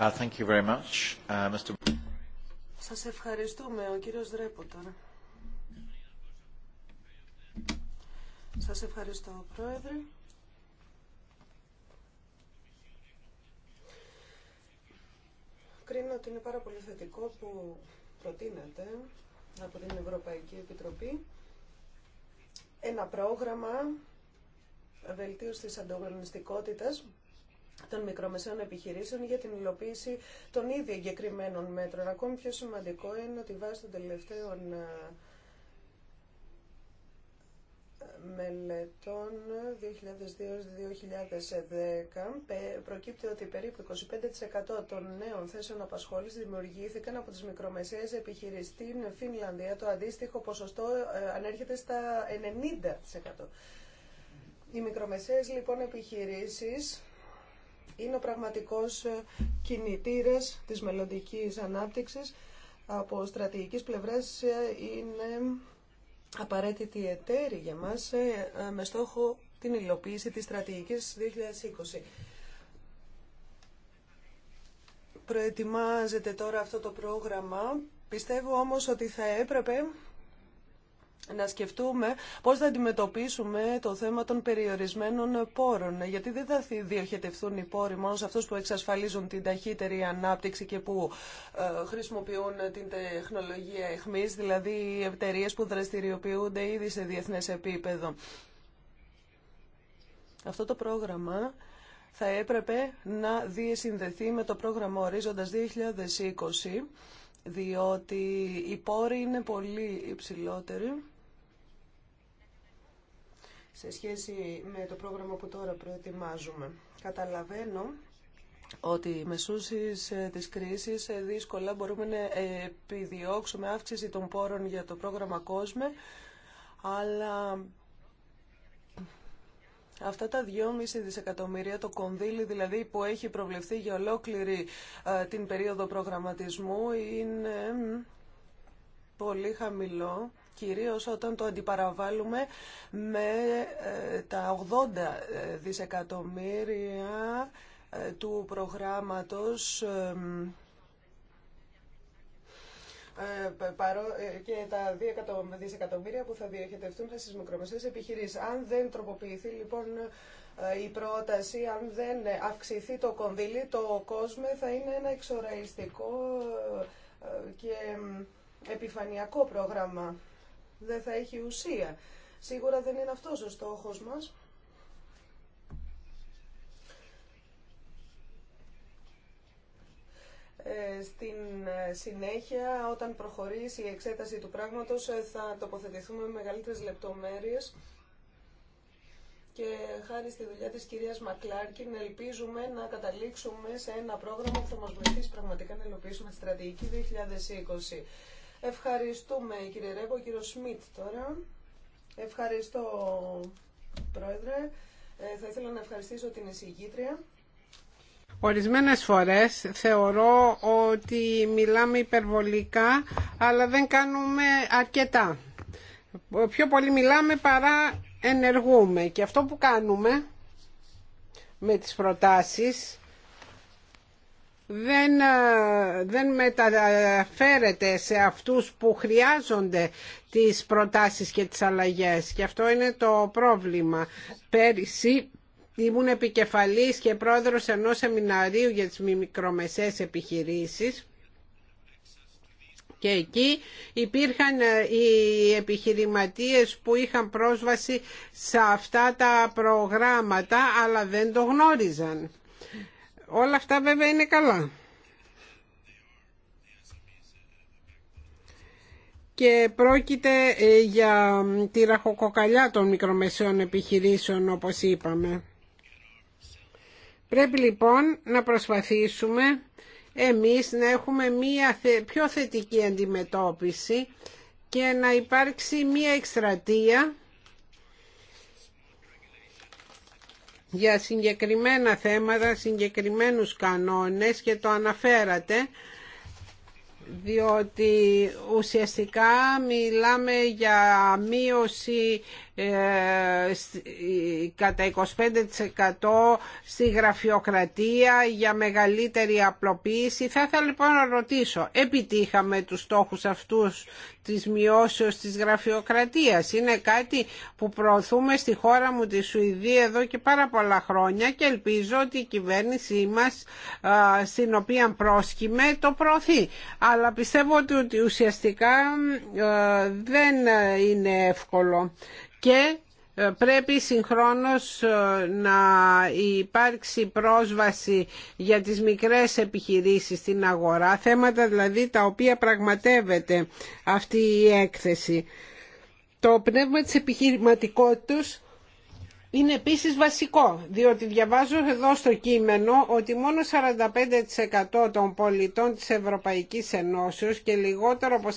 Uh, thank you very much. Uh, Mr. Σας ευχαριστούμε. Ο κύριος Δρέποτα. Σας ευχαριστώ, Πρόεδρε. Κρίνω ότι είναι πάρα πολύ θετικό που προτείνεται από την Ευρωπαϊκή Επιτροπή ένα πρόγραμμα βελτίωση της ανταγωνιστικότητας των μικρομεσαίων επιχειρήσεων για την υλοποίηση των ήδη εγκεκριμένων μέτρων. Ακόμη πιο σημαντικό είναι ότι βάσει των τελευταίων ε, μελετών 2002-2010 προκύπτει ότι περίπου 25% των νέων θέσεων απασχόλησης δημιουργήθηκαν από τις μικρομεσαίες επιχειρήσεις στην Φινλανδία. Το αντίστοιχο ποσοστό ε, ανέρχεται στα 90%. Οι μικρομεσαίες λοιπόν επιχειρήσεις είναι ο πραγματικός ε, κινητήρας της μελλοντική ανάπτυξης. Από στρατηγικής πλευράς ε, είναι απαραίτητη εταίρη για μας ε, ε, με στόχο την υλοποίηση της στρατηγικής 2020. Προετοιμάζεται τώρα αυτό το πρόγραμμα. Πιστεύω όμως ότι θα έπρεπε να σκεφτούμε πώς θα αντιμετωπίσουμε το θέμα των περιορισμένων πόρων. Γιατί δεν θα διοχετευθούν οι πόροι μόνο σε αυτούς που εξασφαλίζουν την ταχύτερη ανάπτυξη και που ε, χρησιμοποιούν την τεχνολογία εχμής, δηλαδή οι εταιρείε που δραστηριοποιούνται ήδη σε διεθνές επίπεδο. Αυτό το πρόγραμμα θα έπρεπε να διεσυνδεθεί με το πρόγραμμα Ορίζοντας 2020 διότι οι πόροι είναι πολύ υψηλότεροι σε σχέση με το πρόγραμμα που τώρα προετοιμάζουμε. Καταλαβαίνω ότι με μεσούσεις ε, της κρίσης ε, δύσκολα μπορούμε να ε, επιδιώξουμε αύξηση των πόρων για το πρόγραμμα COSME, αλλά Αυτά τα 2,5 δισεκατομμύρια, το κονδύλι δηλαδή που έχει προβλεφθεί για ολόκληρη ε, την περίοδο προγραμματισμού είναι πολύ χαμηλό, κυρίως όταν το αντιπαραβάλλουμε με ε, τα 80 ε, δισεκατομμύρια του προγράμματος ε, ε, και τα 2 δισεκατομμύρια που θα διοχετευτούν στις μικρομεσαίες επιχειρήσεις. Αν δεν τροποποιηθεί λοιπόν ε, η πρόταση, αν δεν αυξηθεί το κονδύλι, το κόσμο θα είναι ένα εξοραϊστικό και επιφανειακό πρόγραμμα. Δεν θα έχει ουσία. Σίγουρα δεν είναι αυτός ο στόχος μας. Ε, στην ε, συνέχεια, όταν προχωρήσει η εξέταση του πράγματος, ε, θα τοποθετηθούμε με μεγαλύτερες λεπτομέρειες και χάρη στη δουλειά της κυρίας Μακλάρκιν ελπίζουμε να καταλήξουμε σε ένα πρόγραμμα που θα μας βοηθήσει πραγματικά να υλοποιήσουμε τη στρατηγική 2020. Ευχαριστούμε κύριε Ρέπο, κύριο Σμιτ τώρα. Ευχαριστώ πρόεδρε. θα ήθελα να ευχαριστήσω την εισηγήτρια. Ορισμένες φορές θεωρώ ότι μιλάμε υπερβολικά αλλά δεν κάνουμε αρκετά. Πιο πολύ μιλάμε παρά ενεργούμε και αυτό που κάνουμε με τις προτάσεις δεν, δεν μεταφέρεται σε αυτούς που χρειάζονται τις προτάσεις και τις αλλαγές και αυτό είναι το πρόβλημα. Πέρυσι Ήμουν επικεφαλής και πρόεδρος ενός σεμιναρίου για τις μικρομεσαίες επιχειρήσεις και εκεί υπήρχαν ε, οι επιχειρηματίες που είχαν πρόσβαση σε αυτά τα προγράμματα αλλά δεν το γνώριζαν. Όλα αυτά βέβαια είναι καλά. και πρόκειται ε, για τη ραχοκοκαλιά των μικρομεσαίων επιχειρήσεων όπως είπαμε. Πρέπει λοιπόν να προσπαθήσουμε εμείς να έχουμε μία πιο θετική αντιμετώπιση και να υπάρξει μία εκστρατεία για συγκεκριμένα θέματα, συγκεκριμένους κανόνες και το αναφέρατε διότι ουσιαστικά μιλάμε για μείωση ε, κατά 25% στη γραφειοκρατία για μεγαλύτερη απλοποίηση. Θα ήθελα λοιπόν να ρωτήσω, επιτύχαμε τους στόχους αυτούς της μειώσεως της γραφειοκρατίας. Είναι κάτι που προωθούμε στη χώρα μου τη Σουηδία εδώ και πάρα πολλά χρόνια και ελπίζω ότι η κυβέρνησή μας στην οποία πρόσκυμε το προωθεί αλλά πιστεύω ότι ουσιαστικά ε, δεν είναι εύκολο και ε, πρέπει συγχρόνως ε, να υπάρξει πρόσβαση για τις μικρές επιχειρήσεις στην αγορά, θέματα δηλαδή τα οποία πραγματεύεται αυτή η έκθεση. Το πνεύμα της επιχειρηματικότητας είναι επίσης βασικό, διότι διαβάζω εδώ στο κείμενο ότι μόνο 45% των πολιτών της Ευρωπαϊκής Ενώσεως και λιγότερο από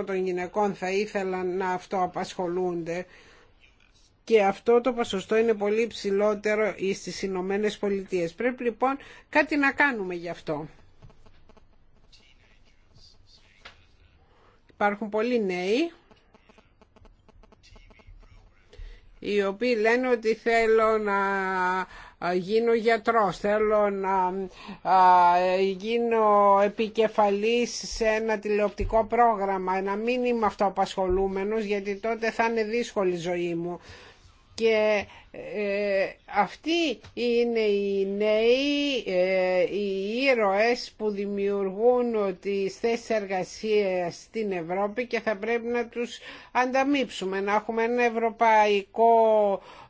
40% των γυναικών θα ήθελαν να αυτοαπασχολούνται και αυτό το ποσοστό είναι πολύ ψηλότερο στις Ηνωμένε Πολιτείε. Πρέπει λοιπόν κάτι να κάνουμε γι' αυτό. Υπάρχουν πολλοί νέοι οι οποίοι λένε ότι θέλω να γίνω γιατρός, θέλω να γίνω επικεφαλής σε ένα τηλεοπτικό πρόγραμμα, να μην είμαι αυτοαπασχολούμενος γιατί τότε θα είναι δύσκολη η ζωή μου και ε, αυτοί είναι οι νέοι, ε, οι ήρωες που δημιουργούν τις θέσεις εργασίας στην Ευρώπη και θα πρέπει να τους ανταμείψουμε, να έχουμε ένα ευρωπαϊκό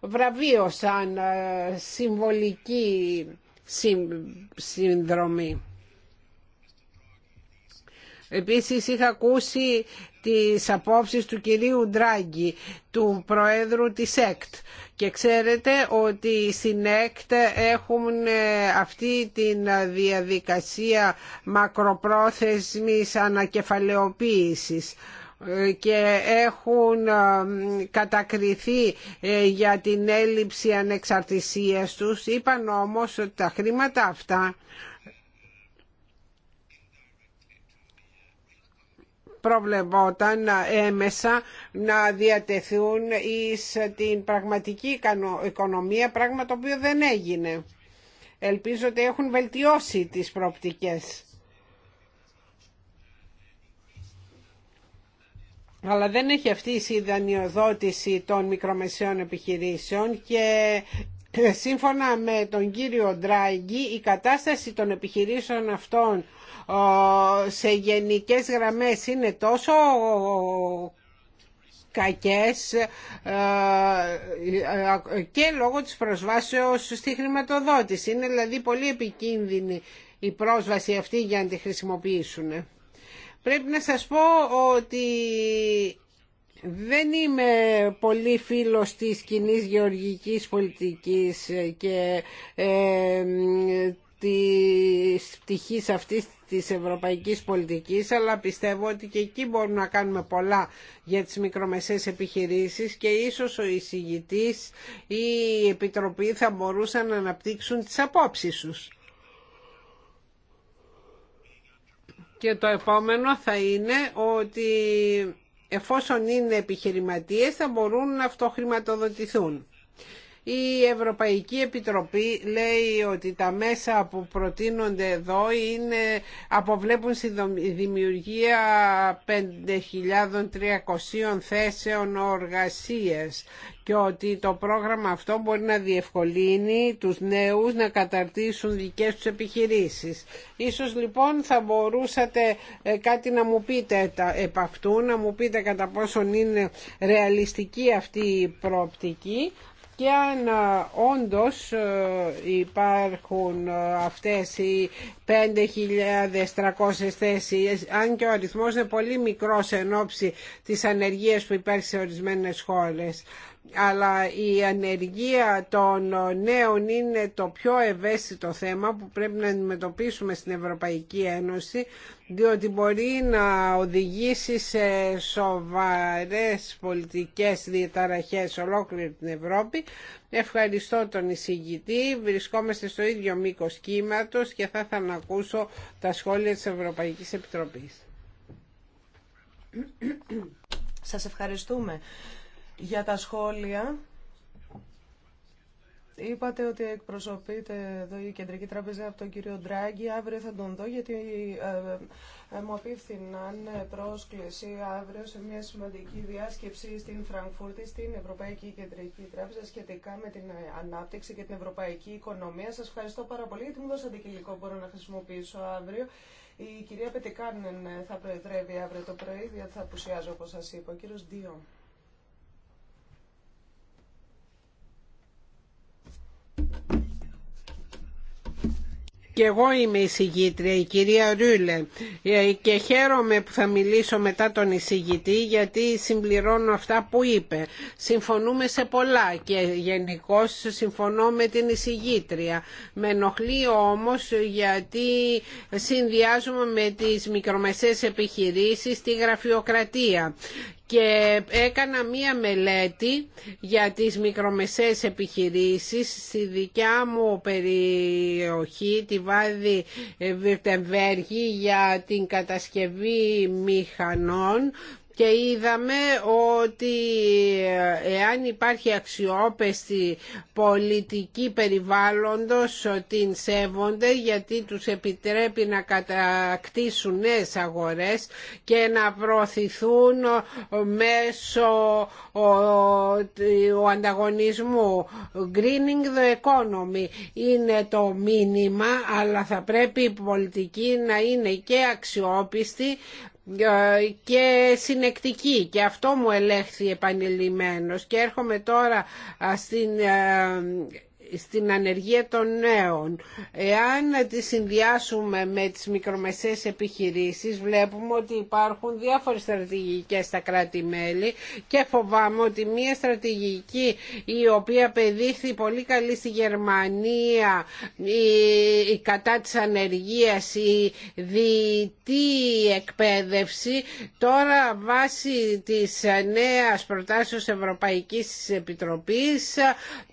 βραβείο σαν ε, συμβολική συνδρομή. Επίσης είχα ακούσει τις απόψεις του κυρίου Ντράγκη, του Προέδρου της ΕΚΤ. Και ξέρετε ότι στην ΕΚΤ έχουν ε, αυτή την διαδικασία μακροπρόθεσμης ανακεφαλαιοποίησης ε, και έχουν ε, κατακριθεί για την έλλειψη ανεξαρτησίας τους. Είπαν όμως ότι τα χρήματα αυτά προβλεπόταν έμεσα να διατεθούν εις την πραγματική οικονομία, πράγμα το οποίο δεν έγινε. Ελπίζω ότι έχουν βελτιώσει τις προοπτικές. αλλά δεν έχει αυτή η συνδανειοδότηση των μικρομεσαίων επιχειρήσεων και ε, σύμφωνα με τον κύριο Ντράγκη, η κατάσταση των επιχειρήσεων αυτών σε γενικές γραμμές είναι τόσο κακές ε, ε, και λόγω της προσβάσεως στη χρηματοδότηση. Είναι δηλαδή πολύ επικίνδυνη η πρόσβαση αυτή για να τη χρησιμοποιήσουν. Πρέπει να σας πω ότι δεν είμαι πολύ φίλος της κοινή γεωργικής πολιτικής και ε, της πτυχής αυτής της ευρωπαϊκής πολιτικής αλλά πιστεύω ότι και εκεί μπορούμε να κάνουμε πολλά για τις μικρομεσαίες επιχειρήσεις και ίσως ο εισηγητής ή η Επιτροπή θα μπορούσαν να αναπτύξουν τις απόψεις τους. Και το επόμενο θα είναι ότι εφόσον είναι επιχειρηματίες θα μπορούν να αυτοχρηματοδοτηθούν. Η Ευρωπαϊκή Επιτροπή λέει ότι τα μέσα που προτείνονται εδώ είναι, αποβλέπουν στη δημιουργία 5.300 θέσεων οργασίες και ότι το πρόγραμμα αυτό μπορεί να διευκολύνει τους νέους να καταρτήσουν δικές τους επιχειρήσεις. Ίσως λοιπόν θα μπορούσατε ε, κάτι να μου πείτε επ' αυτού, να μου πείτε κατά πόσον είναι ρεαλιστική αυτή η προοπτική, και αν ε, όντως ε, υπάρχουν ε, αυτές οι 5.300 θέσεις, αν και ο αριθμός είναι πολύ μικρός εν ώψη της ανεργίας που υπάρχει σε ορισμένες χώρες αλλά η ανεργία των νέων είναι το πιο ευαίσθητο θέμα που πρέπει να αντιμετωπίσουμε στην Ευρωπαϊκή Ένωση διότι μπορεί να οδηγήσει σε σοβαρές πολιτικές διαταραχές ολόκληρη την Ευρώπη. Ευχαριστώ τον εισηγητή. Βρισκόμαστε στο ίδιο μήκος κύματος και θα ήθελα τα σχόλια της Ευρωπαϊκής Επιτροπής. Σας ευχαριστούμε. Για τα σχόλια, είπατε ότι εκπροσωπείται εδώ η Κεντρική Τράπεζα από τον κύριο Ντράγκη. Αύριο θα τον δω γιατί ε, ε, μου απίφθηναν πρόσκληση αύριο σε μια σημαντική διάσκεψη στην Φραγκφούρτη, στην Ευρωπαϊκή Κεντρική Τράπεζα σχετικά με την ε, ανάπτυξη και την ευρωπαϊκή οικονομία. Σας ευχαριστώ πάρα πολύ γιατί μου δώσατε και υλικό μπορώ να χρησιμοποιήσω αύριο. Η κυρία Πετικάνεν θα προεδρεύει αύριο το πρωί, γιατί θα απουσιάζω όπως σας είπα. Ο κύριος και εγώ είμαι η συγγήτρια, η κυρία Ρούλε ε, και χαίρομαι που θα μιλήσω μετά τον εισηγητή γιατί συμπληρώνω αυτά που είπε. Συμφωνούμε σε πολλά και γενικώ συμφωνώ με την εισηγήτρια. Με ενοχλεί όμως γιατί συνδυάζουμε με τις μικρομεσαίες επιχειρήσεις τη γραφειοκρατία και έκανα μία μελέτη για τις μικρομεσαίες επιχειρήσεις στη δικιά μου περιοχή, τη Βάδη Βιρτεμβέργη, για την κατασκευή μηχανών και είδαμε ότι εάν υπάρχει αξιόπεστη πολιτική περιβάλλοντος την σέβονται γιατί τους επιτρέπει να κατακτήσουν νέες αγορές και να προωθηθούν μέσω του ανταγωνισμού. Greening the economy είναι το μήνυμα αλλά θα πρέπει η πολιτική να είναι και αξιόπιστη ε, και συνεκτική και αυτό μου ελέγχθη επανειλημμένος και έρχομαι τώρα ε, στην ε, στην ανεργία των νέων. Εάν τη συνδυάσουμε με τις μικρομεσαίες επιχειρήσεις βλέπουμε ότι υπάρχουν διάφορες στρατηγικές στα κράτη-μέλη και φοβάμαι ότι μία στρατηγική η οποία παιδίχθη πολύ καλή στη Γερμανία η, κατά της ανεργίας η διητή εκπαίδευση τώρα βάσει της νέας προτάσεως Ευρωπαϊκής Επιτροπής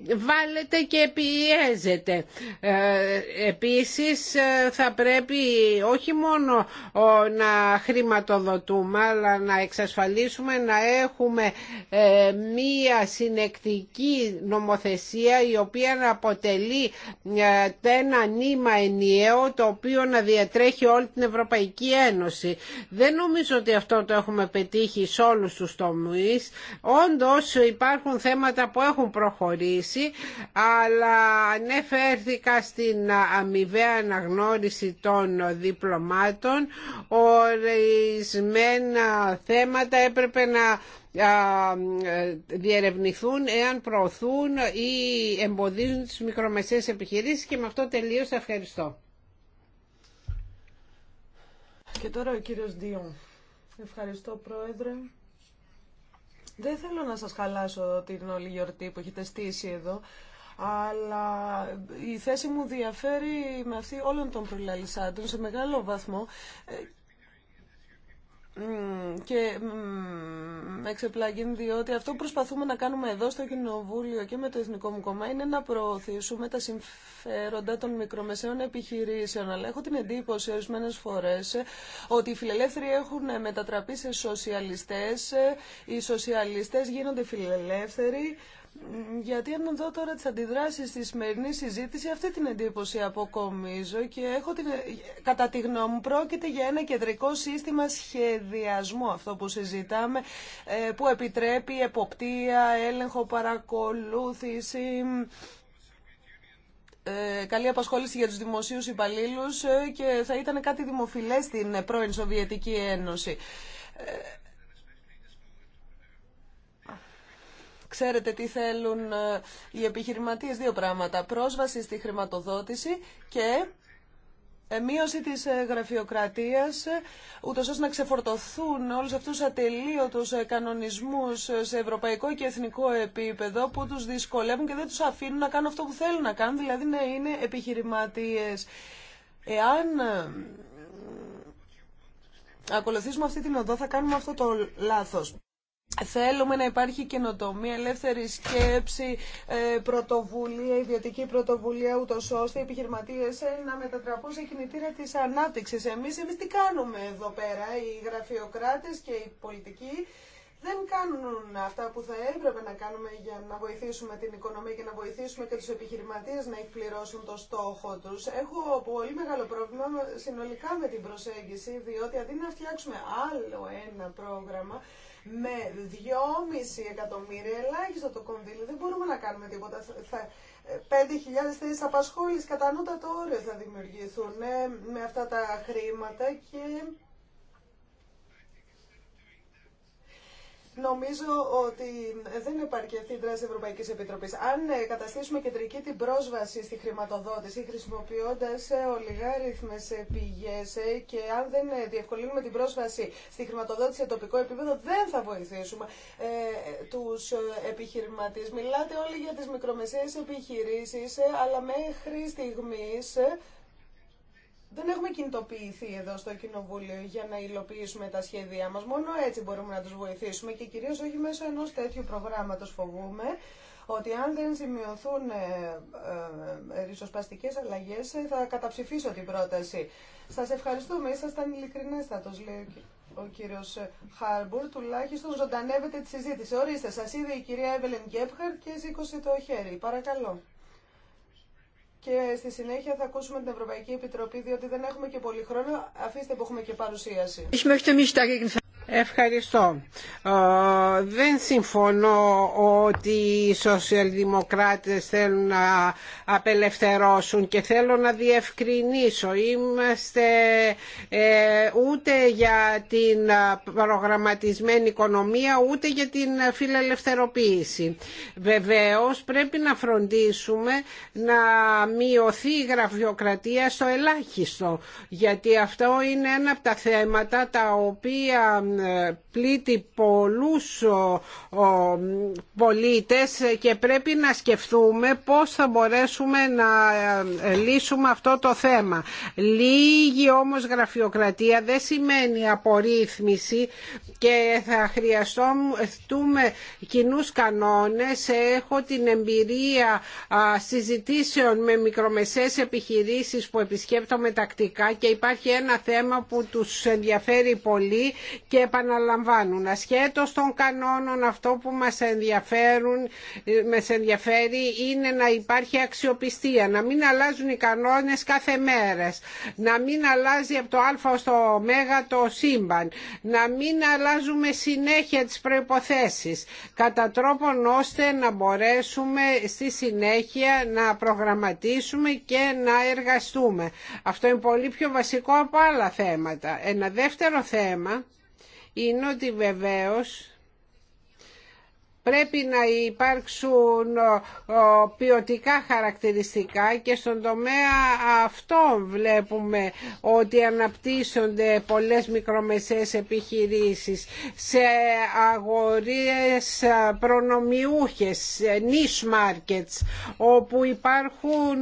βάλετε και πιέζεται. Ε, επίσης ε, θα πρέπει όχι μόνο να χρηματοδοτούμε αλλά να εξασφαλίσουμε να έχουμε ε, μία συνεκτική νομοθεσία η οποία να αποτελεί ένα νήμα ενιαίο το οποίο να διατρέχει όλη την Ευρωπαϊκή Ένωση. Δεν νομίζω ότι αυτό το έχουμε πετύχει σε όλους τους τομείς. Όντως υπάρχουν θέματα που έχουν προχωρήσει αλλά αλλά ανέφερθηκα στην αμοιβαία αναγνώριση των διπλωμάτων ορισμένα θέματα έπρεπε να διερευνηθούν εάν προωθούν ή εμποδίζουν τις μικρομεσαίες επιχειρήσεις και με αυτό τελείωσα. ευχαριστώ. Και τώρα ο κύριος Δίον. Ευχαριστώ πρόεδρε. Δεν θέλω να σας χαλάσω την όλη γιορτή που έχετε στήσει εδώ αλλά η θέση μου διαφέρει με αυτή όλων των προλαλισσάντων σε μεγάλο βαθμό ε, και εξεπλάγει διότι αυτό που προσπαθούμε να κάνουμε εδώ στο Κοινοβούλιο και με το Εθνικό μου Κόμμα είναι να προωθήσουμε τα συμφέροντα των μικρομεσαίων επιχειρήσεων. Αλλά έχω την εντύπωση ορισμένε φορέ ε, ότι οι φιλελεύθεροι έχουν ε, μετατραπεί σε σοσιαλιστέ, οι σοσιαλιστέ γίνονται φιλελεύθεροι, γιατί αν δω τώρα τις αντιδράσεις στη σημερινή συζήτηση, αυτή την εντύπωση αποκομίζω και έχω την... κατά τη γνώμη μου πρόκειται για ένα κεντρικό σύστημα σχεδιασμού, αυτό που συζητάμε, ε, που επιτρέπει εποπτεία, έλεγχο, παρακολούθηση, ε, καλή απασχόληση για τους δημοσίους υπαλλήλους ε, και θα ήταν κάτι δημοφιλές στην πρώην Σοβιετική Ένωση. Ξέρετε τι θέλουν ε, οι επιχειρηματίες, δύο πράγματα. Πρόσβαση στη χρηματοδότηση και ε, μείωση της ε, γραφειοκρατίας, ούτως ώστε να ξεφορτωθούν όλους αυτούς τους ατελείωτους κανονισμούς σε ευρωπαϊκό και εθνικό επίπεδο που τους δυσκολεύουν και δεν τους αφήνουν να κάνουν αυτό που θέλουν να κάνουν, δηλαδή να είναι επιχειρηματίες. Εάν ακολουθήσουμε αυτή την οδό θα κάνουμε αυτό το λάθος. Θέλουμε να υπάρχει καινοτομία, ελεύθερη σκέψη, ε, πρωτοβουλία, ιδιωτική πρωτοβουλία, ούτω ώστε οι επιχειρηματίε ε, να μετατραπούν σε κινητήρα τη ανάπτυξη. Εμεί εμείς τι κάνουμε εδώ πέρα, οι γραφειοκράτε και οι πολιτικοί δεν κάνουν αυτά που θα έπρεπε να κάνουμε για να βοηθήσουμε την οικονομία και να βοηθήσουμε και τους επιχειρηματίες να εκπληρώσουν το στόχο τους. Έχω πολύ μεγάλο πρόβλημα συνολικά με την προσέγγιση, διότι αντί να φτιάξουμε άλλο ένα πρόγραμμα, με 2,5 εκατομμύρια ελάχιστο το κονδύλι. Δεν μπορούμε να κάνουμε τίποτα. 5.000 ε, θέσει απασχόληση κατά νότα όριο θα δημιουργηθούν ε, με αυτά τα χρήματα και Νομίζω ότι δεν υπάρχει αυτή η δράση Ευρωπαϊκή Επιτροπή. Αν ε, καταστήσουμε κεντρική την πρόσβαση στη χρηματοδότηση, χρησιμοποιώντα ε, ολιγάριθμε ε, πηγέ και αν δεν διευκολύνουμε την πρόσβαση στη χρηματοδότηση σε τοπικό επίπεδο, δεν θα βοηθήσουμε ε, του επιχειρηματίε. Μιλάτε όλοι για τι μικρομεσαίες επιχειρήσει, αλλά μέχρι στιγμή δεν έχουμε κινητοποιηθεί εδώ στο Κοινοβούλιο για να υλοποιήσουμε τα σχέδιά μας. Μόνο έτσι μπορούμε να τους βοηθήσουμε και κυρίως όχι μέσω ενός τέτοιου προγράμματος φοβούμε ότι αν δεν σημειωθούν ε, ε, αλλαγές ε, θα καταψηφίσω την πρόταση. Σας ευχαριστούμε, ήσασταν ειλικρινέστατος, λέει ο κύριος Χάρμπουρ, τουλάχιστον ζωντανεύετε τη συζήτηση. Ορίστε, σας είδε η κυρία Εύελεν Γκέπχαρτ και σήκωσε το χέρι. Παρακαλώ και στη συνέχεια θα ακούσουμε την Ευρωπαϊκή Επιτροπή, διότι δεν έχουμε και πολύ χρόνο. Αφήστε που έχουμε και παρουσίαση. Ευχαριστώ. Δεν συμφωνώ ότι οι σοσιαλδημοκράτες θέλουν να απελευθερώσουν και θέλω να διευκρινίσω. Είμαστε ε, ούτε για την προγραμματισμένη οικονομία ούτε για την φιλελευθεροποίηση. Βεβαίως πρέπει να φροντίσουμε να μειωθεί η γραφειοκρατία στο ελάχιστο γιατί αυτό είναι ένα από τα θέματα τα οποία πλήττει πολλούς πολίτες και πρέπει να σκεφτούμε πώς θα μπορέσουμε να ε, λύσουμε αυτό το θέμα. Λίγη όμως γραφειοκρατία δεν σημαίνει απορρίθμιση και θα χρειαστούμε κοινού κανόνες. Έχω την εμπειρία συζητήσεων με μικρομεσαίες επιχειρήσεις που επισκέπτομαι τακτικά και υπάρχει ένα θέμα που τους ενδιαφέρει πολύ και επαναλαμβάνουν. Ασχέτως των κανόνων αυτό που μας, ενδιαφέρουν, με ενδιαφέρει είναι να υπάρχει αξιοπιστία, να μην αλλάζουν οι κανόνες κάθε μέρα. να μην αλλάζει από το α στο ω το σύμπαν, να μην αλλάζουμε συνέχεια τις προϋποθέσεις, κατά τρόπον ώστε να μπορέσουμε στη συνέχεια να προγραμματίσουμε και να εργαστούμε. Αυτό είναι πολύ πιο βασικό από άλλα θέματα. Ένα δεύτερο θέμα είναι ότι βεβαίως Πρέπει να υπάρξουν ποιοτικά χαρακτηριστικά και στον τομέα αυτό βλέπουμε ότι αναπτύσσονται πολλές μικρομεσαίες επιχειρήσεις σε αγορίες προνομιούχες, niche markets, όπου υπάρχουν,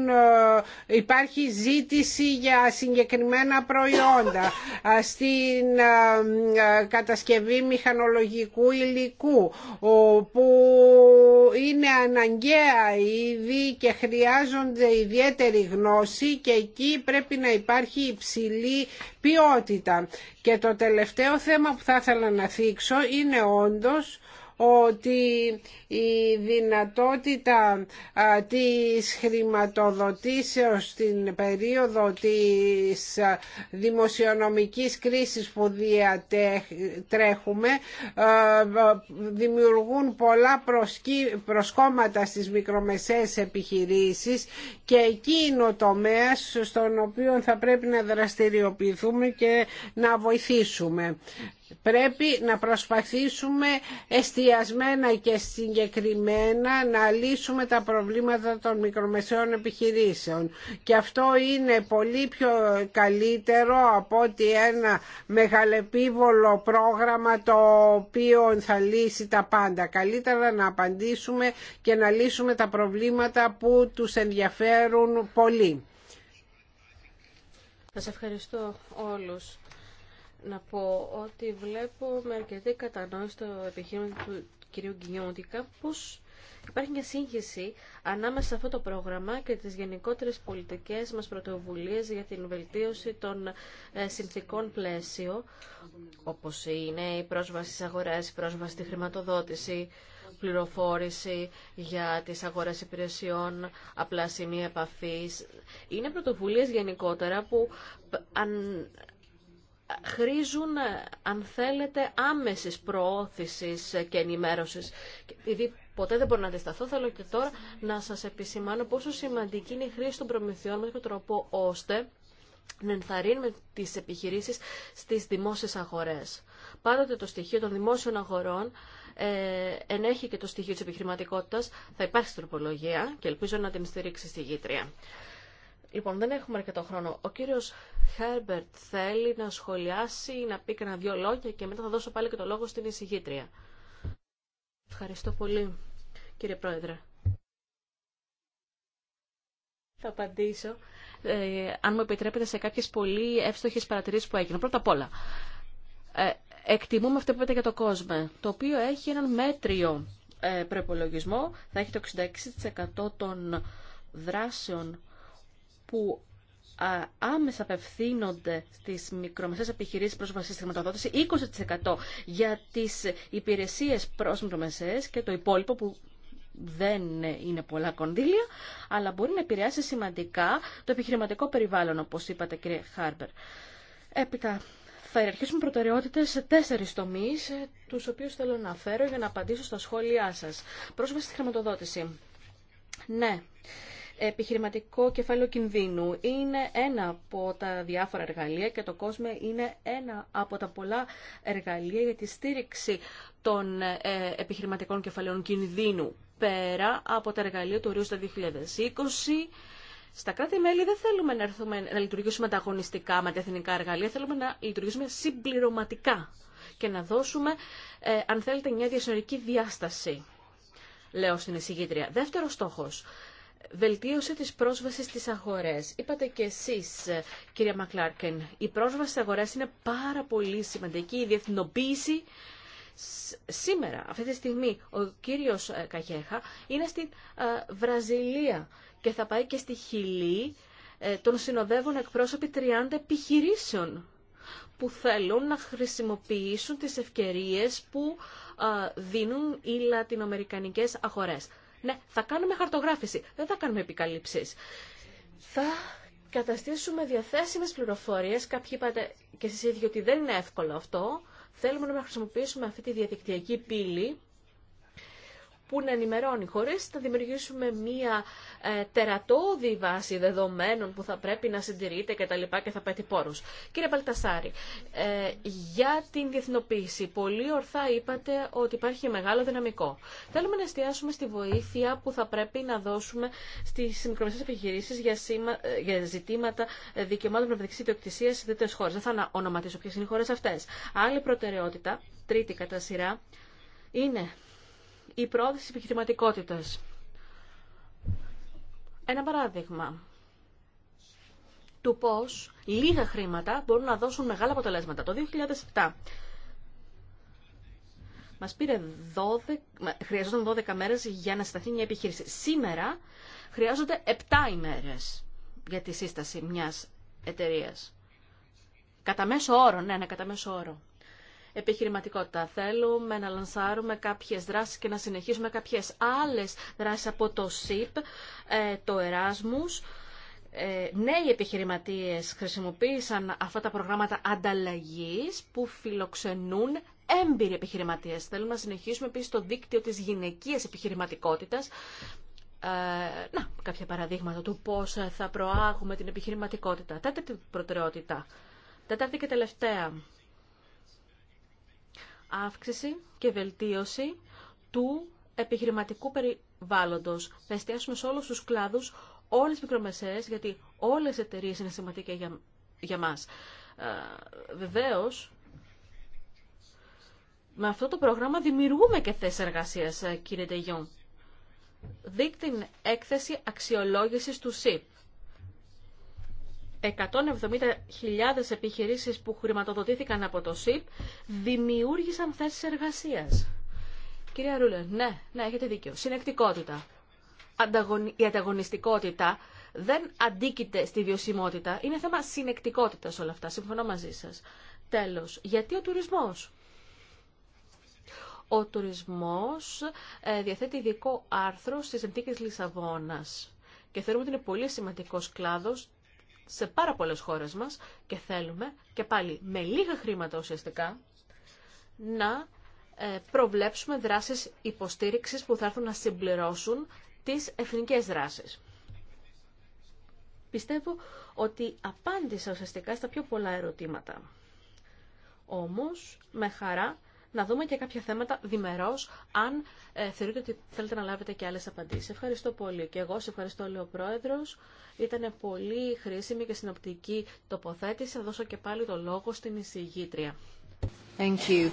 υπάρχει ζήτηση για συγκεκριμένα προϊόντα στην κατασκευή μηχανολογικού υλικού που είναι αναγκαία ήδη και χρειάζονται ιδιαίτερη γνώση και εκεί πρέπει να υπάρχει υψηλή ποιότητα. Και το τελευταίο θέμα που θα ήθελα να θίξω είναι όντως ότι η δυνατότητα της χρηματοδοτήσεως στην περίοδο της δημοσιονομικής κρίσης που διατρέχουμε δημιουργούν πολλά προσκόμματα στις μικρομεσαίες επιχειρήσεις και εκεί είναι ο τομέας στον οποίο θα πρέπει να δραστηριοποιηθούμε και να βοηθήσουμε. Πρέπει να προσπαθήσουμε εστιασμένα και συγκεκριμένα να λύσουμε τα προβλήματα των μικρομεσαίων επιχειρήσεων. Και αυτό είναι πολύ πιο καλύτερο από ότι ένα μεγαλεπίβολο πρόγραμμα το οποίο θα λύσει τα πάντα. Καλύτερα να απαντήσουμε και να λύσουμε τα προβλήματα που τους ενδιαφέρουν πολύ. Σας ευχαριστώ όλους να πω ότι βλέπω με αρκετή κατανόηση το επιχείρημα του κυρίου Γκινιών ότι υπάρχει μια σύγχυση ανάμεσα σε αυτό το πρόγραμμα και τις γενικότερες πολιτικές μας πρωτοβουλίες για την βελτίωση των ε, συνθήκων πλαίσιο, όπως είναι η πρόσβαση στις αγορές, η πρόσβαση στη χρηματοδότηση, πληροφόρηση για τις αγορές υπηρεσιών, απλά σημεία επαφής. Είναι πρωτοβουλίες γενικότερα που χρήζουν, αν θέλετε, άμεσης προώθησης και ενημέρωσης. Επειδή ποτέ δεν μπορώ να αντισταθώ, θέλω και τώρα να σας επισημάνω πόσο σημαντική είναι η χρήση των προμηθειών με τον τρόπο ώστε να ενθαρρύνουμε τις επιχειρήσεις στις δημόσιες αγορές. Πάντοτε το στοιχείο των δημόσιων αγορών ε, ενέχει και το στοιχείο της επιχειρηματικότητας, θα υπάρχει τροπολογία και ελπίζω να την στηρίξει στη γήτρια. Λοιπόν, δεν έχουμε αρκετό χρόνο. Ο κύριο Χέρμπερτ θέλει να σχολιάσει, να πει κανένα δυο λόγια και μετά θα δώσω πάλι και το λόγο στην εισηγήτρια. Ευχαριστώ πολύ, κύριε Πρόεδρε. Θα απαντήσω, ε, αν μου επιτρέπετε, σε κάποιε πολύ εύστοχε παρατηρήσει που έγιναν. Πρώτα απ' όλα, ε, εκτιμούμε αυτό που είπατε για το κόσμο, το οποίο έχει έναν μέτριο ε, προπολογισμό, θα έχει το 66% των δράσεων που άμεσα απευθύνονται στις μικρομεσαίες επιχειρήσεις πρόσβαση στη χρηματοδότηση 20% για τις υπηρεσίες προς μικρομεσαίες και το υπόλοιπο που δεν είναι πολλά κονδύλια, αλλά μπορεί να επηρεάσει σημαντικά το επιχειρηματικό περιβάλλον, όπως είπατε κύριε Χάρμπερ. Έπειτα, θα ιεραρχήσουμε προτεραιότητες σε τέσσερι τομεί, του οποίου θέλω να φέρω για να απαντήσω στα σχόλιά σα. Πρόσβαση στη χρηματοδότηση. Ναι, επιχειρηματικό κεφάλαιο κινδύνου είναι ένα από τα διάφορα εργαλεία και το κόσμο είναι ένα από τα πολλά εργαλεία για τη στήριξη των ε, επιχειρηματικών κεφαλαίων κινδύνου πέρα από τα εργαλεία του ορίου 2020 στα κράτη-μέλη δεν θέλουμε να, έρθουμε, να λειτουργήσουμε ανταγωνιστικά με τα εθνικά εργαλεία, θέλουμε να λειτουργήσουμε συμπληρωματικά και να δώσουμε, ε, αν θέλετε, μια διασυνορική διάσταση, λέω στην εισηγήτρια. Δεύτερος στόχος, Βελτίωση της πρόσβασης στις αγορές. Είπατε και εσείς, κυρία Μακλάρκεν, η πρόσβαση στις αγορές είναι πάρα πολύ σημαντική. Η διεθνοποίηση σήμερα, αυτή τη στιγμή, ο κύριος ε, Καγέχα είναι στην ε, Βραζιλία και θα πάει και στη Χιλή. Ε, τον συνοδεύουν εκπρόσωποι 30 επιχειρήσεων που θέλουν να χρησιμοποιήσουν τις ευκαιρίες που δίνουν οι λατινοαμερικανικές αγορές. Ναι, θα κάνουμε χαρτογράφηση, δεν θα κάνουμε επικαλύψεις. Θα καταστήσουμε διαθέσιμες πληροφορίες. Κάποιοι είπατε και εσεί ότι δεν είναι εύκολο αυτό. Θέλουμε να χρησιμοποιήσουμε αυτή τη διαδικτυακή πύλη που να ενημερώνει, χωρίς να δημιουργήσουμε μία ε, τερατώδη βάση δεδομένων που θα πρέπει να συντηρείται και τα λοιπά και θα πέτει πόρους. Κύριε Παλτασάρη, ε, για την διεθνοποίηση, πολύ ορθά είπατε ότι υπάρχει μεγάλο δυναμικό. Θέλουμε να εστιάσουμε στη βοήθεια που θα πρέπει να δώσουμε στις μικρομεσαίες επιχειρήσεις για, ε, για ζητήματα δικαιωμάτων πνευματικής ιδιοκτησίας σε τέτοιες χώρες. Δεν θα ονοματίσω ποιες είναι οι χώρες αυτές. Άλλη προτεραιότητα, τρίτη κατά σειρά, είναι η της επιχειρηματικότητας. Ένα παράδειγμα του πώς λίγα χρήματα μπορούν να δώσουν μεγάλα αποτελέσματα. Το 2007 μας πήρε 12, χρειαζόταν 12 μέρες για να σταθεί μια επιχείρηση. Σήμερα χρειάζονται 7 ημέρες για τη σύσταση μιας εταιρείας. Κατά μέσο όρο, ναι, ναι, κατά μέσο όρο επιχειρηματικότητα. Θέλουμε να λανσάρουμε κάποιες δράσεις και να συνεχίσουμε κάποιες άλλες δράσεις από το ΣΥΠ, ε, το Εράσμους. Ε, νέοι επιχειρηματίες χρησιμοποίησαν αυτά τα προγράμματα ανταλλαγής που φιλοξενούν έμπειροι επιχειρηματίες. Θέλουμε να συνεχίσουμε επίσης το δίκτυο της γυναικείας επιχειρηματικότητας ε, να, κάποια παραδείγματα του πώς θα προάγουμε την επιχειρηματικότητα. Τέταρτη προτεραιότητα. Τέταρτη και τελευταία αύξηση και βελτίωση του επιχειρηματικού περιβάλλοντος. Θα εστιάσουμε σε όλους τους κλάδους, όλες τις μικρομεσαίες, γιατί όλες οι εταιρείε είναι σημαντικές για, για μας. Ε, με αυτό το πρόγραμμα δημιουργούμε και θέσεις εργασίας, ε, κύριε Τεγιόν. Δείκτην έκθεση αξιολόγησης του ΣΥΠ. 170.000 επιχειρήσεις που χρηματοδοτήθηκαν από το ΣΥΠ δημιούργησαν θέσεις εργασίας. Κυρία Ρούλε, ναι, ναι, έχετε δίκιο. Συνεκτικότητα. Η ανταγωνιστικότητα δεν αντίκειται στη βιωσιμότητα. Είναι θέμα συνεκτικότητας όλα αυτά. Συμφωνώ μαζί σας. Τέλος, γιατί ο τουρισμός. Ο τουρισμός ε, διαθέτει ειδικό άρθρο στις συνθήκες Λισαβόνας και θεωρούμε ότι είναι πολύ σημαντικός κλάδος σε πάρα πολλές χώρες μας και θέλουμε και πάλι με λίγα χρήματα ουσιαστικά να ε, προβλέψουμε δράσεις υποστήριξης που θα έρθουν να συμπληρώσουν τις εθνικές δράσεις. Πιστεύω ότι απάντησα ουσιαστικά στα πιο πολλά ερωτήματα. Όμως, με χαρά να δούμε και κάποια θέματα διμερώς, αν ε, θεωρείτε ότι θέλετε να λάβετε και άλλες απαντήσεις. Ευχαριστώ πολύ και εγώ σε ευχαριστώ, λέει ο Πρόεδρος. Ήταν πολύ χρήσιμη και συνοπτική τοποθέτηση. Θα δώσω και πάλι το λόγο στην εισηγήτρια. Thank you.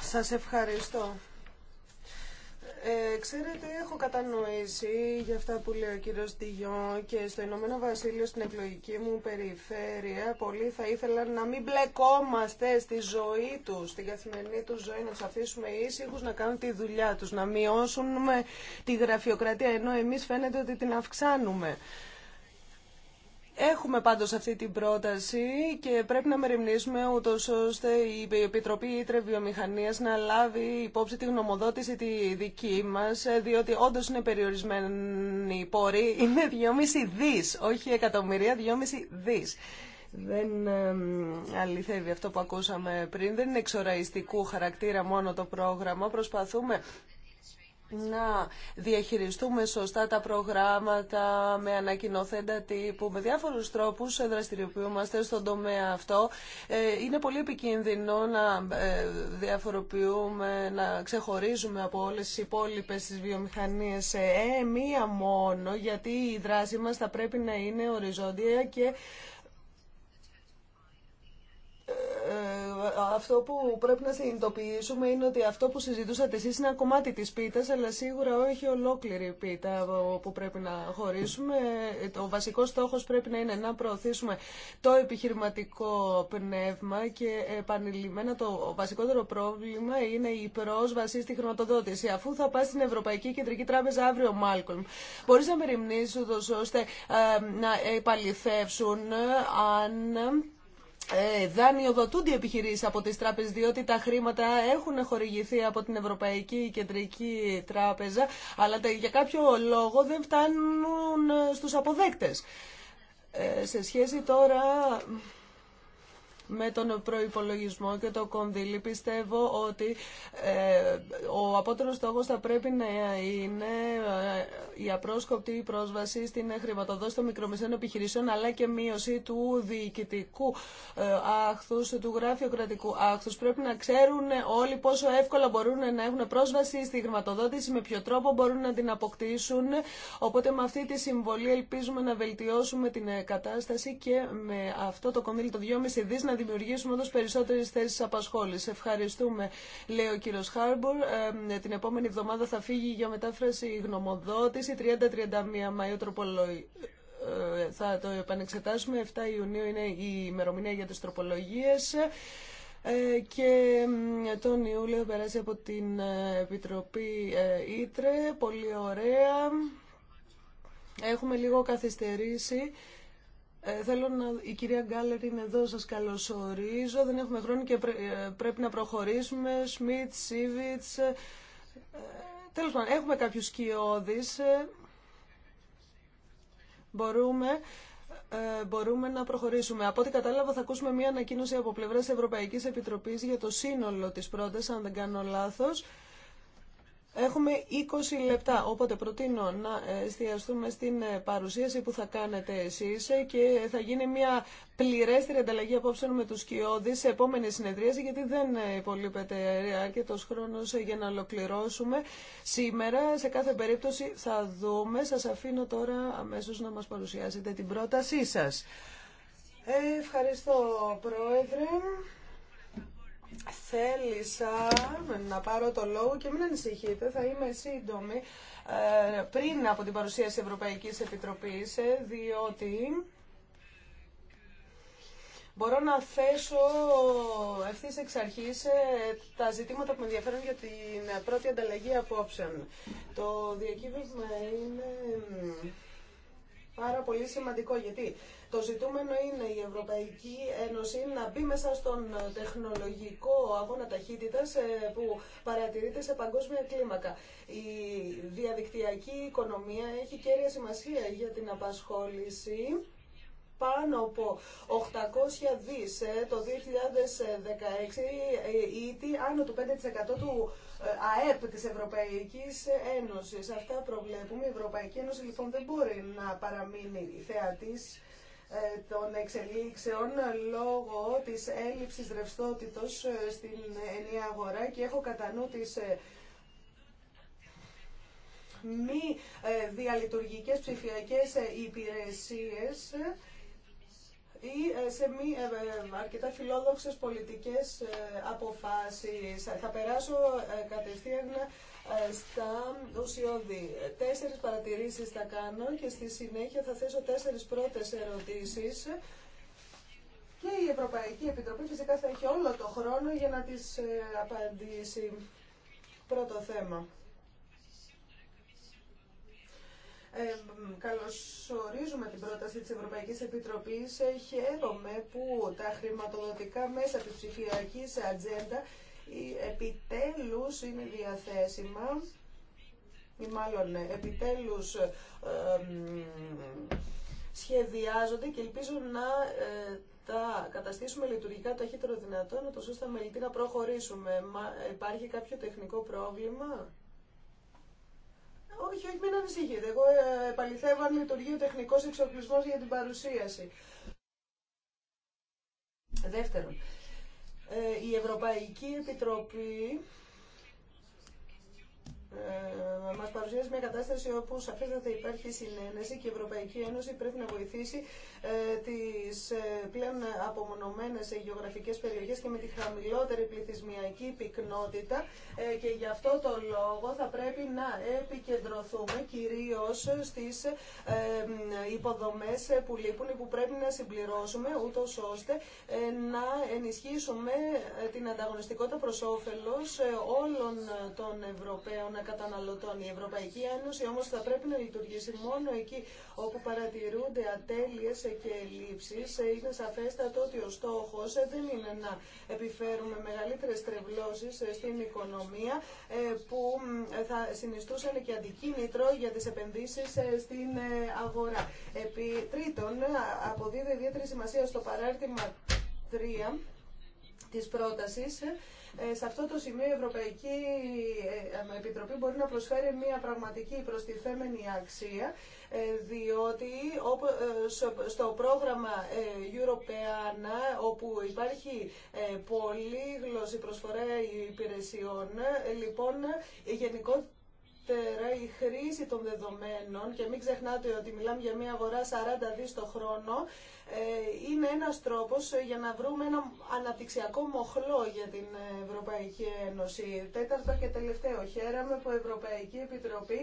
Σας ευχαριστώ. Ε, ξέρετε, έχω κατανοήσει για αυτά που λέει ο κύριος Τιγιόν και στο Ηνωμένο Βασίλειο στην εκλογική μου περιφέρεια πολλοί θα ήθελαν να μην μπλεκόμαστε στη ζωή τους, στην καθημερινή τους ζωή, να τους αφήσουμε ήσυχου να κάνουν τη δουλειά τους, να μειώσουν τη γραφειοκρατία, ενώ εμείς φαίνεται ότι την αυξάνουμε. Έχουμε πάντως αυτή την πρόταση και πρέπει να μεριμνήσουμε ούτως ώστε η Επιτροπή Ήτρε Βιομηχανίας να λάβει υπόψη τη γνωμοδότηση τη δική μας, διότι όντως είναι περιορισμένη οι πόροι, είναι 2,5 δις, όχι εκατομμυρία, 2,5 δις. Δεν αληθεύει αυτό που ακούσαμε πριν, δεν είναι εξοραϊστικού χαρακτήρα μόνο το πρόγραμμα, προσπαθούμε να διαχειριστούμε σωστά τα προγράμματα με ανακοινοθέντα τύπου, με διάφορους τρόπους δραστηριοποιούμαστε στον τομέα αυτό. Ε, είναι πολύ επικίνδυνο να ε, διαφοροποιούμε, να ξεχωρίζουμε από όλες τις υπόλοιπες τις βιομηχανίες ε, μία μόνο, γιατί η δράση μας θα πρέπει να είναι οριζόντια και ε, ε, αυτό που πρέπει να συνειδητοποιήσουμε είναι ότι αυτό που συζητούσατε εσείς είναι ένα κομμάτι της πίτας, αλλά σίγουρα όχι ολόκληρη πίτα που πρέπει να χωρίσουμε. Ε, Ο βασικός στόχος πρέπει να είναι να προωθήσουμε το επιχειρηματικό πνεύμα και επανειλημμένα το βασικότερο πρόβλημα είναι η πρόσβαση στη χρηματοδότηση. Αφού θα πάει στην Ευρωπαϊκή Κεντρική Τράπεζα αύριο, Μάλκολμ, μπορείς να μεριμνήσεις ώστε να επαληθεύσουν αν ε, δανειοδοτούνται επιχειρήσεις από τις τράπεζες διότι τα χρήματα έχουν χορηγηθεί από την Ευρωπαϊκή Κεντρική Τράπεζα αλλά για κάποιο λόγο δεν φτάνουν ε, στους αποδέκτες. Ε, σε σχέση τώρα με τον προϋπολογισμό και το κονδύλι. Πιστεύω ότι ε, ο απότερος στόχος θα πρέπει να είναι ε, η απρόσκοπτη πρόσβαση στην χρηματοδότηση των μικρομεσαίων επιχειρήσεων αλλά και μείωση του διοικητικού ε, άχθους, του γραφειοκρατικού άχθους. Πρέπει να ξέρουν όλοι πόσο εύκολα μπορούν να έχουν πρόσβαση στη χρηματοδότηση, με ποιο τρόπο μπορούν να την αποκτήσουν. Οπότε με αυτή τη συμβολή ελπίζουμε να βελτιώσουμε την κατάσταση και με αυτό το κονδύλι το 2,5 δις να δημιουργήσουμε όντω περισσότερε θέσει απασχόληση. Ευχαριστούμε, λέει ο κύριο Χάρμπορ. Ε, την επόμενη εβδομάδα θα φύγει για μετάφραση γνωμοδότηση 30-31 Μαΐου ε, θα το επανεξετάσουμε. 7 Ιουνίου είναι η ημερομηνία για τις τροπολογίες ε, και τον Ιούλιο περάσει από την Επιτροπή Ήτρε. Πολύ ωραία. Έχουμε λίγο καθυστερήσει. Ε, θέλω να... Η κυρία Γκάλερ είναι εδώ, σας καλωσορίζω. Δεν έχουμε χρόνο και ε, πρέπει να προχωρήσουμε. Σμιτ, Σίβιτς... Ε, τέλος πάντων, έχουμε κάποιους σκιώδεις. Ε, μπορούμε... μπορούμε να προχωρήσουμε. Από ό,τι κατάλαβα θα ακούσουμε μια ανακοίνωση από πλευρά Ευρωπαϊκής Επιτροπής για το σύνολο της πρότασης, αν δεν κάνω λάθος. Έχουμε 20 λεπτά, οπότε προτείνω να εστιαστούμε στην ε, παρουσίαση που θα κάνετε εσείς ε, και θα γίνει μια πληρέστερη ανταλλαγή απόψεων με τους κοιόδης σε επόμενη συνεδρίαση, γιατί δεν ε, υπολείπεται αρκετός χρόνος για να ολοκληρώσουμε. Σήμερα, σε κάθε περίπτωση, θα δούμε. Σας αφήνω τώρα αμέσως να μας παρουσιάσετε την πρότασή σας. Ευχαριστώ, Πρόεδρε. Θέλησα να πάρω το λόγο και μην ανησυχείτε, θα είμαι σύντομη ε, πριν από την παρουσίαση Ευρωπαϊκής Επιτροπής, ε, διότι μπορώ να θέσω ευθύ εξ ε, τα ζητήματα που με ενδιαφέρουν για την πρώτη ανταλλαγή απόψεων. Το διακύβευμα είναι πάρα πολύ σημαντικό γιατί το ζητούμενο είναι η Ευρωπαϊκή Ένωση να μπει μέσα στον ε, τεχνολογικό αγώνα ταχύτητας ε, που παρατηρείται σε παγκόσμια κλίμακα. Η διαδικτυακή οικονομία έχει κέρια σημασία για την απασχόληση πάνω από 800 δις ε, το 2016 ήτι άνω του 5% του ΑΕΠ της Ευρωπαϊκής Ένωσης. Αυτά προβλέπουμε. Η Ευρωπαϊκή Ένωση λοιπόν δεν μπορεί να παραμείνει θεατή των εξελίξεων λόγω της έλλειψης ρευστότητος ε, στην ενιαία αγορά και έχω κατά νου τις ε, μη ε, διαλειτουργικές ψηφιακές υπηρεσίες ή ε, σε ε, ε, αρκετά φιλόδοξες πολιτικές αποφάσεις. Θα περάσω κατευθείαν στα ουσιώδη. Τέσσερις παρατηρήσεις θα κάνω και στη συνέχεια θα θέσω τέσσερις πρώτες ερωτήσεις και η Ευρωπαϊκή Επιτροπή φυσικά θα έχει όλο το χρόνο για να τις απαντήσει. Πρώτο θέμα. Ε, καλωσορίζουμε την πρόταση της Ευρωπαϊκής Επιτροπής. Ε, χαίρομαι που τα χρηματοδοτικά μέσα της ψηφιακή ατζέντα ε, επιτέλους είναι διαθέσιμα ή μάλλον ε, επιτέλους σχεδιάζονται και ελπίζω να τα καταστήσουμε λειτουργικά ταχύτερο δυνατόν, ώστε τα μελητή να προχωρήσουμε. Μα, υπάρχει κάποιο τεχνικό πρόβλημα. Όχι, όχι, μην ανησυχείτε. Εγώ ε, επαληθεύω αν λειτουργεί ο τεχνικό εξοπλισμό για την παρουσίαση. Δεύτερον, ε, η Ευρωπαϊκή Επιτροπή ε, μας παρουσιάζει μια κατάσταση όπου σαφέστατα υπάρχει συνένεση και η Ευρωπαϊκή Ένωση πρέπει να βοηθήσει ε, τις ε, πλέον απομονωμένες γεωγραφικές περιοχές και με τη χαμηλότερη πληθυσμιακή πυκνότητα ε, και γι' αυτό το λόγο θα πρέπει να επικεντρωθούμε κυρίως στις ε, υποδομές που λείπουν ή που πρέπει να συμπληρώσουμε ούτως ώστε να ενισχύσουμε την ανταγωνιστικότητα προς όφελος όλων των Ευρωπαίων καταναλωτών. Η Ευρωπαϊκή Ένωση όμως θα πρέπει να λειτουργήσει μόνο εκεί όπου παρατηρούνται ατέλειες και ελλείψεις. Είναι σαφέστατο ότι ο στόχο δεν είναι να επιφέρουμε μεγαλύτερε τρευλώσει στην οικονομία ε, που θα συνιστούσαν και αντικίνητρο για τις επενδύσεις ε, στην ε, αγορά. Επί τρίτον, αποδίδει ιδιαίτερη σημασία στο παράρτημα 3 της πρότασης ε, σε αυτό το σημείο η Ευρωπαϊκή ε, ε, Επιτροπή μπορεί να προσφέρει μια πραγματική προστιθέμενη αξία, διότι στο πρόγραμμα Europeana, όπου υπάρχει πολύγλωση προσφορά υπηρεσιών, λοιπόν, η γενικότητα Δεύτερα, η χρήση των δεδομένων, και μην ξεχνάτε ότι μιλάμε για μια αγορά 40 δις το χρόνο, ε, είναι ένας τρόπος για να βρούμε ένα αναπτυξιακό μοχλό για την Ευρωπαϊκή Ένωση. Τέταρτο και τελευταίο, χαίρομαι που η Ευρωπαϊκή Επιτροπή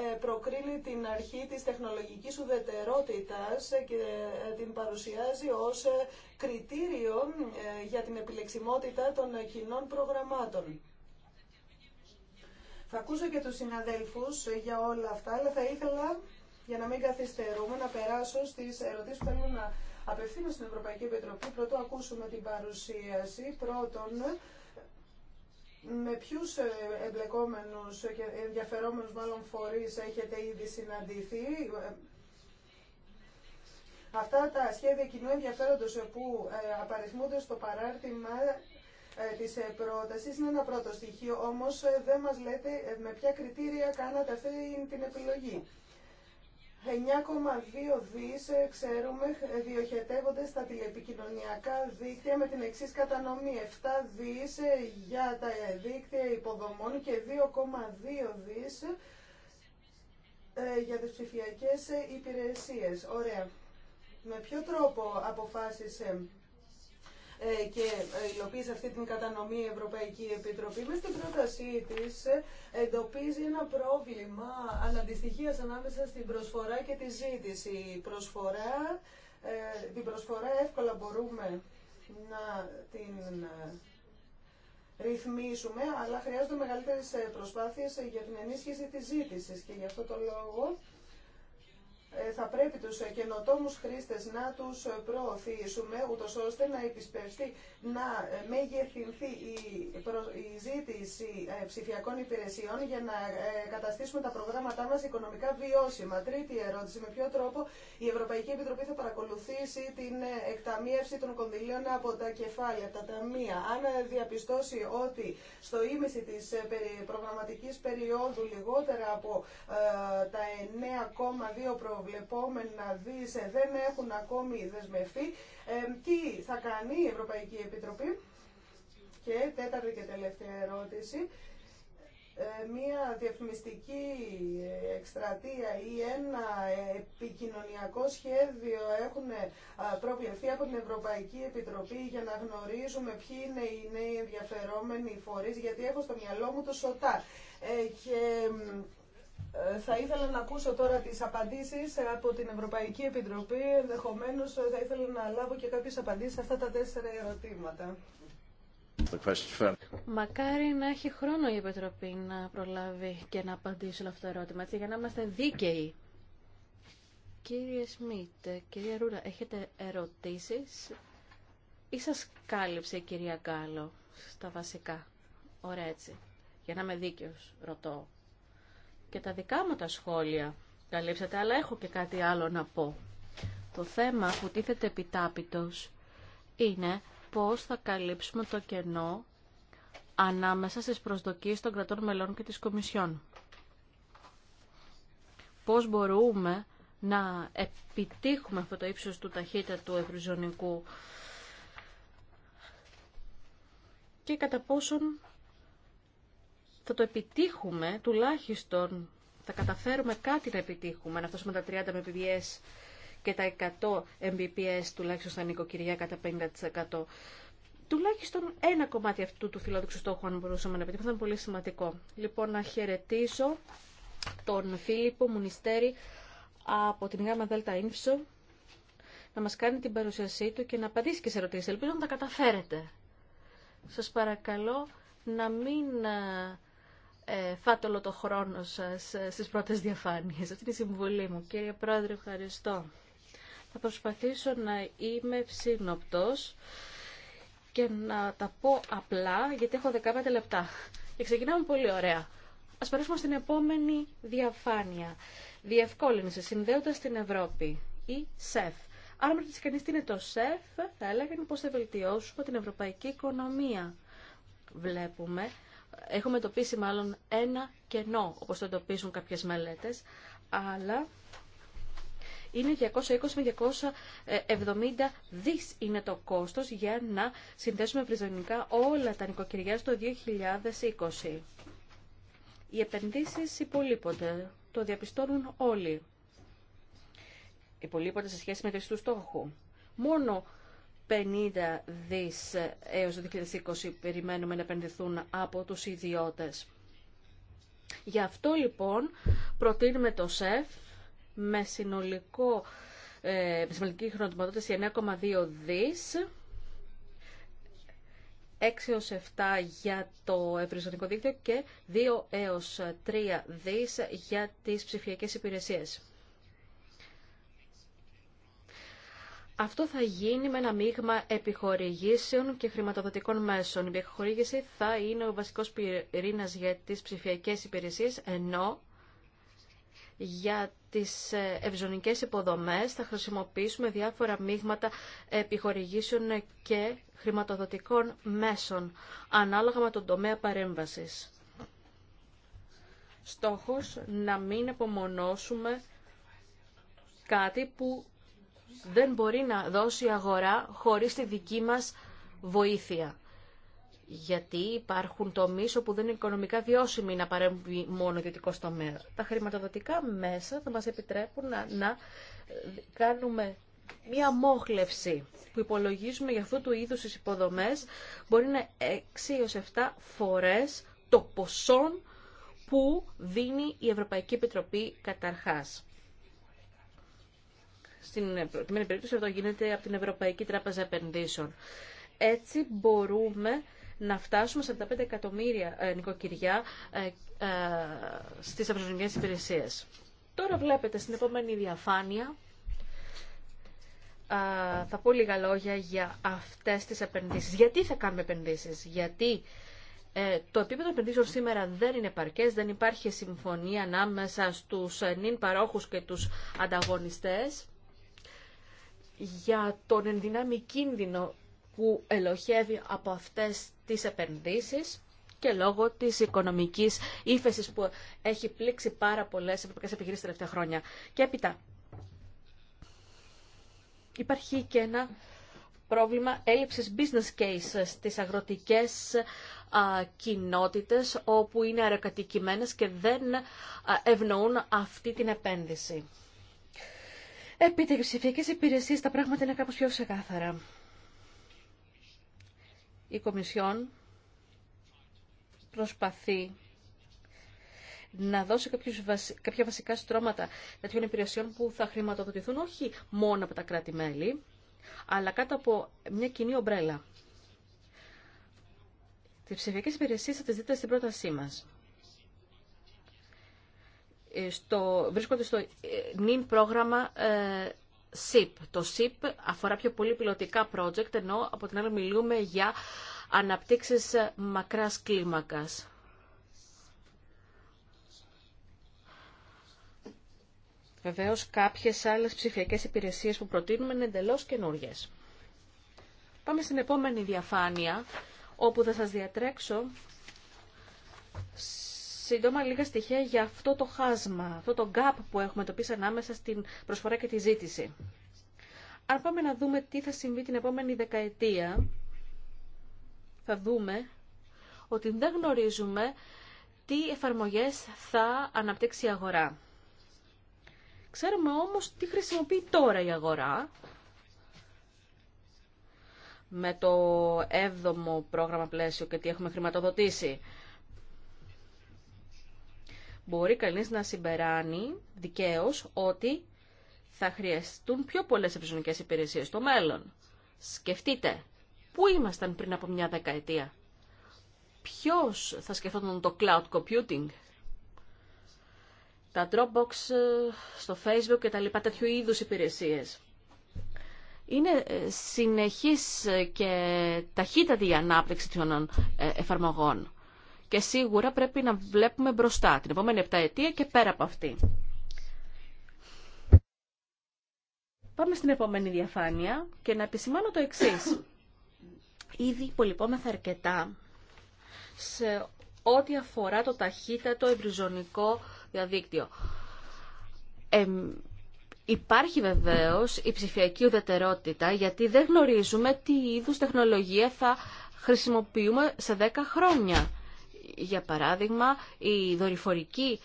ε, προκρίνει την αρχή της τεχνολογικής ουδετερότητας και ε, την παρουσιάζει ως κριτήριο για την επιλεξιμότητα των κοινών προγραμμάτων. Θα ακούσω και τους συναδέλφους ε, για όλα αυτά, αλλά θα ήθελα, για να μην καθυστερούμε, να περάσω στις ερωτήσεις που θέλω να απευθύνω στην Ευρωπαϊκή Επιτροπή. Πρώτο ακούσουμε την παρουσίαση. Πρώτον, με ποιους ε, εμπλεκόμενους και ενδιαφερόμενους μάλλον φορείς έχετε ήδη συναντηθεί. Αυτά τα σχέδια κοινού ενδιαφέροντος ε, που απαριθμούνται στο παράρτημα ε, της ε, πρόταση είναι ένα πρώτο στοιχείο, όμως ε, δεν μας λέτε με ποια κριτήρια κάνατε αυτή την επιλογή. 9,2 δις, ξέρουμε, διοχετεύονται στα τηλεπικοινωνιακά δίκτυα με την εξή κατανομή. 7 δις για τα δίκτυα υποδομών και 2,2 δις για τις ψηφιακές υπηρεσίες. Ωραία. Με ποιο τρόπο αποφάσισε ε, και ε, υλοποίησε αυτή την κατανομή η Ευρωπαϊκή Επιτροπή. Με στην πρότασή τη ε, εντοπίζει ένα πρόβλημα αναντιστοιχία ανάμεσα στην προσφορά και τη ζήτηση. προσφορά, την προσφορά εύκολα μπορούμε να την ρυθμίσουμε, αλλά χρειάζονται μεγαλύτερες προσπάθειες για την ενίσχυση της ζήτησης και γι' αυτό το λόγο ε, θα πρέπει τους καινοτόμους χρήστες να τους προωθήσουμε, ούτως ώστε να επισπευστεί, να μεγεθυνθεί η ζήτηση ε, ψηφιακών υπηρεσιών για να ε, καταστήσουμε τα προγράμματά μας οικονομικά βιώσιμα. Τρίτη ερώτηση, με ποιο τρόπο η Ευρωπαϊκή Επιτροπή θα παρακολουθήσει την εκταμίευση των κονδυλίων από τα κεφάλια, από τα ταμεία. Αν διαπιστώσει ότι στο ίμιση της προγραμματικής περίοδου λιγότερα από τα 9,2 προ να δεις ε, δεν έχουν ακόμη δεσμευτεί. Ε, τι θα κάνει η Ευρωπαϊκή Επιτροπή. Και τέταρτη και τελευταία ερώτηση ε, μία διαφημιστική εκστρατεία ή ένα επικοινωνιακό σχέδιο έχουν προβλεφθεί από την Ευρωπαϊκή Επιτροπή για να γνωρίζουμε ποιοι είναι οι νέοι ενδιαφερόμενοι φορείς, γιατί έχω στο μυαλό μου το σωτά ε, θα ήθελα να ακούσω τώρα τις απαντήσεις από την Ευρωπαϊκή Επιτροπή. Ενδεχομένως ε, θα ήθελα να λάβω και κάποιες απαντήσεις σε αυτά τα τέσσερα ερωτήματα. Μακάρι να έχει χρόνο η Επιτροπή να προλάβει και να απαντήσει όλα αυτά τα ερώτημα για να είμαστε δίκαιοι. Κύριε Σμιτ, Ρούλα, Ρούρα, έχετε ερωτήσεις ή σας κάλυψε η κυρία Γκάλο στα βασικά. Ωραία έτσι. Για να είμαι δίκαιος, ρωτώ και τα δικά μου τα σχόλια καλύψατε, αλλά έχω και κάτι άλλο να πω. Το θέμα που τίθεται επιτάπητος είναι πώς θα καλύψουμε το κενό ανάμεσα στις προσδοκίες των κρατών μελών και της Κομισιόν. Πώς μπορούμε να επιτύχουμε αυτό το ύψος του ταχύτητα του ευρυζωνικού και κατά πόσον θα το επιτύχουμε, τουλάχιστον θα καταφέρουμε κάτι να επιτύχουμε, να φτάσουμε τα 30 Mbps και τα 100 Mbps τουλάχιστον στα νοικοκυριά κατά 50%. Τουλάχιστον ένα κομμάτι αυτού του φιλόδοξου στόχου, αν μπορούσαμε να επιτύχουμε θα ήταν πολύ σημαντικό. Λοιπόν, να χαιρετήσω τον Φίλιππο Μουνιστέρη από την ΓΑΜΑ ΔΕΛΤΑ Ίνφσο να μας κάνει την παρουσίασή του και να απαντήσει και σε ερωτήσεις. Ελπίζω να τα καταφέρετε. Σας παρακαλώ να μην ε, ε, όλο το χρόνο σας ε, στις πρώτες διαφάνειες. Αυτή είναι η συμβουλή μου. Κύριε Πρόεδρε, ευχαριστώ. Θα προσπαθήσω να είμαι ψήνοπτος και να τα πω απλά, γιατί έχω 15 λεπτά. Και ξεκινάμε πολύ ωραία. Ας περάσουμε στην επόμενη διαφάνεια. Διευκόλυνση, συνδέοντας την Ευρώπη, ή ΣΕΦ. Άρα, με ρωτήσει κανείς τι είναι το ΣΕΦ, θα έλεγαν πώς θα βελτιώσουμε την ευρωπαϊκή οικονομία. Βλέπουμε έχουμε εντοπίσει μάλλον ένα κενό, όπως το εντοπίζουν κάποιες μελέτες, αλλά είναι 220 με 270 δις είναι το κόστος για να συνδέσουμε ευρυζωνικά όλα τα νοικοκυριά στο 2020. Οι επενδύσεις υπολείπονται, το διαπιστώνουν όλοι. Υπολείπονται σε σχέση με του στόχου. Μόνο 50 δις έως 2020 περιμένουμε να επενδυθούν από τους ιδιώτες. Γι' αυτό λοιπόν προτείνουμε το ΣΕΦ με συνολικό ε, με 9,2 δις 6 7 για το ευρυζωνικό δίκτυο και 2 3 δις για τις ψηφιακές υπηρεσίες. Αυτό θα γίνει με ένα μείγμα επιχορηγήσεων και χρηματοδοτικών μέσων. Η επιχορήγηση θα είναι ο βασικός πυρήνας για τις ψηφιακές υπηρεσίες, ενώ για τις ε, ευζωνικές υποδομές θα χρησιμοποιήσουμε διάφορα μείγματα επιχορηγήσεων και χρηματοδοτικών μέσων, ανάλογα με τον τομέα παρέμβασης. Στόχος να μην απομονώσουμε κάτι που δεν μπορεί να δώσει αγορά χωρίς τη δική μας βοήθεια. Γιατί υπάρχουν τομεί όπου δεν είναι οικονομικά βιώσιμοι να παρέμβει μόνο ο ιδιωτικό τομέα. Τα χρηματοδοτικά μέσα θα μα επιτρέπουν να, να ε, κάνουμε μία μόχλευση που υπολογίζουμε για αυτού του είδου τι υποδομέ μπορεί να είναι 6 7 φορέ το ποσό που δίνει η Ευρωπαϊκή Επιτροπή καταρχάς. Στην προκειμένη περίπτωση αυτό γίνεται από την Ευρωπαϊκή Τράπεζα Επενδύσεων. Έτσι μπορούμε να φτάσουμε σε 75 εκατομμύρια ε, νοικοκυριά ε, ε, στις ευρωζωνικές υπηρεσίες. Τώρα βλέπετε στην επόμενη διαφάνεια θα πω λίγα λόγια για αυτές τις επενδύσεις. Γιατί θα κάνουμε επενδύσεις, γιατί το επίπεδο επενδύσεων σήμερα δεν είναι παρκές, δεν υπάρχει συμφωνία ανάμεσα στους νυν παρόχους και τους ανταγωνιστές για τον ενδυνάμει κίνδυνο που ελοχεύει από αυτές τις επενδύσεις και λόγω της οικονομικής ύφεσης που έχει πλήξει πάρα πολλές ευρωπαϊκές επιχειρήσεις τα τελευταία χρόνια. Και έπειτα, υπάρχει και ένα πρόβλημα έλλειψης business case στις αγροτικές κοινότητες όπου είναι αεροκατοικημένες και δεν ευνοούν αυτή την επένδυση. Επί τη ψηφιακή υπηρεσία τα πράγματα είναι κάπως πιο ξεκάθαρα. Η Κομισιόν προσπαθεί να δώσει κάποιους, κάποια βασικά στρώματα τέτοιων υπηρεσιών που θα χρηματοδοτηθούν όχι μόνο από τα κράτη-μέλη, αλλά κάτω από μια κοινή ομπρέλα. Τι ψηφιακέ υπηρεσίε θα τι δείτε στην πρότασή μα στο, βρίσκονται στο ε, νυν πρόγραμμα SIP. Ε, Το SIP αφορά πιο πολύ πιλωτικά project, ενώ από την άλλη μιλούμε για αναπτύξεις μακράς κλίμακας. Βεβαίως κάποιες άλλες ψηφιακές υπηρεσίες που προτείνουμε είναι εντελώς καινούργιες. Πάμε στην επόμενη διαφάνεια, όπου θα σας διατρέξω σύντομα λίγα στοιχεία για αυτό το χάσμα, αυτό το gap που έχουμε το πίσω ανάμεσα στην προσφορά και τη ζήτηση. Αν πάμε να δούμε τι θα συμβεί την επόμενη δεκαετία, θα δούμε ότι δεν γνωρίζουμε τι εφαρμογές θα αναπτύξει η αγορά. Ξέρουμε όμως τι χρησιμοποιεί τώρα η αγορά με το 7ο πρόγραμμα πλαίσιο και τι έχουμε χρηματοδοτήσει μπορεί κανείς να συμπεράνει δικαίως ότι θα χρειαστούν πιο πολλές ευρυζωνικές υπηρεσίες στο μέλλον. Σκεφτείτε, πού ήμασταν πριν από μια δεκαετία. Ποιος θα σκεφτόταν το cloud computing, τα Dropbox ε, στο Facebook και τα λοιπά τέτοιου είδους υπηρεσίες. Είναι ε, συνεχής και ταχύτατη η ανάπτυξη των ε, εφαρμογών και σίγουρα πρέπει να βλέπουμε μπροστά την επόμενη επταετία και πέρα από αυτή. Πάμε στην επόμενη διαφάνεια και να επισημάνω το εξή. Ήδη υπολοιπόμεθα αρκετά σε ό,τι αφορά το ταχύτατο ευρυζωνικό διαδίκτυο. υπάρχει βεβαίως η ψηφιακή ουδετερότητα γιατί δεν γνωρίζουμε τι είδους τεχνολογία θα χρησιμοποιούμε σε 10 χρόνια. Για παράδειγμα, η δορυφορική,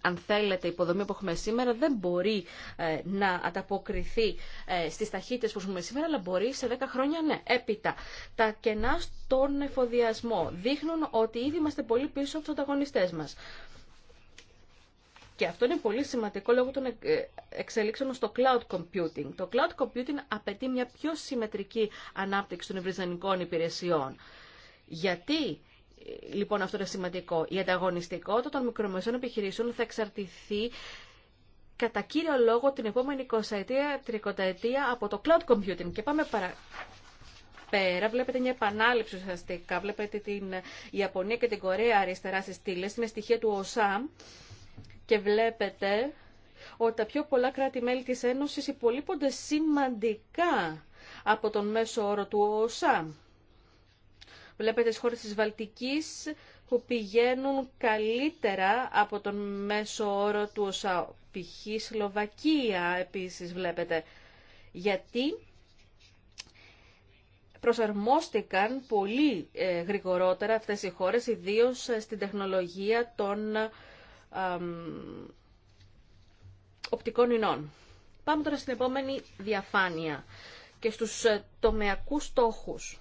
αν θέλετε, υποδομή που έχουμε σήμερα δεν μπορεί ε, να ανταποκριθεί ε, στις ταχύτητες που έχουμε σήμερα, αλλά μπορεί σε 10 χρόνια ναι. Έπειτα, τα κενά στον εφοδιασμό δείχνουν ότι ήδη είμαστε πολύ πίσω από τους ανταγωνιστές μας. Και αυτό είναι πολύ σημαντικό λόγω των ε, εξελίξεων στο cloud computing. Το cloud computing απαιτεί μια πιο συμμετρική ανάπτυξη των ευρυζανικών υπηρεσιών. Γιατί λοιπόν αυτό είναι σημαντικό. Η ανταγωνιστικότητα των μικρομεσαίων επιχειρήσεων θα εξαρτηθεί κατά κύριο λόγο την επόμενη 20 ετία, 30 ετία από το cloud computing. Και πάμε παρα... Πέρα, βλέπετε μια επανάληψη ουσιαστικά. Βλέπετε την Ιαπωνία και την Κορέα αριστερά στι στήλε. Είναι στοιχεία του ΟΣΑΜ και βλέπετε ότι τα πιο πολλά κράτη-μέλη της Ένωσης υπολείπονται σημαντικά από τον μέσο όρο του ΟΣΑΜ. Βλέπετε τις χώρες της Βαλτικής που πηγαίνουν καλύτερα από τον μέσο όρο του ΟΣΑΟ. Π.χ. Σλοβακία επίσης βλέπετε. Γιατί προσαρμόστηκαν πολύ ε, γρηγορότερα αυτές οι χώρες, ιδίως ε, στην τεχνολογία των οπτικών ινών. Πάμε τώρα στην επόμενη διαφάνεια και στους ε, τομεακούς στόχους.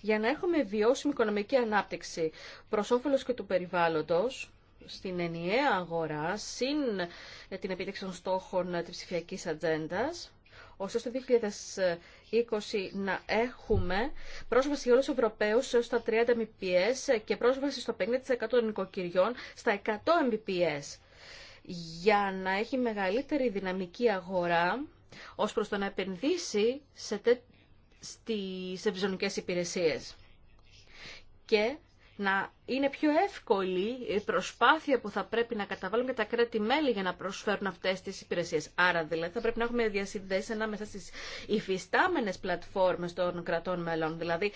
Για να έχουμε βιώσιμη οικονομική ανάπτυξη προς όφελος και του περιβάλλοντος, στην ενιαία αγορά, συν ε, την επίτευξη των στόχων ε, της ψηφιακή ατζέντα, ώστε το 2020 να έχουμε πρόσβαση για όλους τους Ευρωπαίους έως τα 30 Mbps και πρόσβαση στο 50% των νοικοκυριών στα 100 Mbps. για να έχει μεγαλύτερη δυναμική αγορά ως προς το να επενδύσει σε, στις ευζωνικές υπηρεσίες. Και να είναι πιο εύκολη η προσπάθεια που θα πρέπει να καταβάλουν και τα κράτη-μέλη για να προσφέρουν αυτές τις υπηρεσίες. Άρα δηλαδή θα πρέπει να έχουμε διασυνδέσει ανάμεσα στις υφιστάμενες πλατφόρμες των κρατών μελών. Δηλαδή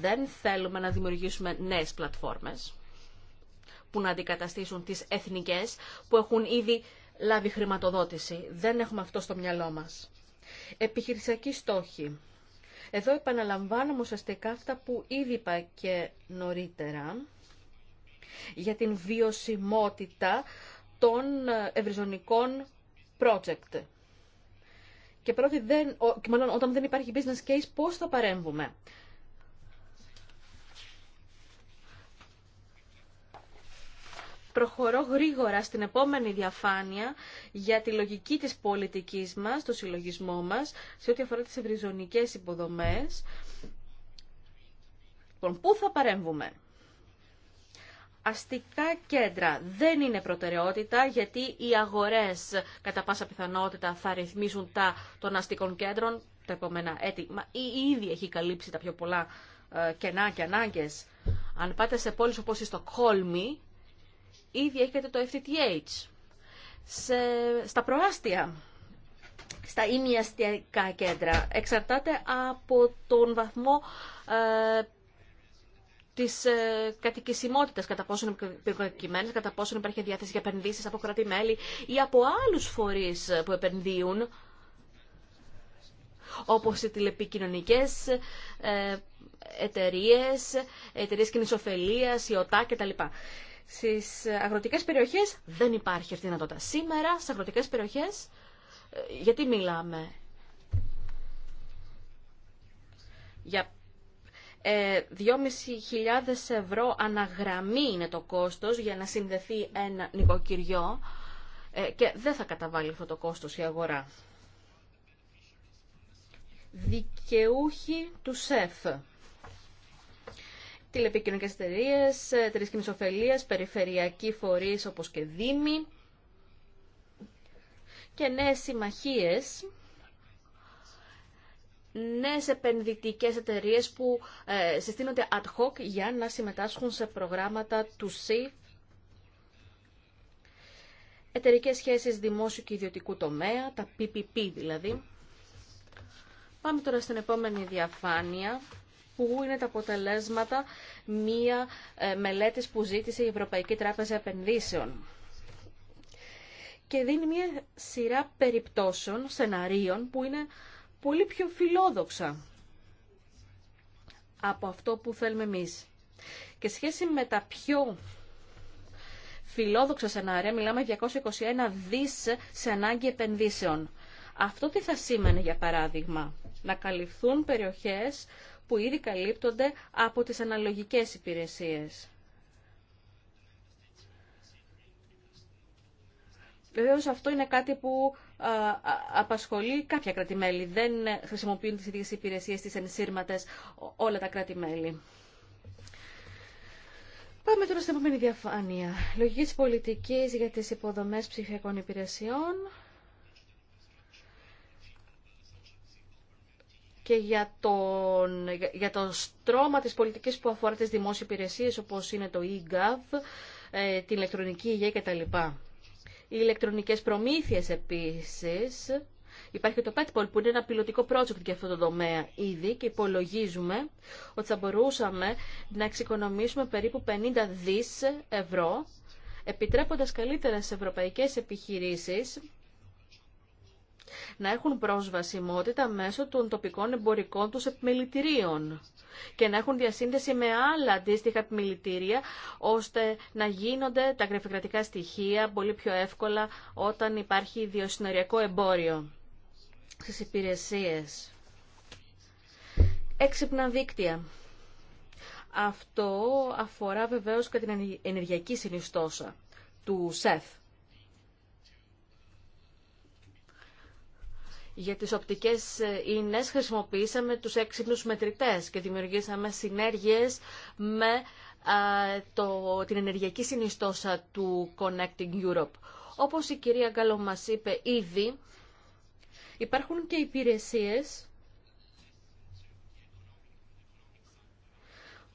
δεν θέλουμε να δημιουργήσουμε νέες πλατφόρμες που να αντικαταστήσουν τις εθνικές που έχουν ήδη λάβει χρηματοδότηση. Δεν έχουμε αυτό στο μυαλό μας. Επιχειρησιακή στόχη. Εδώ επαναλαμβάνω ουσιαστικά αυτά που ήδη είπα και νωρίτερα για την βιωσιμότητα των ε, ευρυζωνικών project. Και πρώτη, δεν, μάλλον, όταν δεν υπάρχει business case, πώς θα παρέμβουμε. Προχωρώ γρήγορα στην επόμενη διαφάνεια για τη λογική της πολιτικής μας, το συλλογισμό μας, σε ό,τι αφορά τις ευρυζωνικές υποδομές. Λοιπόν, πού θα παρέμβουμε. Αστικά κέντρα δεν είναι προτεραιότητα γιατί οι αγορές κατά πάσα πιθανότητα θα ρυθμίσουν τα των αστικών κέντρων τα επόμενα έτη. Μα ήδη έχει καλύψει τα πιο πολλά ε, κενά και ανάγκες. Αν πάτε σε πόλεις όπως η Στοκχόλμη, Ήδη έχετε το FTTH. Σε, στα προάστια, στα ημιαστιακά κέντρα, εξαρτάται από τον βαθμό ε, τη ε, κατά πόσο είναι πυροκατοικημένε, κατά πόσο υπάρχει διάθεση για επενδυσεις απο από κράτη-μέλη ή από άλλους φορείς που επενδύουν, όπως οι τηλεπικοινωνικές ε, εταιρείε, εταιρείε κοινή ωφελία, η ΟΤΑ κτλ. Στις αγροτικές περιοχές δεν υπάρχει αυτή Σήμερα στις αγροτικές περιοχές ε, γιατί μιλάμε. Για ε, 2.500 ευρώ αναγραμμή είναι το κόστος για να συνδεθεί ένα νοικοκυριό ε, και δεν θα καταβάλει αυτό το κόστος η αγορά. Δικαιούχοι του ΣΕΦ τηλεπικοινωνικέ εταιρείε, εταιρείε κοινής περιφερειακοί φορείς όπως και δήμοι και νέες συμμαχίε. νέες επενδυτικές εταιρείε που ε, συστήνονται ad hoc για να συμμετάσχουν σε προγράμματα του ΣΥΦ, εταιρικές σχέσεις δημόσιου και ιδιωτικού τομέα, τα PPP δηλαδή. Πάμε τώρα στην επόμενη διαφάνεια πού είναι τα αποτελέσματα μία ε, μελέτης που ζήτησε η Ευρωπαϊκή Τράπεζα Επενδύσεων. Και δίνει μία σειρά περιπτώσεων, σεναρίων που είναι πολύ πιο φιλόδοξα από αυτό που θέλουμε εμείς. Και σχέση με τα πιο φιλόδοξα σενάρια, μιλάμε 221 δις σε ανάγκη επενδύσεων. Αυτό τι θα σήμαινε, για παράδειγμα, να καλυφθούν περιοχές που ήδη καλύπτονται από τις αναλογικές υπηρεσίες. Βεβαίω αυτό είναι κάτι που απασχολεί κάποια κράτη-μέλη. Δεν χρησιμοποιούν τις ίδιες υπηρεσίες, τις ενσύρματες όλα τα κράτη-μέλη. Πάμε τώρα στην επόμενη διαφάνεια. Λογική πολιτική για τις υποδομές ψηφιακών υπηρεσιών. και για, τον, για το στρώμα της πολιτικής που αφορά τις δημόσιες υπηρεσίες όπως είναι το e-gov, ε, την ηλεκτρονική υγεία κτλ. Οι ηλεκτρονικές προμήθειες επίσης. Υπάρχει και το PetPol που είναι ένα πιλωτικό project για αυτό το τομέα ήδη και υπολογίζουμε ότι θα μπορούσαμε να εξοικονομήσουμε περίπου 50 δις ευρώ επιτρέποντας σε ευρωπαϊκές επιχειρήσεις να έχουν προσβασιμότητα μέσω των τοπικών εμπορικών τους επιμελητηρίων και να έχουν διασύνδεση με άλλα αντίστοιχα επιμελητήρια ώστε να γίνονται τα γραφειοκρατικά στοιχεία πολύ πιο εύκολα όταν υπάρχει ιδιοσυνοριακό εμπόριο στις υπηρεσίες. Έξυπνα δίκτυα. Αυτό αφορά βεβαίως και την ενεργειακή συνιστόσα του ΣΕΦ. Για τις οπτικές ε, ίνες χρησιμοποίησαμε τους έξυπνους μετρητές και δημιουργήσαμε συνέργειες με το, την ενεργειακή συνιστόσα του Connecting Europe. Όπως η κυρία Γκάλο μας είπε ήδη, υπάρχουν και υπηρεσίες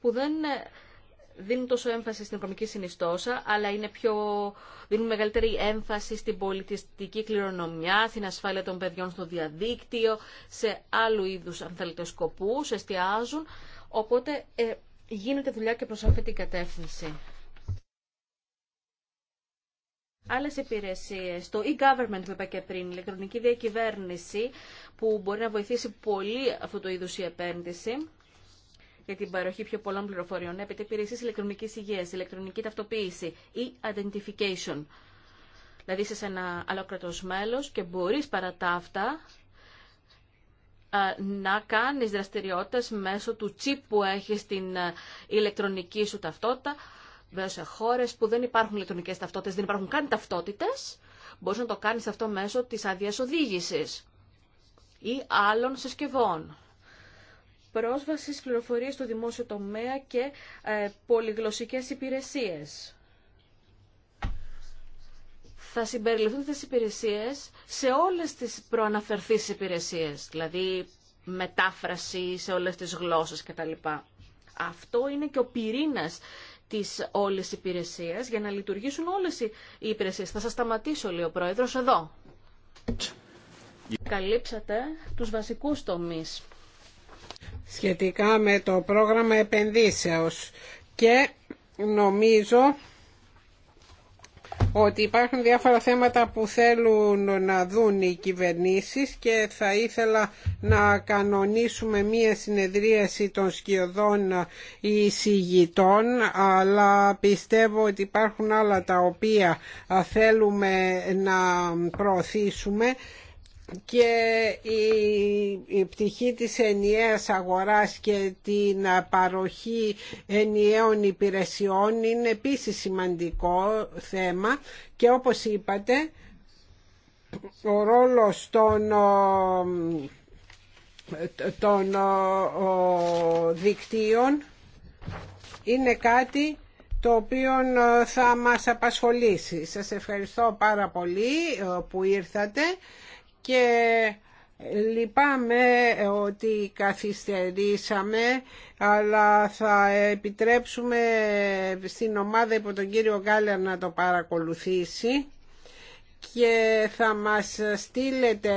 που δεν ε, δίνουν τόσο έμφαση στην οικονομική συνιστόσα, αλλά είναι πιο, δίνουν μεγαλύτερη έμφαση στην πολιτιστική κληρονομιά, στην ασφάλεια των παιδιών στο διαδίκτυο, σε άλλου είδους, αν θέλετε, σκοπούς, εστιάζουν. Οπότε ε, γίνεται δουλειά και προς αυτή την κατεύθυνση. Άλλες υπηρεσίες, το e-government που είπα και πριν, ηλεκτρονική διακυβέρνηση, που μπορεί να βοηθήσει πολύ αυτό το είδους η επένδυση για την παροχή πιο πολλών πληροφοριών, έπειτα υπηρεσίε ηλεκτρονική υγεία, ηλεκτρονική ταυτοποίηση ή identification. Δηλαδή είσαι ένα άλλο κρατό μέλο και μπορεί παρά τα αυτά να κάνεις δραστηριότητες μέσω του τσίπ που έχεις στην ε, ηλεκτρονική σου ταυτότητα. Βέβαια σε χώρες που δεν υπάρχουν ηλεκτρονικές ταυτότητες, δεν υπάρχουν καν ταυτότητες, μπορείς να το κάνεις αυτό μέσω της άδεια οδήγηση ή άλλων συσκευών πρόσβαση πληροφορίες στο δημόσιο τομέα και ε, πολυγλωσσικές υπηρεσίες. Θα συμπεριληφθούν τις υπηρεσίες σε όλες τις προαναφερθείς υπηρεσίες, δηλαδή μετάφραση σε όλες τις γλώσσες κτλ. Αυτό είναι και ο πυρήνας της όλης υπηρεσίας για να λειτουργήσουν όλες οι υπηρεσίες. Θα σας σταματήσω, λέει ο Πρόεδρος, εδώ. Καλύψατε τους βασικούς τομείς σχετικά με το πρόγραμμα επενδύσεως και νομίζω ότι υπάρχουν διάφορα θέματα που θέλουν να δουν οι κυβερνήσεις και θα ήθελα να κανονίσουμε μία συνεδρίαση των σκιωδών εισηγητών αλλά πιστεύω ότι υπάρχουν άλλα τα οποία θέλουμε να προωθήσουμε και η, πτυχή της ενιαίας αγοράς και την παροχή ενιαίων υπηρεσιών είναι επίσης σημαντικό θέμα και όπως είπατε ο ρόλος των των δικτύων είναι κάτι το οποίο θα μας απασχολήσει. Σας ευχαριστώ πάρα πολύ ε, που ήρθατε και Λυπάμαι ότι καθυστερήσαμε, αλλά θα επιτρέψουμε στην ομάδα υπό τον κύριο Γκάλερ να το παρακολουθήσει και θα μας στείλετε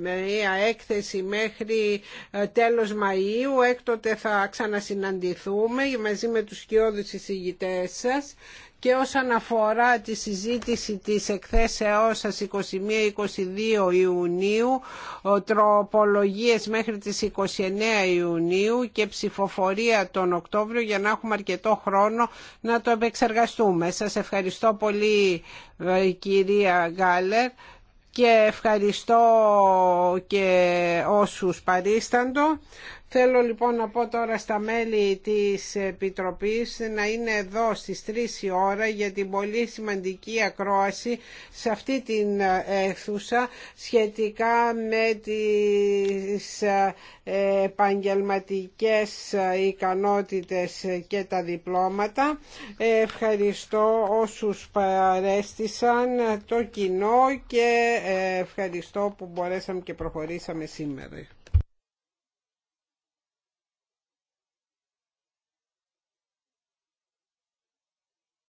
μια έκθεση μέχρι ε, τέλος Μαΐου. Έκτοτε θα ξανασυναντηθούμε μαζί με τους κοιόδους εισηγητές σας και όσον αφορά τη συζήτηση της εκθέσεώς σας 21-22 Ιουνίου, τροπολογίες μέχρι τις 29 Ιουνίου και ψηφοφορία τον Οκτώβριο για να έχουμε αρκετό χρόνο να το επεξεργαστούμε. Σας ευχαριστώ πολύ ε, κυρία Γκάλερ και ευχαριστώ και όσους παρίσταντο. Θέλω λοιπόν να πω τώρα στα μέλη της Επιτροπής να είναι εδώ στις 3 η ώρα για την πολύ σημαντική ακρόαση σε αυτή την αίθουσα σχετικά με τις επαγγελματικές ικανότητες και τα διπλώματα. Ευχαριστώ όσους παρέστησαν το κοινό και ευχαριστώ που μπορέσαμε και προχωρήσαμε σήμερα.